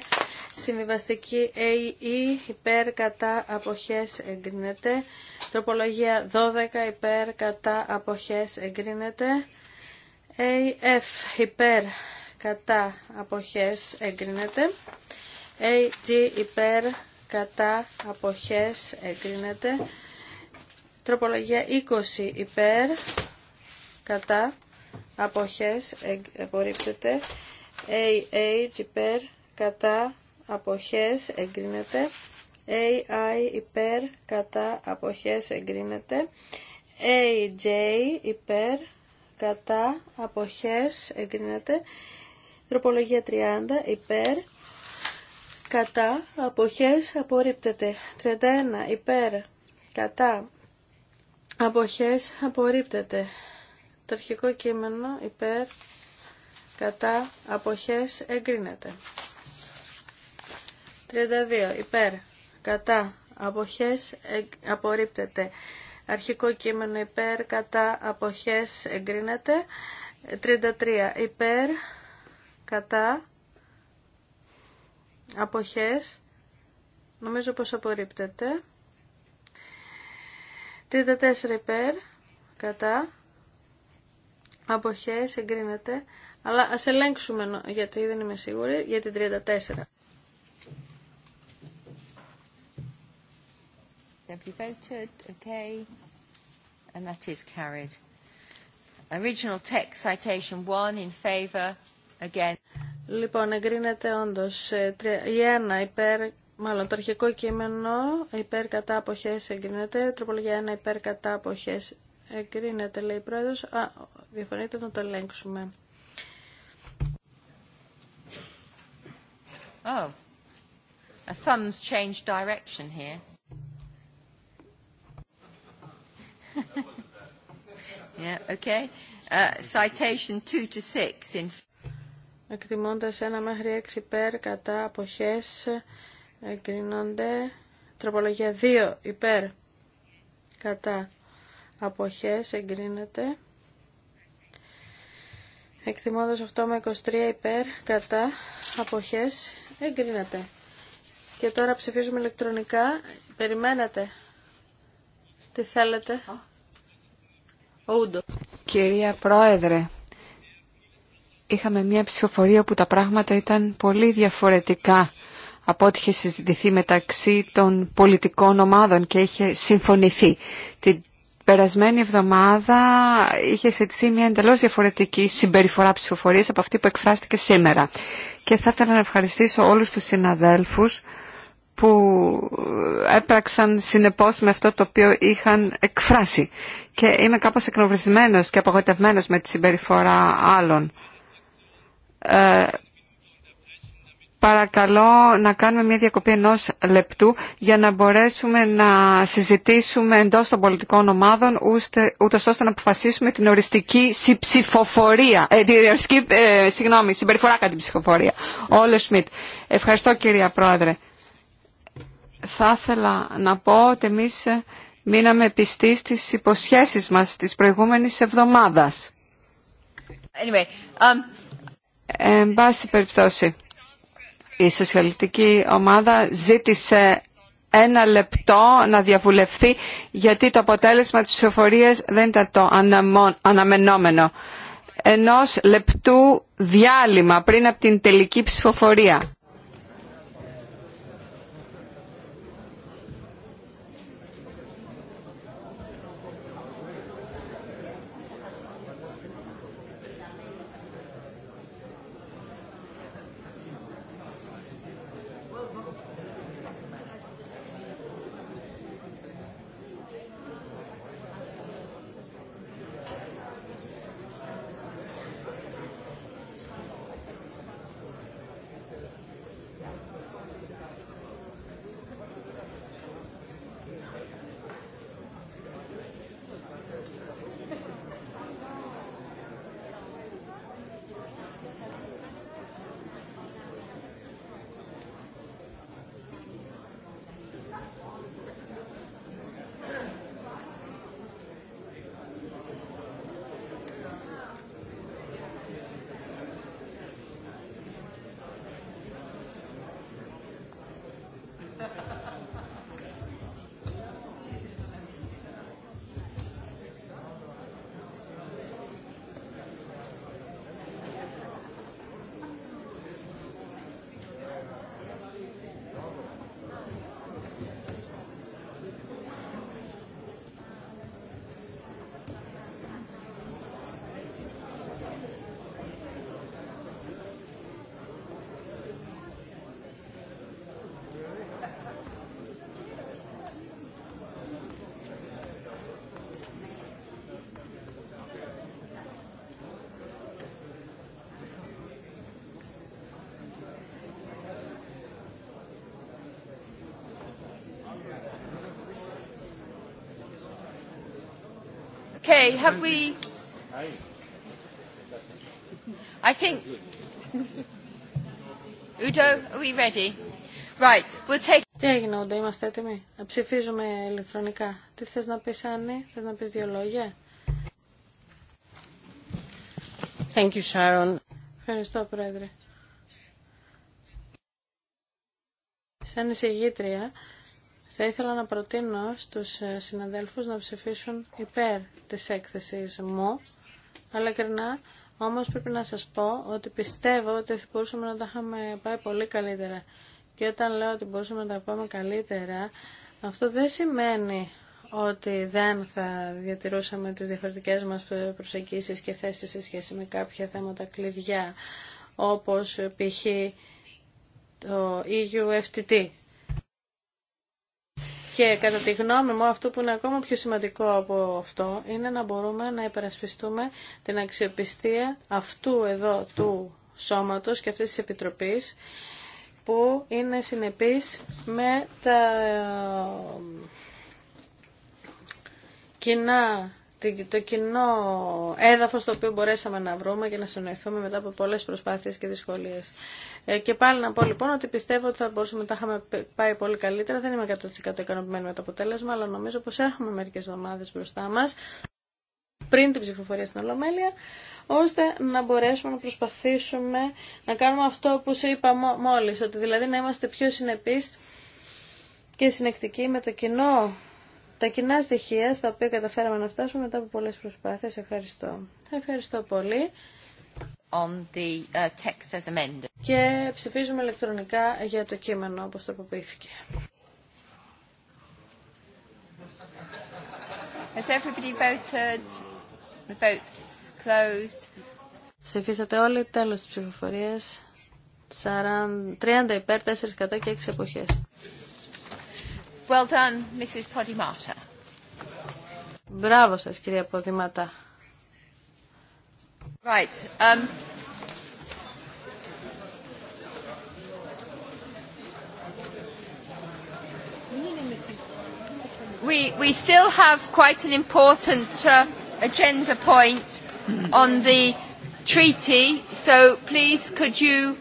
Συμβιβαστική ΑΕ e, υπέρ κατά αποχές εγκρίνεται. Τροπολογία 12 υπέρ κατά αποχές εγκρίνεται. AF υπέρ κατά αποχές εγκρίνεται. AG υπέρ κατά αποχές εγκρίνεται. Τροπολογία 20 υπέρ κατά αποχές εγκρίνεται. A υπέρ κατά αποχές εγκρίνεται. AI υπέρ κατά αποχές εγκρίνεται. AJ υπέρ κατά αποχές εγκρίνεται. Τροπολογία 30 υπέρ κατά αποχές απορρίπτεται. 31 υπέρ κατά αποχές απορρίπτεται. Το αρχικό κείμενο υπέρ κατά αποχές εγκρίνεται. 32. Υπέρ κατά αποχές απορρίπτεται. Αρχικό κείμενο υπέρ κατά αποχές εγκρίνεται. 33. Υπέρ κατά αποχές νομίζω πως απορρίπτεται. 34 υπέρ κατά αποχές εγκρίνεται. Αλλά ας ελέγξουμε, γιατί δεν είμαι σίγουρη, για την 34. Have Λοιπόν, εγκρίνεται όντως ε, η ένα υπέρ, μάλλον το αρχικό κείμενο υπέρ κατά αποχές εγκρίνεται, τροπολογία 1 υπέρ κατά αποχές εγκρίνεται, λέει η πρόεδρος. διαφωνείτε να το ελέγξουμε. Oh, a thumb's changed direction here. yeah, okay. Uh, citation 2 to 6 in... Εκτιμώντας 1 μέχρι 6 υπέρ κατά αποχές εγκρίνονται. Τροπολογία 2 υπέρ κατά αποχές εγκρίνεται. Εκτιμώντας 8 με 23 υπέρ κατά αποχές Εγκρίνεται. Και τώρα ψηφίζουμε ηλεκτρονικά. Περιμένατε. Τι θέλετε. Ούντο. Κυρία Πρόεδρε, είχαμε μια ψηφοφορία που τα πράγματα ήταν πολύ διαφορετικά από ό,τι είχε συζητηθεί μεταξύ των πολιτικών ομάδων και είχε συμφωνηθεί. Την περασμένη εβδομάδα είχε ζητηθεί μια εντελώ διαφορετική συμπεριφορά ψηφοφορία από αυτή που εκφράστηκε σήμερα. Και θα ήθελα να ευχαριστήσω όλους τους συναδέλφους που έπραξαν συνεπώς με αυτό το οποίο είχαν εκφράσει. Και είμαι κάπως εκνευρισμένος και απογοητευμένος με τη συμπεριφορά άλλων ε, παρακαλώ να κάνουμε μια διακοπή ενός λεπτού για να μπορέσουμε να συζητήσουμε εντός των πολιτικών ομάδων ούτε ώστε να αποφασίσουμε την οριστική ψηφοφορία, ε, την ε, συγγνώμη, συμπεριφορά κατά την ψηφοφορία. Όλε Σμιτ. Ευχαριστώ κυρία Πρόεδρε. Θα ήθελα να πω ότι εμείς ε, μείναμε πιστοί στις υποσχέσεις μας της προηγούμενης εβδομάδας. Anyway, um... Εν πάση περιπτώσει η σοσιαλιστική ομάδα ζήτησε ένα λεπτό να διαβουλευθεί γιατί το αποτέλεσμα της ψηφοφορίας δεν ήταν το αναμενόμενο. Ενός λεπτού διάλειμμα πριν από την τελική ψηφοφορία. have we? I think. Udo, are we ready? Right, we'll take... Τι έγινε, Ούντα, είμαστε έτοιμοι. Να ψηφίζουμε ηλεκτρονικά. Τι θες να πεις, Άννη, θες να πεις δύο λόγια. Thank you, Sharon. Ευχαριστώ, Πρόεδρε. Σαν εισηγήτρια, θα ήθελα να προτείνω στους ε, συναδέλφους να ψηφίσουν υπέρ της έκθεσης μου, αλλά κρινά όμως πρέπει να σας πω ότι πιστεύω ότι μπορούσαμε να τα είχαμε πάει πολύ καλύτερα. Και όταν λέω ότι μπορούσαμε να τα πάμε καλύτερα, αυτό δεν σημαίνει ότι δεν θα διατηρούσαμε τις διαφορετικές μας προσεγγίσεις και θέσεις σε σχέση με κάποια θέματα κλειδιά, όπως π.χ. το EUFTT. Και κατά τη γνώμη μου αυτό που είναι ακόμα πιο σημαντικό από αυτό είναι να μπορούμε να υπερασπιστούμε την αξιοπιστία αυτού εδώ του σώματος και αυτής της Επιτροπής που είναι συνεπής με τα ε, κοινά το κοινό έδαφος το οποίο μπορέσαμε να βρούμε και να συνοηθούμε μετά από πολλές προσπάθειες και δυσκολίες. Ε, και πάλι να πω λοιπόν ότι πιστεύω ότι θα μπορούσαμε να τα είχαμε πάει πολύ καλύτερα. Δεν είμαι 100% ικανοποιημένη με το αποτέλεσμα, αλλά νομίζω πως έχουμε μερικές εβδομάδες μπροστά μας πριν την ψηφοφορία στην Ολομέλεια, ώστε να μπορέσουμε να προσπαθήσουμε να κάνουμε αυτό που σου είπα μόλις, ότι δηλαδή να είμαστε πιο συνεπείς και συνεκτικοί με το κοινό τα κοινά στοιχεία στα οποία καταφέραμε να φτάσουμε μετά από πολλές προσπάθειες. Ευχαριστώ. Ευχαριστώ πολύ. On the uh, text as Και ψηφίζουμε ηλεκτρονικά για το κείμενο όπως τροποποιήθηκε. Has Ψηφίσατε όλοι, τέλος της ψηφοφορίας. 30 υπέρ, 4 κατά και 6 εποχές. Well done, Mrs. Podimata. Μπράβο σας, κυρία Ποδηματά. Right. Um, we, we still have quite an important agenda point on the treaty, so please could you,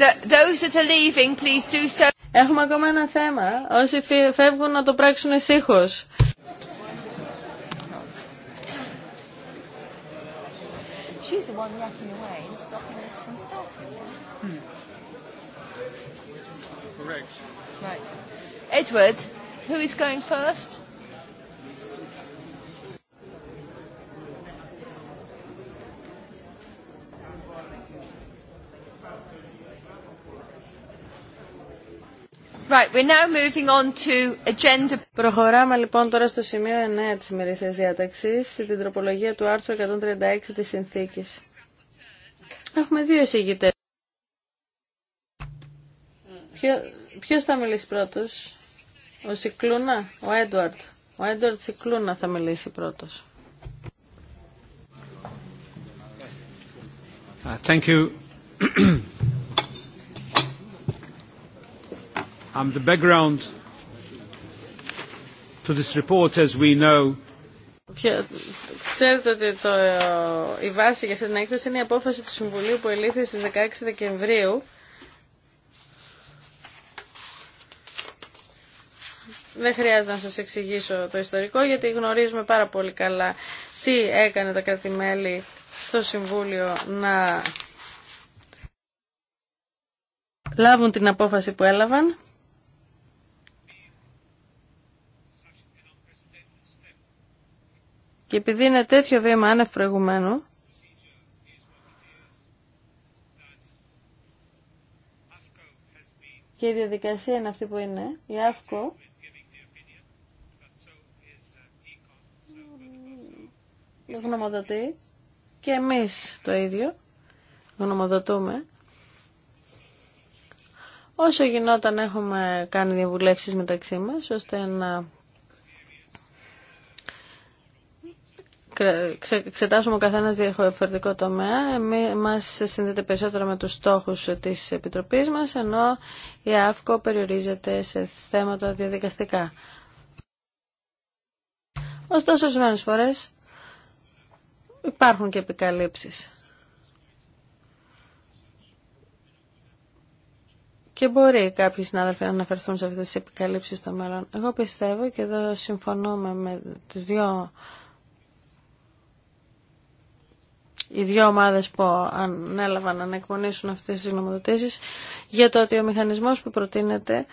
the, those that are leaving, please do so Έχουμε ακόμα ένα θέμα. Όσοι φεύγουν να το πράξουν εσύχω. Hmm. Edward, who is going first? Right, we're now moving on to agenda. Προχωράμε λοιπόν τώρα στο σημείο 9 της ημερήσιας διάταξης, στην τροπολογία του άρθρου 136 της συνθήκης. Έχουμε δύο εισηγητές. Ποιο, ποιος θα μιλήσει πρώτος, ο Σικλούνα, ο Έντουαρτ. Ο Έντουαρτ Σικλούνα θα μιλήσει πρώτος. Thank you. Um, the background Ξέρετε ότι το, η βάση για αυτή την έκθεση είναι η απόφαση του Συμβουλίου που ελήφθη στις 16 Δεκεμβρίου Δεν χρειάζεται να σας εξηγήσω το ιστορικό γιατί γνωρίζουμε πάρα πολύ καλά τι έκανε τα κρατημέλη στο Συμβούλιο να λάβουν την απόφαση που έλαβαν. Και επειδή είναι τέτοιο βήμα άνευ προηγουμένου, και η διαδικασία είναι αυτή που είναι, η ΑΦΚΟ, γνωμοδοτεί και εμείς το ίδιο γνωμοδοτούμε. Όσο γινόταν έχουμε κάνει διαβουλεύσεις μεταξύ μας, ώστε να ξετάσουμε ο καθένα διαφορετικό τομέα. Μα μας συνδέεται περισσότερο με του στόχους της Επιτροπής μας, ενώ η ΑΦΚΟ περιορίζεται σε θέματα διαδικαστικά. Ωστόσο, ορισμένε φορές υπάρχουν και επικαλύψεις. Και μπορεί κάποιοι συνάδελφοι να αναφερθούν σε αυτές τις επικαλύψεις στο μέλλον. Εγώ πιστεύω και εδώ συμφωνούμε με τις δύο οι δύο ομάδες που ανέλαβαν να εκπονήσουν αυτές τι γνωμοδοτήσει για το ότι ο μηχανισμός που προτείνεται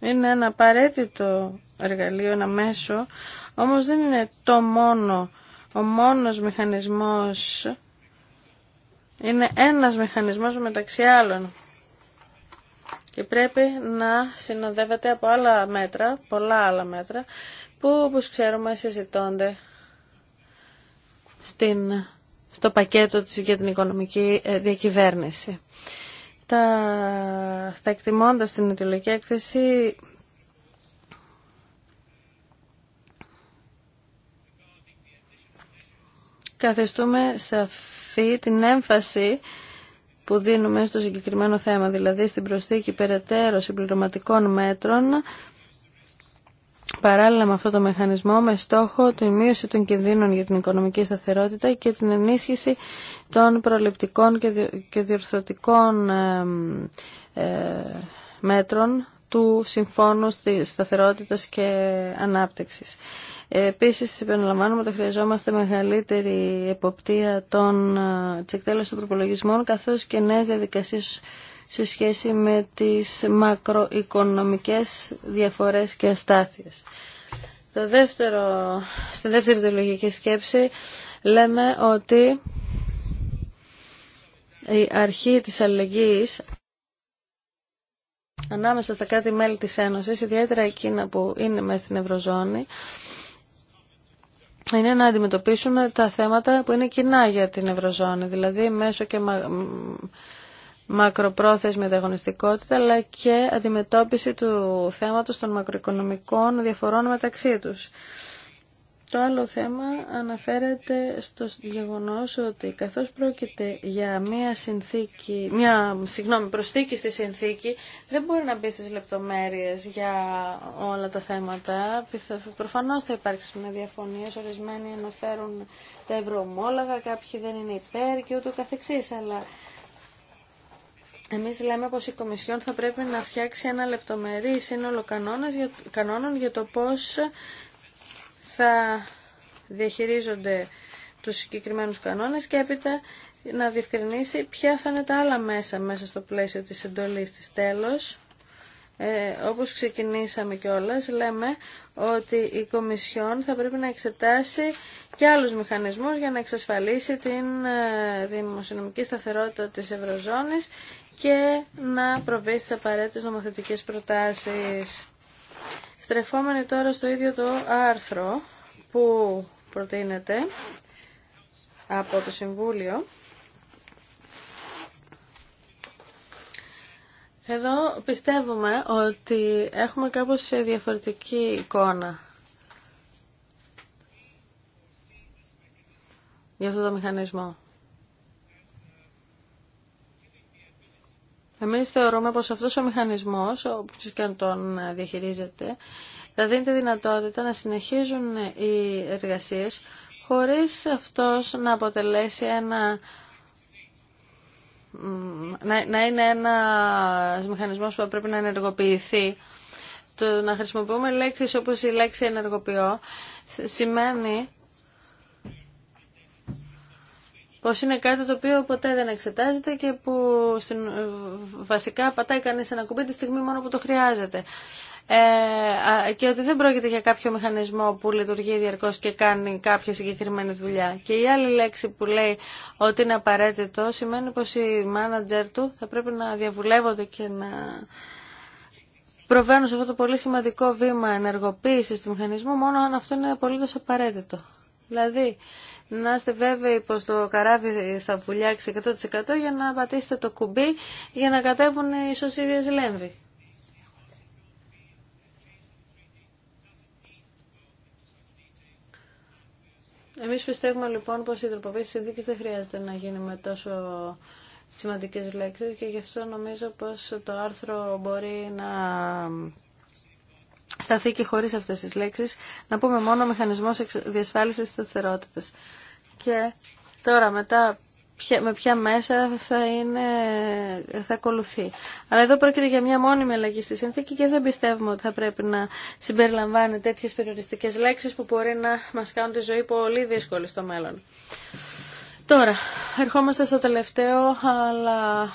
είναι ένα απαραίτητο εργαλείο, ένα μέσο, όμως δεν είναι το μόνο, ο μόνος μηχανισμός, είναι ένας μηχανισμός μεταξύ άλλων και πρέπει να συνοδεύεται από άλλα μέτρα, πολλά άλλα μέτρα, που όπως ξέρουμε συζητώνται στην, στο πακέτο της για την οικονομική ε, διακυβέρνηση. Τα, στα εκτιμώντα στην ετυλική έκθεση καθιστούμε σαφή την έμφαση που δίνουμε στο συγκεκριμένο θέμα, δηλαδή στην προσθήκη περαιτέρω συμπληρωματικών μέτρων παράλληλα με αυτό το μηχανισμό με στόχο τη μείωση των κινδύνων για την οικονομική σταθερότητα και την ενίσχυση των προληπτικών και διορθωτικών ε, μέτρων του Συμφώνου Σταθερότητας και Ανάπτυξης. Επίσης, επαναλαμβάνουμε ότι χρειαζόμαστε μεγαλύτερη εποπτεία των, ε, της εκτέλεσης των προπολογισμών καθώς και νέε διαδικασίες σε σχέση με τις μακροοικονομικές διαφορές και αστάθειες. Το δεύτερο, στην δεύτερη λογική σκέψη λέμε ότι η αρχή της αλληλεγγύης ανάμεσα στα κάτι μελη της Ένωσης, ιδιαίτερα εκείνα που είναι μέσα στην Ευρωζώνη, είναι να αντιμετωπίσουν τα θέματα που είναι κοινά για την Ευρωζώνη, δηλαδή μέσω και μακροπρόθεσμη ανταγωνιστικότητα αλλά και αντιμετώπιση του θέματος των μακροοικονομικών διαφορών μεταξύ τους. Το άλλο θέμα αναφέρεται στο γεγονός ότι καθώς πρόκειται για μια συνθήκη, μια συγγνώμη, προσθήκη στη συνθήκη, δεν μπορεί να μπει στις λεπτομέρειες για όλα τα θέματα. Προφανώς θα υπάρξουν διαφωνίες, ορισμένοι αναφέρουν τα ευρωομόλογα, κάποιοι δεν είναι υπέρ και ούτω καθεξής, αλλά εμείς λέμε πως η Κομισιόν θα πρέπει να φτιάξει ένα λεπτομερή σύνολο κανόνων για το πώς θα διαχειρίζονται τους συγκεκριμένους κανόνες και έπειτα να διευκρινίσει ποια θα είναι τα άλλα μέσα μέσα στο πλαίσιο της εντολής της τέλος. Ε, όπως ξεκινήσαμε κιόλας, λέμε ότι η Κομισιόν θα πρέπει να εξετάσει και άλλους μηχανισμούς για να εξασφαλίσει την ε, δημοσιονομική σταθερότητα της Ευρωζώνης και να προβεί στις απαραίτητες νομοθετικές προτάσεις. Στρεφόμενοι τώρα στο ίδιο το άρθρο που προτείνεται από το Συμβούλιο, Εδώ πιστεύουμε ότι έχουμε κάπως σε διαφορετική εικόνα για αυτό το μηχανισμό. Εμείς θεωρούμε πως αυτός ο μηχανισμός, όποιος και αν τον διαχειρίζεται, θα δίνει τη δυνατότητα να συνεχίζουν οι εργασίες χωρίς αυτός να αποτελέσει ένα να είναι ένα μηχανισμός που πρέπει να ενεργοποιηθεί. Το να χρησιμοποιούμε λέξεις όπως η λέξη ενεργοποιώ σημαίνει πως είναι κάτι το οποίο ποτέ δεν εξετάζεται και που ε, βασικά πατάει κανείς ένα κουμπί τη στιγμή μόνο που το χρειάζεται. Ε, και ότι δεν πρόκειται για κάποιο μηχανισμό που λειτουργεί διαρκώς και κάνει κάποια συγκεκριμένη δουλειά. Και η άλλη λέξη που λέει ότι είναι απαραίτητο σημαίνει πως οι μάνατζερ του θα πρέπει να διαβουλεύονται και να προβαίνουν σε αυτό το πολύ σημαντικό βήμα ενεργοποίησης του μηχανισμού μόνο αν αυτό είναι απολύτως απαραίτητο. Δηλαδή, να είστε βέβαιοι πως το καράβι θα πουλιάξει 100% για να πατήσετε το κουμπί για να κατέβουν οι σωσίβιες λέμβοι. Εμείς πιστεύουμε λοιπόν πως η τροποποίηση της δεν χρειάζεται να γίνει με τόσο σημαντικές λέξεις και γι' αυτό νομίζω πως το άρθρο μπορεί να σταθεί και χωρίς αυτές τις λέξεις, να πούμε μόνο μηχανισμός διασφάλισης σταθερότητας. Και τώρα μετά με ποια μέσα θα, είναι, θα ακολουθεί. Αλλά εδώ πρόκειται για μια μόνιμη αλλαγή στη συνθήκη και δεν πιστεύουμε ότι θα πρέπει να συμπεριλαμβάνει τέτοιες περιοριστικές λέξεις που μπορεί να μας κάνουν τη ζωή πολύ δύσκολη στο μέλλον. Τώρα, ερχόμαστε στο τελευταίο, αλλά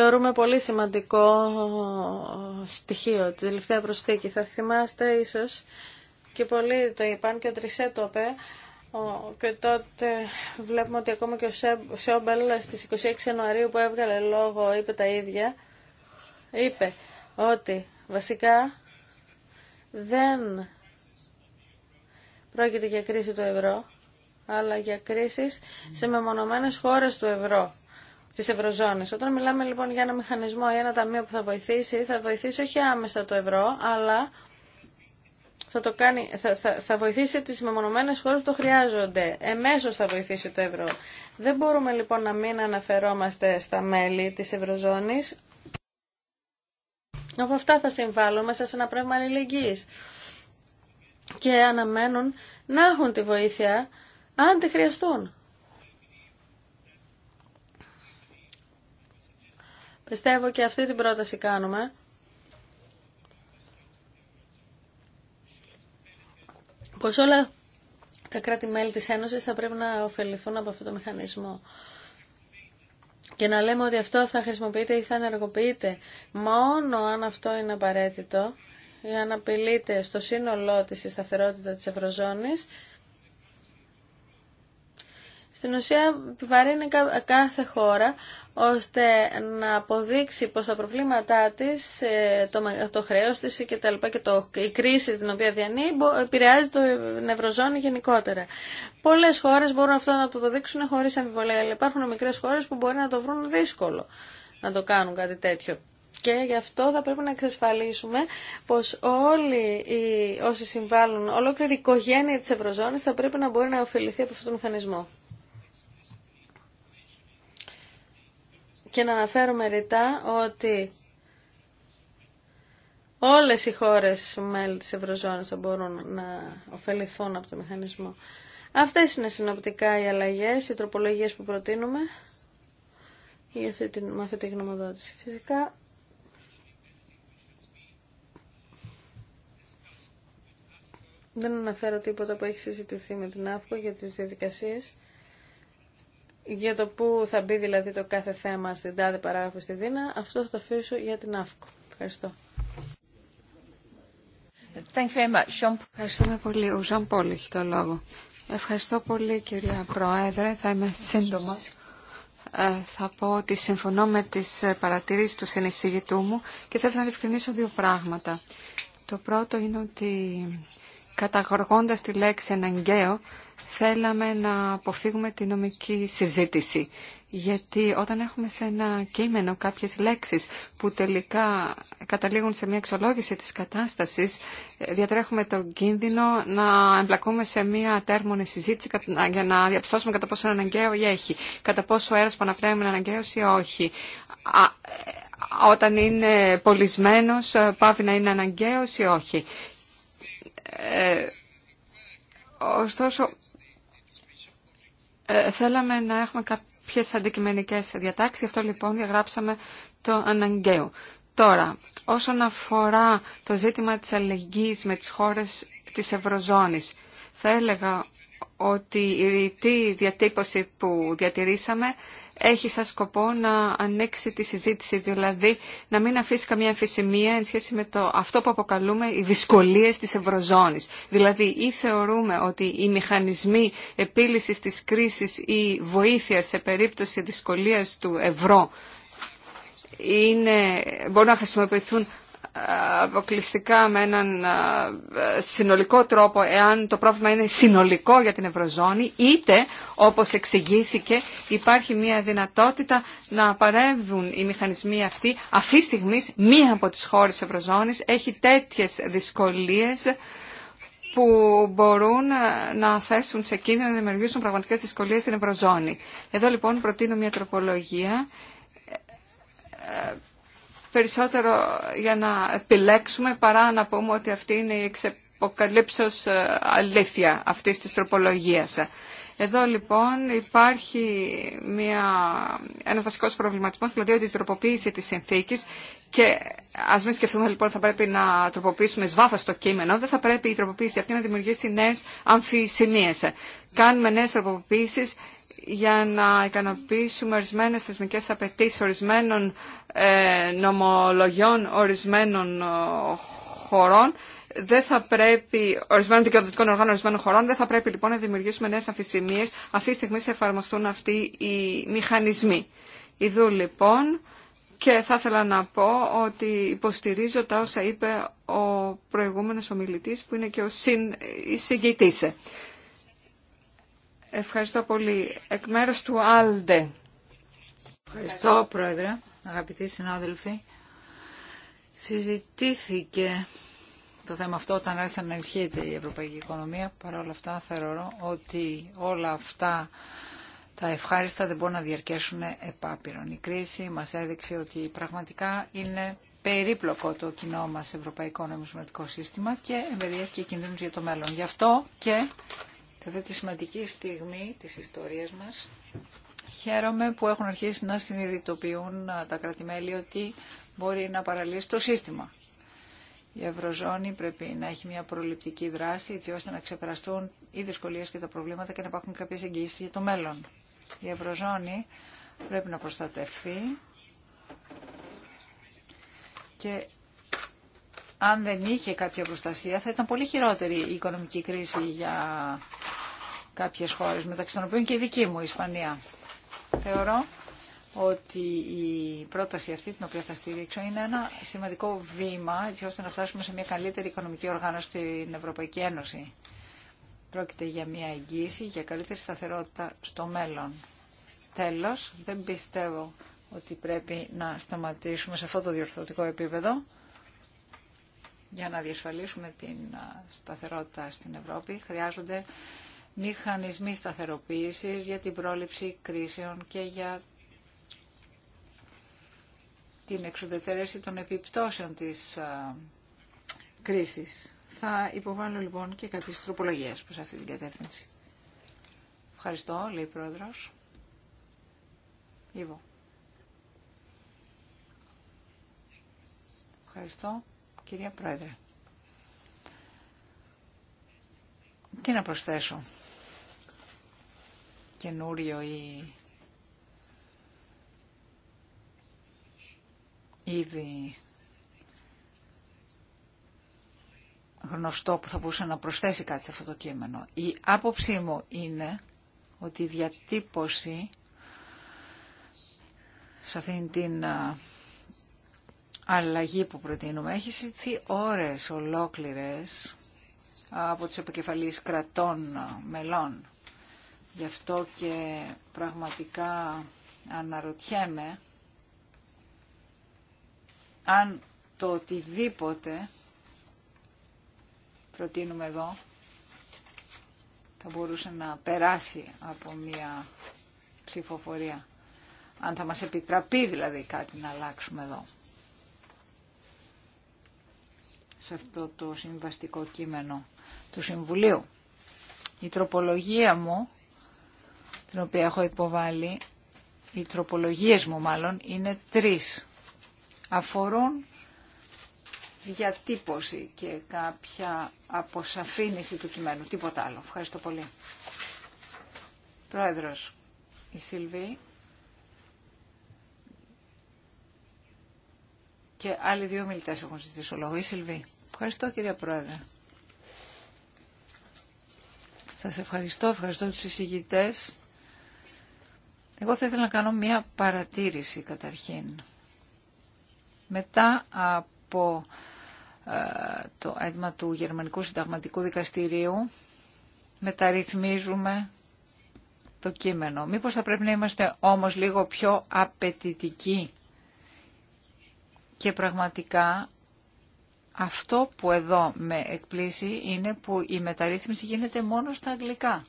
θεωρούμε πολύ σημαντικό στοιχείο, τη τελευταία προσθήκη. Θα θυμάστε ίσως και πολλοί το είπαν και ο Τρισέ και τότε βλέπουμε ότι ακόμα και ο Σόμπελ στις 26 Ιανουαρίου που έβγαλε λόγο είπε τα ίδια, είπε ότι βασικά δεν πρόκειται για κρίση του ευρώ, αλλά για κρίσεις σε μεμονωμένες χώρες του ευρώ τη Ευρωζώνη. Όταν μιλάμε λοιπόν για ένα μηχανισμό ή ένα ταμείο που θα βοηθήσει, θα βοηθήσει όχι άμεσα το ευρώ, αλλά θα, το κάνει, θα, θα, βοηθήσει τις μεμονωμένες χώρες που το χρειάζονται. Εμέσως θα βοηθήσει το ευρώ. Δεν μπορούμε λοιπόν να μην αναφερόμαστε στα μέλη της Ευρωζώνης. Από αυτά θα συμβάλλουν μέσα σε ένα πνεύμα αλληλεγγύης. Και αναμένουν να έχουν τη βοήθεια αν τη χρειαστούν. Πιστεύω και αυτή την πρόταση κάνουμε. Πως όλα τα κράτη-μέλη της Ένωσης θα πρέπει να ωφεληθούν από αυτό το μηχανισμό. Και να λέμε ότι αυτό θα χρησιμοποιείται ή θα ενεργοποιείται μόνο αν αυτό είναι απαραίτητο για να απειλείται στο σύνολό της η σταθερότητα της Ευρωζώνης στην ουσία επιβαρύνει κάθε χώρα ώστε να αποδείξει πως τα προβλήματά της, ε, το, το χρέος της και τα λοιπά και το, η κρίση στην οποία διανύει επηρεάζει το νευροζώνη γενικότερα. Πολλές χώρες μπορούν αυτό να το δείξουν χωρίς αμφιβολία, αλλά υπάρχουν μικρές χώρες που μπορεί να το βρουν δύσκολο να το κάνουν κάτι τέτοιο. Και γι' αυτό θα πρέπει να εξασφαλίσουμε πως όλοι οι, όσοι συμβάλλουν, ολόκληρη η οικογένεια της Ευρωζώνης θα πρέπει να μπορεί να ωφεληθεί από αυτόν τον μηχανισμό. και να αναφέρουμε ρητά ότι όλες οι χώρες μέλη της Ευρωζώνης θα μπορούν να ωφεληθούν από το μηχανισμό. Αυτές είναι συνοπτικά οι αλλαγές, οι τροπολογίες που προτείνουμε για αυτή με αυτή τη γνωμοδότηση. Φυσικά δεν αναφέρω τίποτα που έχει συζητηθεί με την ΑΦΚΟ για τις διαδικασίες για το που θα μπει δηλαδή το κάθε θέμα στην τάδε παράγραφο στη Δίνα, αυτό θα το αφήσω για την ΑΦΚΟ. Ευχαριστώ. Thank you very much. Ευχαριστούμε πολύ. Ο Ζαν Πόλη έχει το λόγο. Ευχαριστώ πολύ κυρία Πρόεδρε. Θα είμαι σύντομα. Ε, θα πω ότι συμφωνώ με τις παρατηρήσεις του συνεισηγητού μου και θέλω να διευκρινίσω δύο πράγματα. Το πρώτο είναι ότι καταγοργώντας τη λέξη αναγκαίο θέλαμε να αποφύγουμε τη νομική συζήτηση. Γιατί όταν έχουμε σε ένα κείμενο κάποιες λέξεις που τελικά καταλήγουν σε μια εξολόγηση της κατάστασης, ε, διατρέχουμε τον κίνδυνο να εμπλακούμε σε μια τέρμονη συζήτηση για να διαπιστώσουμε κατά πόσο είναι αναγκαίο ή έχει, κατά πόσο αέρας που αναπνέουμε είναι αναγκαίος ή όχι. Ε, όταν είναι πολισμένος, ε, πάβει να είναι αναγκαίος ή όχι. Ωστόσο, ε, θέλαμε να έχουμε κάποιες αντικειμενικές διατάξεις, αυτό λοιπόν διαγράψαμε το αναγκαίο. Τώρα, όσον αφορά το ζήτημα της αλληλεγγύης με τις χώρες της Ευρωζώνης, θα έλεγα ότι η ρητή διατύπωση που διατηρήσαμε έχει σαν σκοπό να ανέξει τη συζήτηση, δηλαδή να μην αφήσει καμία αμφισημία εν σχέση με το, αυτό που αποκαλούμε οι δυσκολίες της Ευρωζώνης. Δηλαδή ή θεωρούμε ότι οι μηχανισμοί επίλυσης της κρίσης ή βοήθειας σε περίπτωση δυσκολίας του ευρώ είναι, μπορούν να χρησιμοποιηθούν αποκλειστικά με έναν συνολικό τρόπο εάν το πρόβλημα είναι συνολικό για την Ευρωζώνη είτε όπως εξηγήθηκε υπάρχει μια δυνατότητα να παρέμβουν οι μηχανισμοί αυτοί αυτή στιγμή μία από τις χώρες της Ευρωζώνης έχει τέτοιες δυσκολίες που μπορούν να θέσουν σε κίνδυνο να δημιουργήσουν πραγματικές δυσκολίες στην Ευρωζώνη. Εδώ λοιπόν προτείνω μια τροπολογία περισσότερο για να επιλέξουμε παρά να πούμε ότι αυτή είναι η εξεποκαλύψος ε, αλήθεια αυτής της τροπολογίας. Εδώ λοιπόν υπάρχει μια, ένας βασικός προβληματισμός, δηλαδή ότι η τροποποίηση της συνθήκης και ας μην σκεφτούμε λοιπόν θα πρέπει να τροποποιήσουμε σβάθος το κείμενο, δεν θα πρέπει η τροποποίηση αυτή να δημιουργήσει νέες αμφισημίες. Κάνουμε νέες τροποποίησεις για να ικανοποιήσουμε ορισμένες θεσμικές απαιτήσεις ορισμένων ε, νομολογιών ορισμένων ε, χωρών δεν θα πρέπει, ορισμένων δικαιοδοτικών οργάνων ορισμένων χωρών, δεν θα πρέπει λοιπόν να δημιουργήσουμε νέες αμφισημίες αυτή τη στιγμή σε εφαρμοστούν αυτοί οι μηχανισμοί. Ιδού λοιπόν και θα ήθελα να πω ότι υποστηρίζω τα όσα είπε ο προηγούμενος ομιλητής που είναι και ο συν Ευχαριστώ πολύ. Εκ μέρους του Άλντε. Ευχαριστώ, Πρόεδρε, αγαπητοί συνάδελφοι. Συζητήθηκε το θέμα αυτό όταν άρχισε να ενισχύεται η ευρωπαϊκή οικονομία. Παρ' όλα αυτά θεωρώ ότι όλα αυτά τα ευχάριστα δεν μπορούν να διαρκέσουν επάπειρον. Η κρίση μας έδειξε ότι πραγματικά είναι περίπλοκο το κοινό μας ευρωπαϊκό νομισματικό σύστημα και εμπεριέχει και κινδύνους για το μέλλον. Γι' αυτό και σε αυτή τη σημαντική στιγμή της ιστορίας μας. Χαίρομαι που έχουν αρχίσει να συνειδητοποιούν τα κρατημέλη ότι μπορεί να παραλύσει το σύστημα. Η Ευρωζώνη πρέπει να έχει μια προληπτική δράση έτσι ώστε να ξεπεραστούν οι δυσκολίες και τα προβλήματα και να υπάρχουν κάποιες εγγύσεις για το μέλλον. Η Ευρωζώνη πρέπει να προστατευθεί και αν δεν είχε κάποια προστασία θα ήταν πολύ χειρότερη η οικονομική κρίση για κάποιες χώρες, μεταξύ των οποίων και η δική μου η Ισπανία. Θεωρώ ότι η πρόταση αυτή την οποία θα στηρίξω είναι ένα σημαντικό βήμα έτσι ώστε να φτάσουμε σε μια καλύτερη οικονομική οργάνωση στην Ευρωπαϊκή Ένωση. Πρόκειται για μια εγγύηση για καλύτερη σταθερότητα στο μέλλον. Τέλος, δεν πιστεύω ότι πρέπει να σταματήσουμε σε αυτό το διορθωτικό επίπεδο για να διασφαλίσουμε την σταθερότητα στην Ευρώπη χρειάζονται μηχανισμοί σταθεροποίησης για την πρόληψη κρίσεων και για την εξουδετερέση των επιπτώσεων της κρίσης. Θα υποβάλω λοιπόν και κάποιες τροπολογίες προς αυτή την κατεύθυνση. Ευχαριστώ, λέει η Πρόεδρος. Ευχαριστώ. Κυρία Πρόεδρε, τι να προσθέσω. Καινούριο ή ήδη γνωστό που θα μπορούσε να προσθέσει κάτι σε αυτό το κείμενο. Η άποψή μου είναι ότι η διατύπωση σε αυτήν την αλλαγή που προτείνουμε έχει συζητηθεί ώρες ολόκληρες από τους επικεφαλείς κρατών μελών. Γι' αυτό και πραγματικά αναρωτιέμαι αν το οτιδήποτε προτείνουμε εδώ θα μπορούσε να περάσει από μια ψηφοφορία. Αν θα μας επιτραπεί δηλαδή κάτι να αλλάξουμε εδώ. σε αυτό το συμβαστικό κείμενο του Συμβουλίου. Η τροπολογία μου, την οποία έχω υποβάλει, οι τροπολογίες μου μάλλον, είναι τρεις. Αφορούν διατύπωση και κάποια αποσαφήνιση του κειμένου. Τίποτα άλλο. Ευχαριστώ πολύ. Πρόεδρος, η Σιλβή και άλλοι δύο μιλητές έχουν ζητήσει ο λόγο. Η Σιλβή. Ευχαριστώ κυρία Πρόεδρε. Σας ευχαριστώ, ευχαριστώ τους εισηγητές. Εγώ θα ήθελα να κάνω μία παρατήρηση καταρχήν. Μετά από ε, το έντμα του Γερμανικού Συνταγματικού Δικαστηρίου μεταρρυθμίζουμε το κείμενο. Μήπως θα πρέπει να είμαστε όμως λίγο πιο απαιτητικοί και πραγματικά αυτό που εδώ με εκπλήσει είναι που η μεταρρύθμιση γίνεται μόνο στα αγγλικά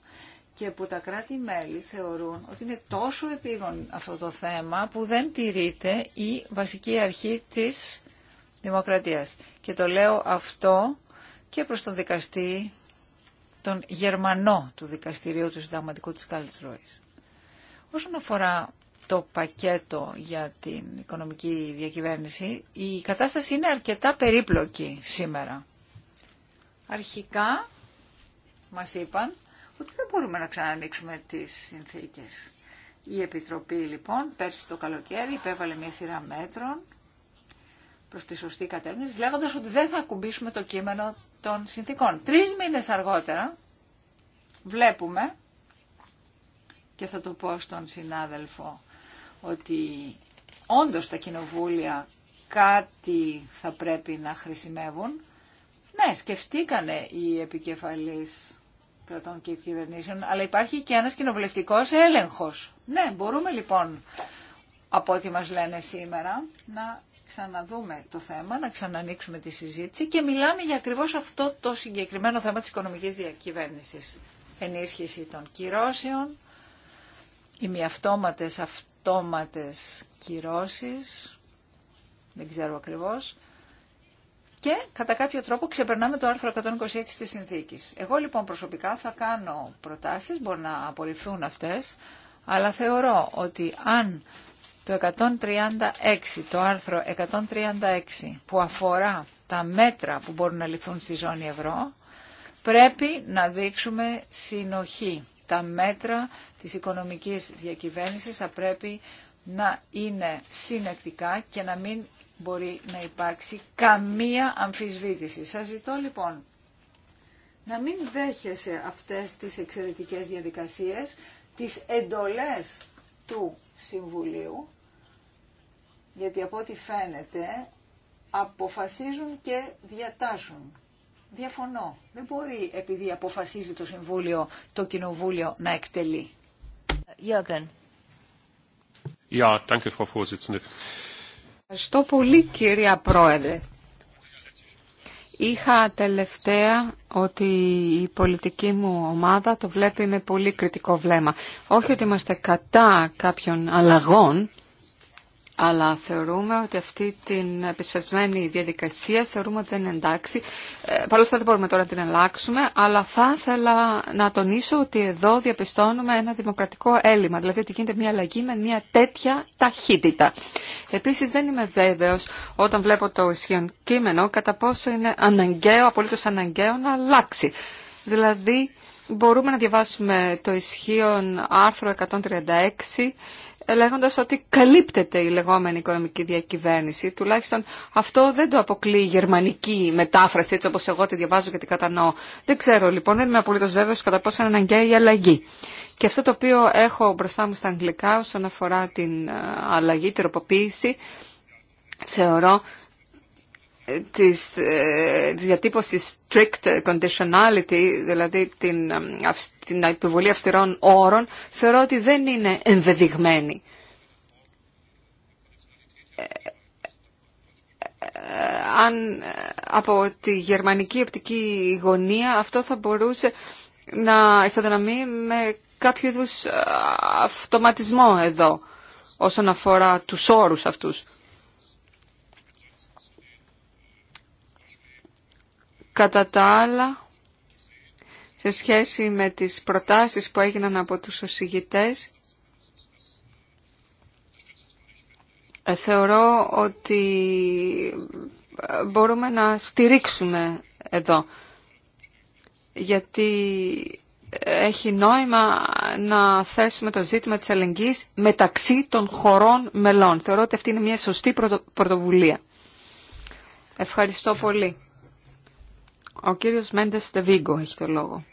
και που τα κράτη-μέλη θεωρούν ότι είναι τόσο επίγον αυτό το θέμα που δεν τηρείται η βασική αρχή της δημοκρατίας. Και το λέω αυτό και προς τον δικαστή, τον Γερμανό του Δικαστηρίου του Συνταγματικού της Καλτς Όσον αφορά το πακέτο για την οικονομική διακυβέρνηση, η κατάσταση είναι αρκετά περίπλοκη σήμερα. Αρχικά μας είπαν ότι δεν μπορούμε να ξανανοίξουμε τις συνθήκες. Η Επιτροπή λοιπόν πέρσι το καλοκαίρι υπέβαλε μια σειρά μέτρων προς τη σωστή κατεύθυνση, λέγοντας ότι δεν θα ακουμπήσουμε το κείμενο των συνθήκων. Τρεις μήνες αργότερα βλέπουμε, και θα το πω στον συνάδελφο ότι όντως τα κοινοβούλια κάτι θα πρέπει να χρησιμεύουν. Ναι, σκεφτήκανε οι επικεφαλείς κρατών και κυβερνήσεων, αλλά υπάρχει και ένας κοινοβουλευτικός έλεγχος. Ναι, μπορούμε λοιπόν από ό,τι μας λένε σήμερα να ξαναδούμε το θέμα, να ξανανοίξουμε τη συζήτηση και μιλάμε για ακριβώς αυτό το συγκεκριμένο θέμα της οικονομικής διακυβέρνησης. Ενίσχυση των κυρώσεων, οι μη αυτόματες τόματες κυρώσεις, δεν ξέρω ακριβώς, και κατά κάποιο τρόπο ξεπερνάμε το άρθρο 126 της συνθήκης. Εγώ λοιπόν προσωπικά θα κάνω προτάσεις, μπορεί να απορριφθούν αυτές, αλλά θεωρώ ότι αν το 136, το άρθρο 136 που αφορά τα μέτρα που μπορούν να ληφθούν στη ζώνη ευρώ, πρέπει να δείξουμε συνοχή. Τα μέτρα της οικονομικής διακυβέρνησης θα πρέπει να είναι συνεκτικά και να μην μπορεί να υπάρξει καμία αμφισβήτηση. Σας ζητώ λοιπόν να μην δέχεσαι αυτές τις εξαιρετικές διαδικασίες, τις εντολές του Συμβουλίου, γιατί από ό,τι φαίνεται αποφασίζουν και διατάσσουν. Διαφωνώ. Δεν μπορεί επειδή αποφασίζει το Συμβούλιο το Κοινοβούλιο να εκτελεί. Ευχαριστώ πολύ κυρία Πρόεδρε. Είχα τελευταία ότι η πολιτική μου ομάδα το βλέπει με πολύ κριτικό βλέμμα. Όχι ότι είμαστε κατά κάποιων αλλαγών, αλλά θεωρούμε ότι αυτή την επισφασμένη διαδικασία θεωρούμε ότι δεν είναι εντάξει. Ε, Παρ' όλα δεν μπορούμε τώρα να την αλλάξουμε, αλλά θα ήθελα να τονίσω ότι εδώ διαπιστώνουμε ένα δημοκρατικό έλλειμμα, δηλαδή ότι γίνεται μια αλλαγή με μια τέτοια ταχύτητα. Επίσης δεν είμαι βέβαιος όταν βλέπω το ισχύον κείμενο κατά πόσο είναι αναγκαίο, απολύτως αναγκαίο να αλλάξει. Δηλαδή μπορούμε να διαβάσουμε το ισχύον άρθρο 136 λέγοντας ότι καλύπτεται η λεγόμενη οικονομική διακυβέρνηση. Τουλάχιστον αυτό δεν το αποκλεί η γερμανική μετάφραση, έτσι όπως εγώ τη διαβάζω και την κατανοώ. Δεν ξέρω λοιπόν, δεν είμαι απολύτως βέβαιος κατά πόσο είναι αναγκαία η αλλαγή. Και αυτό το οποίο έχω μπροστά μου στα αγγλικά όσον αφορά την ε, αλλαγή, την τροποποίηση, θεωρώ ε, της διατύπωσης strict conditionality, δηλαδή την, ε, την επιβολή αυστηρών όρων, θεωρώ ότι δεν είναι ενδεδειγμένη. Ε, αν από τη γερμανική οπτική γωνία αυτό θα μπορούσε να εισαδυναμεί με κάποιο είδου αυτοματισμό εδώ όσον αφορά τους όρους αυτούς. Κατά τα άλλα, σε σχέση με τις προτάσεις που έγιναν από τους οσηγητές, ε, θεωρώ ότι ε, μπορούμε να στηρίξουμε εδώ. Γιατί έχει νόημα να θέσουμε το ζήτημα της αλληλεγγύης μεταξύ των χωρών μελών. Θεωρώ ότι αυτή είναι μια σωστή πρωτοβουλία. Ευχαριστώ πολύ. Ο κύριος Μέντες Στεβίγκο έχει το λόγο.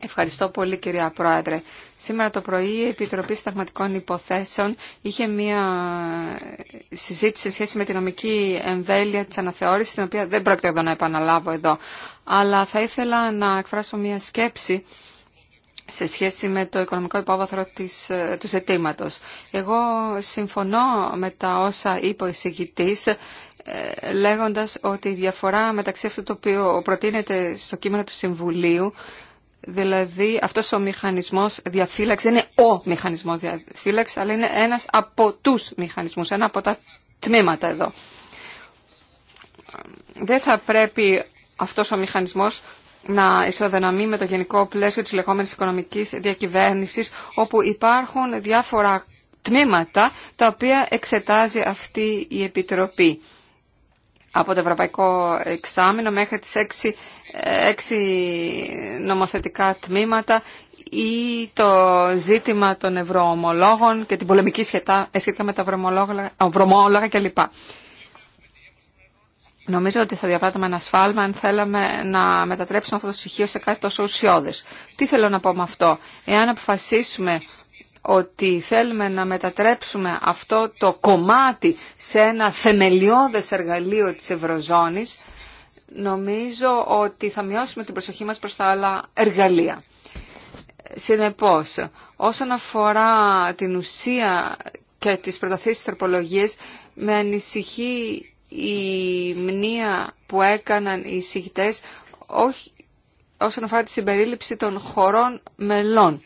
Ευχαριστώ πολύ κυρία Πρόεδρε. Σήμερα το πρωί η Επιτροπή Σταγματικών Υποθέσεων είχε μία συζήτηση σε σχέση με τη νομική εμβέλεια της αναθεώρησης, την οποία δεν πρόκειται εδώ να επαναλάβω εδώ. Αλλά θα ήθελα να εκφράσω μία σκέψη σε σχέση με το οικονομικό υπόβαθρο της, του ζητήματος. Εγώ συμφωνώ με τα όσα είπε ο εισηγητής ε, λέγοντας ότι η διαφορά μεταξύ αυτού το οποίο προτείνεται στο κείμενο του Συμβουλίου Δηλαδή αυτός ο μηχανισμός διαφύλαξης, δεν είναι ο μηχανισμός διαφύλαξη, αλλά είναι ένας από τους μηχανισμούς, ένα από τα τμήματα εδώ. Δεν θα πρέπει αυτός ο μηχανισμός να ισοδυναμεί με το γενικό πλαίσιο της λεγόμενης οικονομικής διακυβέρνησης, όπου υπάρχουν διάφορα τμήματα τα οποία εξετάζει αυτή η Επιτροπή από το Ευρωπαϊκό Εξάμεινο μέχρι τις έξι, έξι νομοθετικά τμήματα ή το ζήτημα των ευρωομολόγων και την πολεμική σχετά, σχετικά με τα ευρωομόλογα κλπ. Νομίζω ότι θα διαπράττουμε ένα σφάλμα αν θέλαμε να μετατρέψουμε αυτό το στοιχείο σε κάτι τόσο ουσιώδες. Τι θέλω να πω με αυτό. Εάν αποφασίσουμε ότι θέλουμε να μετατρέψουμε αυτό το κομμάτι σε ένα θεμελιώδες εργαλείο της Ευρωζώνης, νομίζω ότι θα μειώσουμε την προσοχή μας προς τα άλλα εργαλεία. Συνεπώς, όσον αφορά την ουσία και τις προταθήσεις τροπολογίες, με ανησυχεί η μνήα που έκαναν οι συγητές, όχι όσον αφορά τη συμπερίληψη των χωρών μελών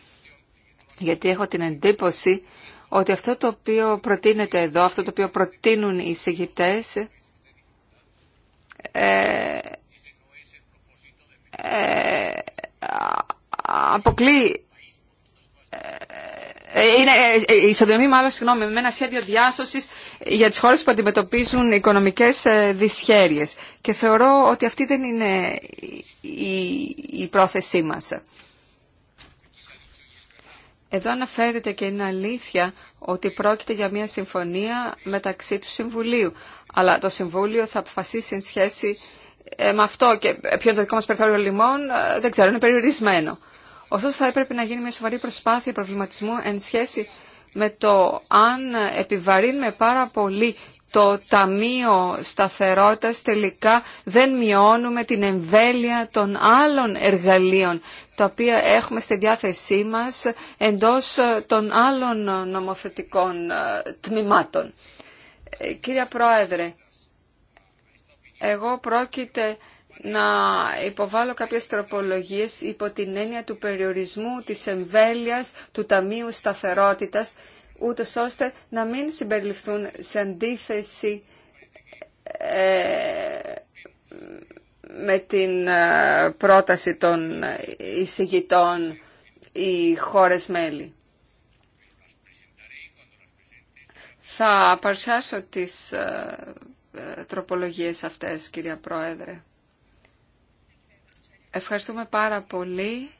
γιατί έχω την εντύπωση ότι αυτό το οποίο προτείνεται εδώ, αυτό το οποίο προτείνουν οι εισηγητές, ε, ε, αποκλεί ε, ε, είναι ε, ισοδομή μάλλον συγγνώμη, με ένα σχέδιο διάσωση για τι χώρε που αντιμετωπίζουν οικονομικέ δυσχέρειες. Και θεωρώ ότι αυτή δεν είναι η, η πρόθεσή μα. Εδώ αναφέρεται και είναι αλήθεια ότι πρόκειται για μια συμφωνία μεταξύ του Συμβουλίου. Αλλά το Συμβούλιο θα αποφασίσει εν σχέση ε, με αυτό και ποιο είναι το δικό μας περιθώριο λιμών, ε, δεν ξέρω, είναι περιορισμένο. Ωστόσο θα έπρεπε να γίνει μια σοβαρή προσπάθεια προβληματισμού εν σχέση με το αν επιβαρύνουμε πάρα πολύ το Ταμείο Σταθερότητας τελικά δεν μειώνουμε την εμβέλεια των άλλων εργαλείων τα οποία έχουμε στη διάθεσή μας εντός ε, των άλλων νομοθετικών ε, τμήματων. Κύριε Πρόεδρε, εγώ πρόκειται να υποβάλω κάποιες τροπολογίες υπό την έννοια του περιορισμού της εμβέλειας του Ταμείου Σταθερότητας ούτω ώστε να μην συμπεριληφθούν σε αντίθεση ε, με την ε, πρόταση των εισηγητών ή χώρες μέλη. Θα παρουσιάσω τις ε, τροπολογίες αυτές, κυρία Πρόεδρε. Ευχαριστούμε πάρα πολύ.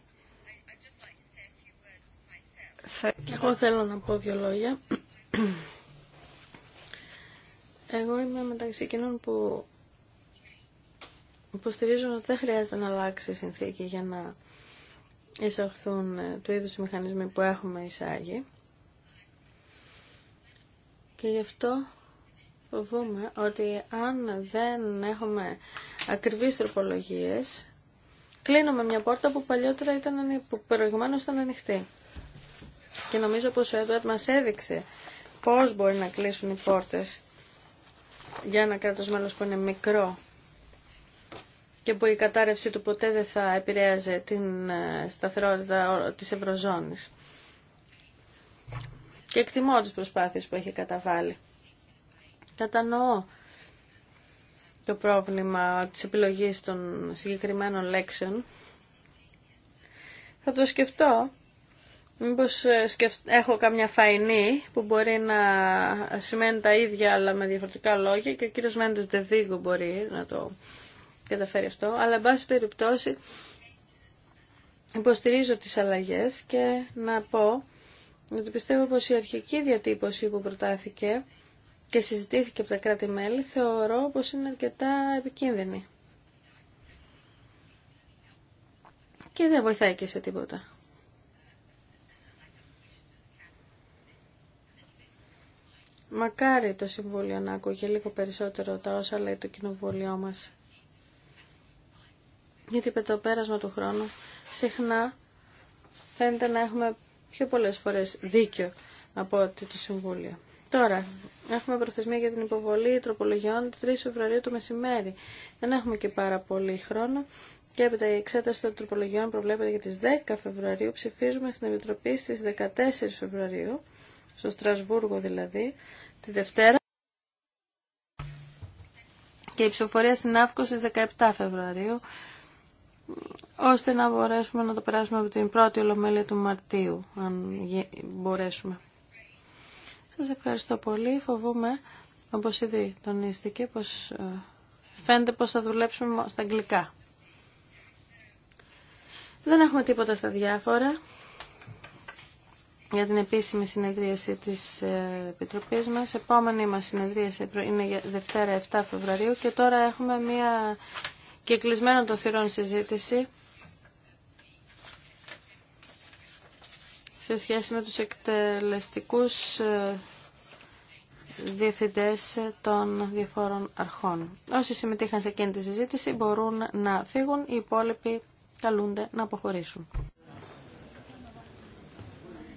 Και εγώ θέλω να πω δύο λόγια. Εγώ είμαι μεταξύ εκείνων που υποστηρίζουν ότι δεν χρειάζεται να αλλάξει η συνθήκη για να εισαχθούν ε, του είδους οι μηχανισμοί που έχουμε εισάγει. Και γι' αυτό φοβούμε ότι αν δεν έχουμε ακριβείς τροπολογίες, κλείνουμε μια πόρτα που παλιότερα ήταν, που ήταν ανοιχτή. Και νομίζω πως ο Έντουαρτ μας έδειξε πώς μπορεί να κλείσουν οι πόρτες για ένα κράτος μέλος που είναι μικρό και που η κατάρρευση του ποτέ δεν θα επηρέαζε την ε, σταθερότητα της Ευρωζώνης. Και εκτιμώ τις προσπάθειες που έχει καταβάλει. Κατανοώ το πρόβλημα της επιλογής των συγκεκριμένων λέξεων. Θα το σκεφτώ Μήπως ε, έχω καμιά φαϊνή που μπορεί να σημαίνει τα ίδια αλλά με διαφορετικά λόγια και ο κύριος Μέντες Δεβίγκο μπορεί να το καταφέρει αυτό. Αλλά εν πάση περιπτώσει υποστηρίζω τις αλλαγές και να πω ότι πιστεύω πως η αρχική διατύπωση που προτάθηκε και συζητήθηκε από τα κράτη-μέλη θεωρώ πως είναι αρκετά επικίνδυνη. Και δεν βοηθάει και σε τίποτα. Μακάρι το Συμβούλιο να ακούγε λίγο περισσότερο τα όσα λέει το Κοινοβούλιο μας. Γιατί με το πέρασμα του χρόνου συχνά φαίνεται να έχουμε πιο πολλές φορές δίκιο από ότι το Συμβούλιο. Τώρα, έχουμε προθεσμία για την υποβολή τροπολογιών 3 Φεβρουαρίου το μεσημέρι. Δεν έχουμε και πάρα πολύ χρόνο. Και έπειτα η εξέταση των τροπολογιών προβλέπεται για τις 10 Φεβρουαρίου. Ψηφίζουμε στην Επιτροπή στις 14 Φεβρουαρίου, στο Στρασβούργο δηλαδή τη Δευτέρα και η ψηφοφορία στην Αύκο στις 17 Φεβρουαρίου ώστε να μπορέσουμε να το περάσουμε από την πρώτη ολομέλεια του Μαρτίου, αν μπορέσουμε. Σας ευχαριστώ πολύ. Φοβούμαι, όπως ήδη τονίστηκε, πως ε, φαίνεται πως θα δουλέψουμε στα αγγλικά. Δεν έχουμε τίποτα στα διάφορα για την επίσημη συνεδρίαση της ε, Επιτροπής μας. Επόμενη μας συνεδρίαση είναι Δευτέρα 7 Φεβρουαρίου και τώρα έχουμε μία κυκλισμένο το θυρών συζήτηση σε σχέση με τους εκτελεστικούς ε, διευθυντές των διαφόρων αρχών. Όσοι συμμετείχαν σε εκείνη τη συζήτηση μπορούν να φύγουν, οι υπόλοιποι καλούνται να αποχωρήσουν.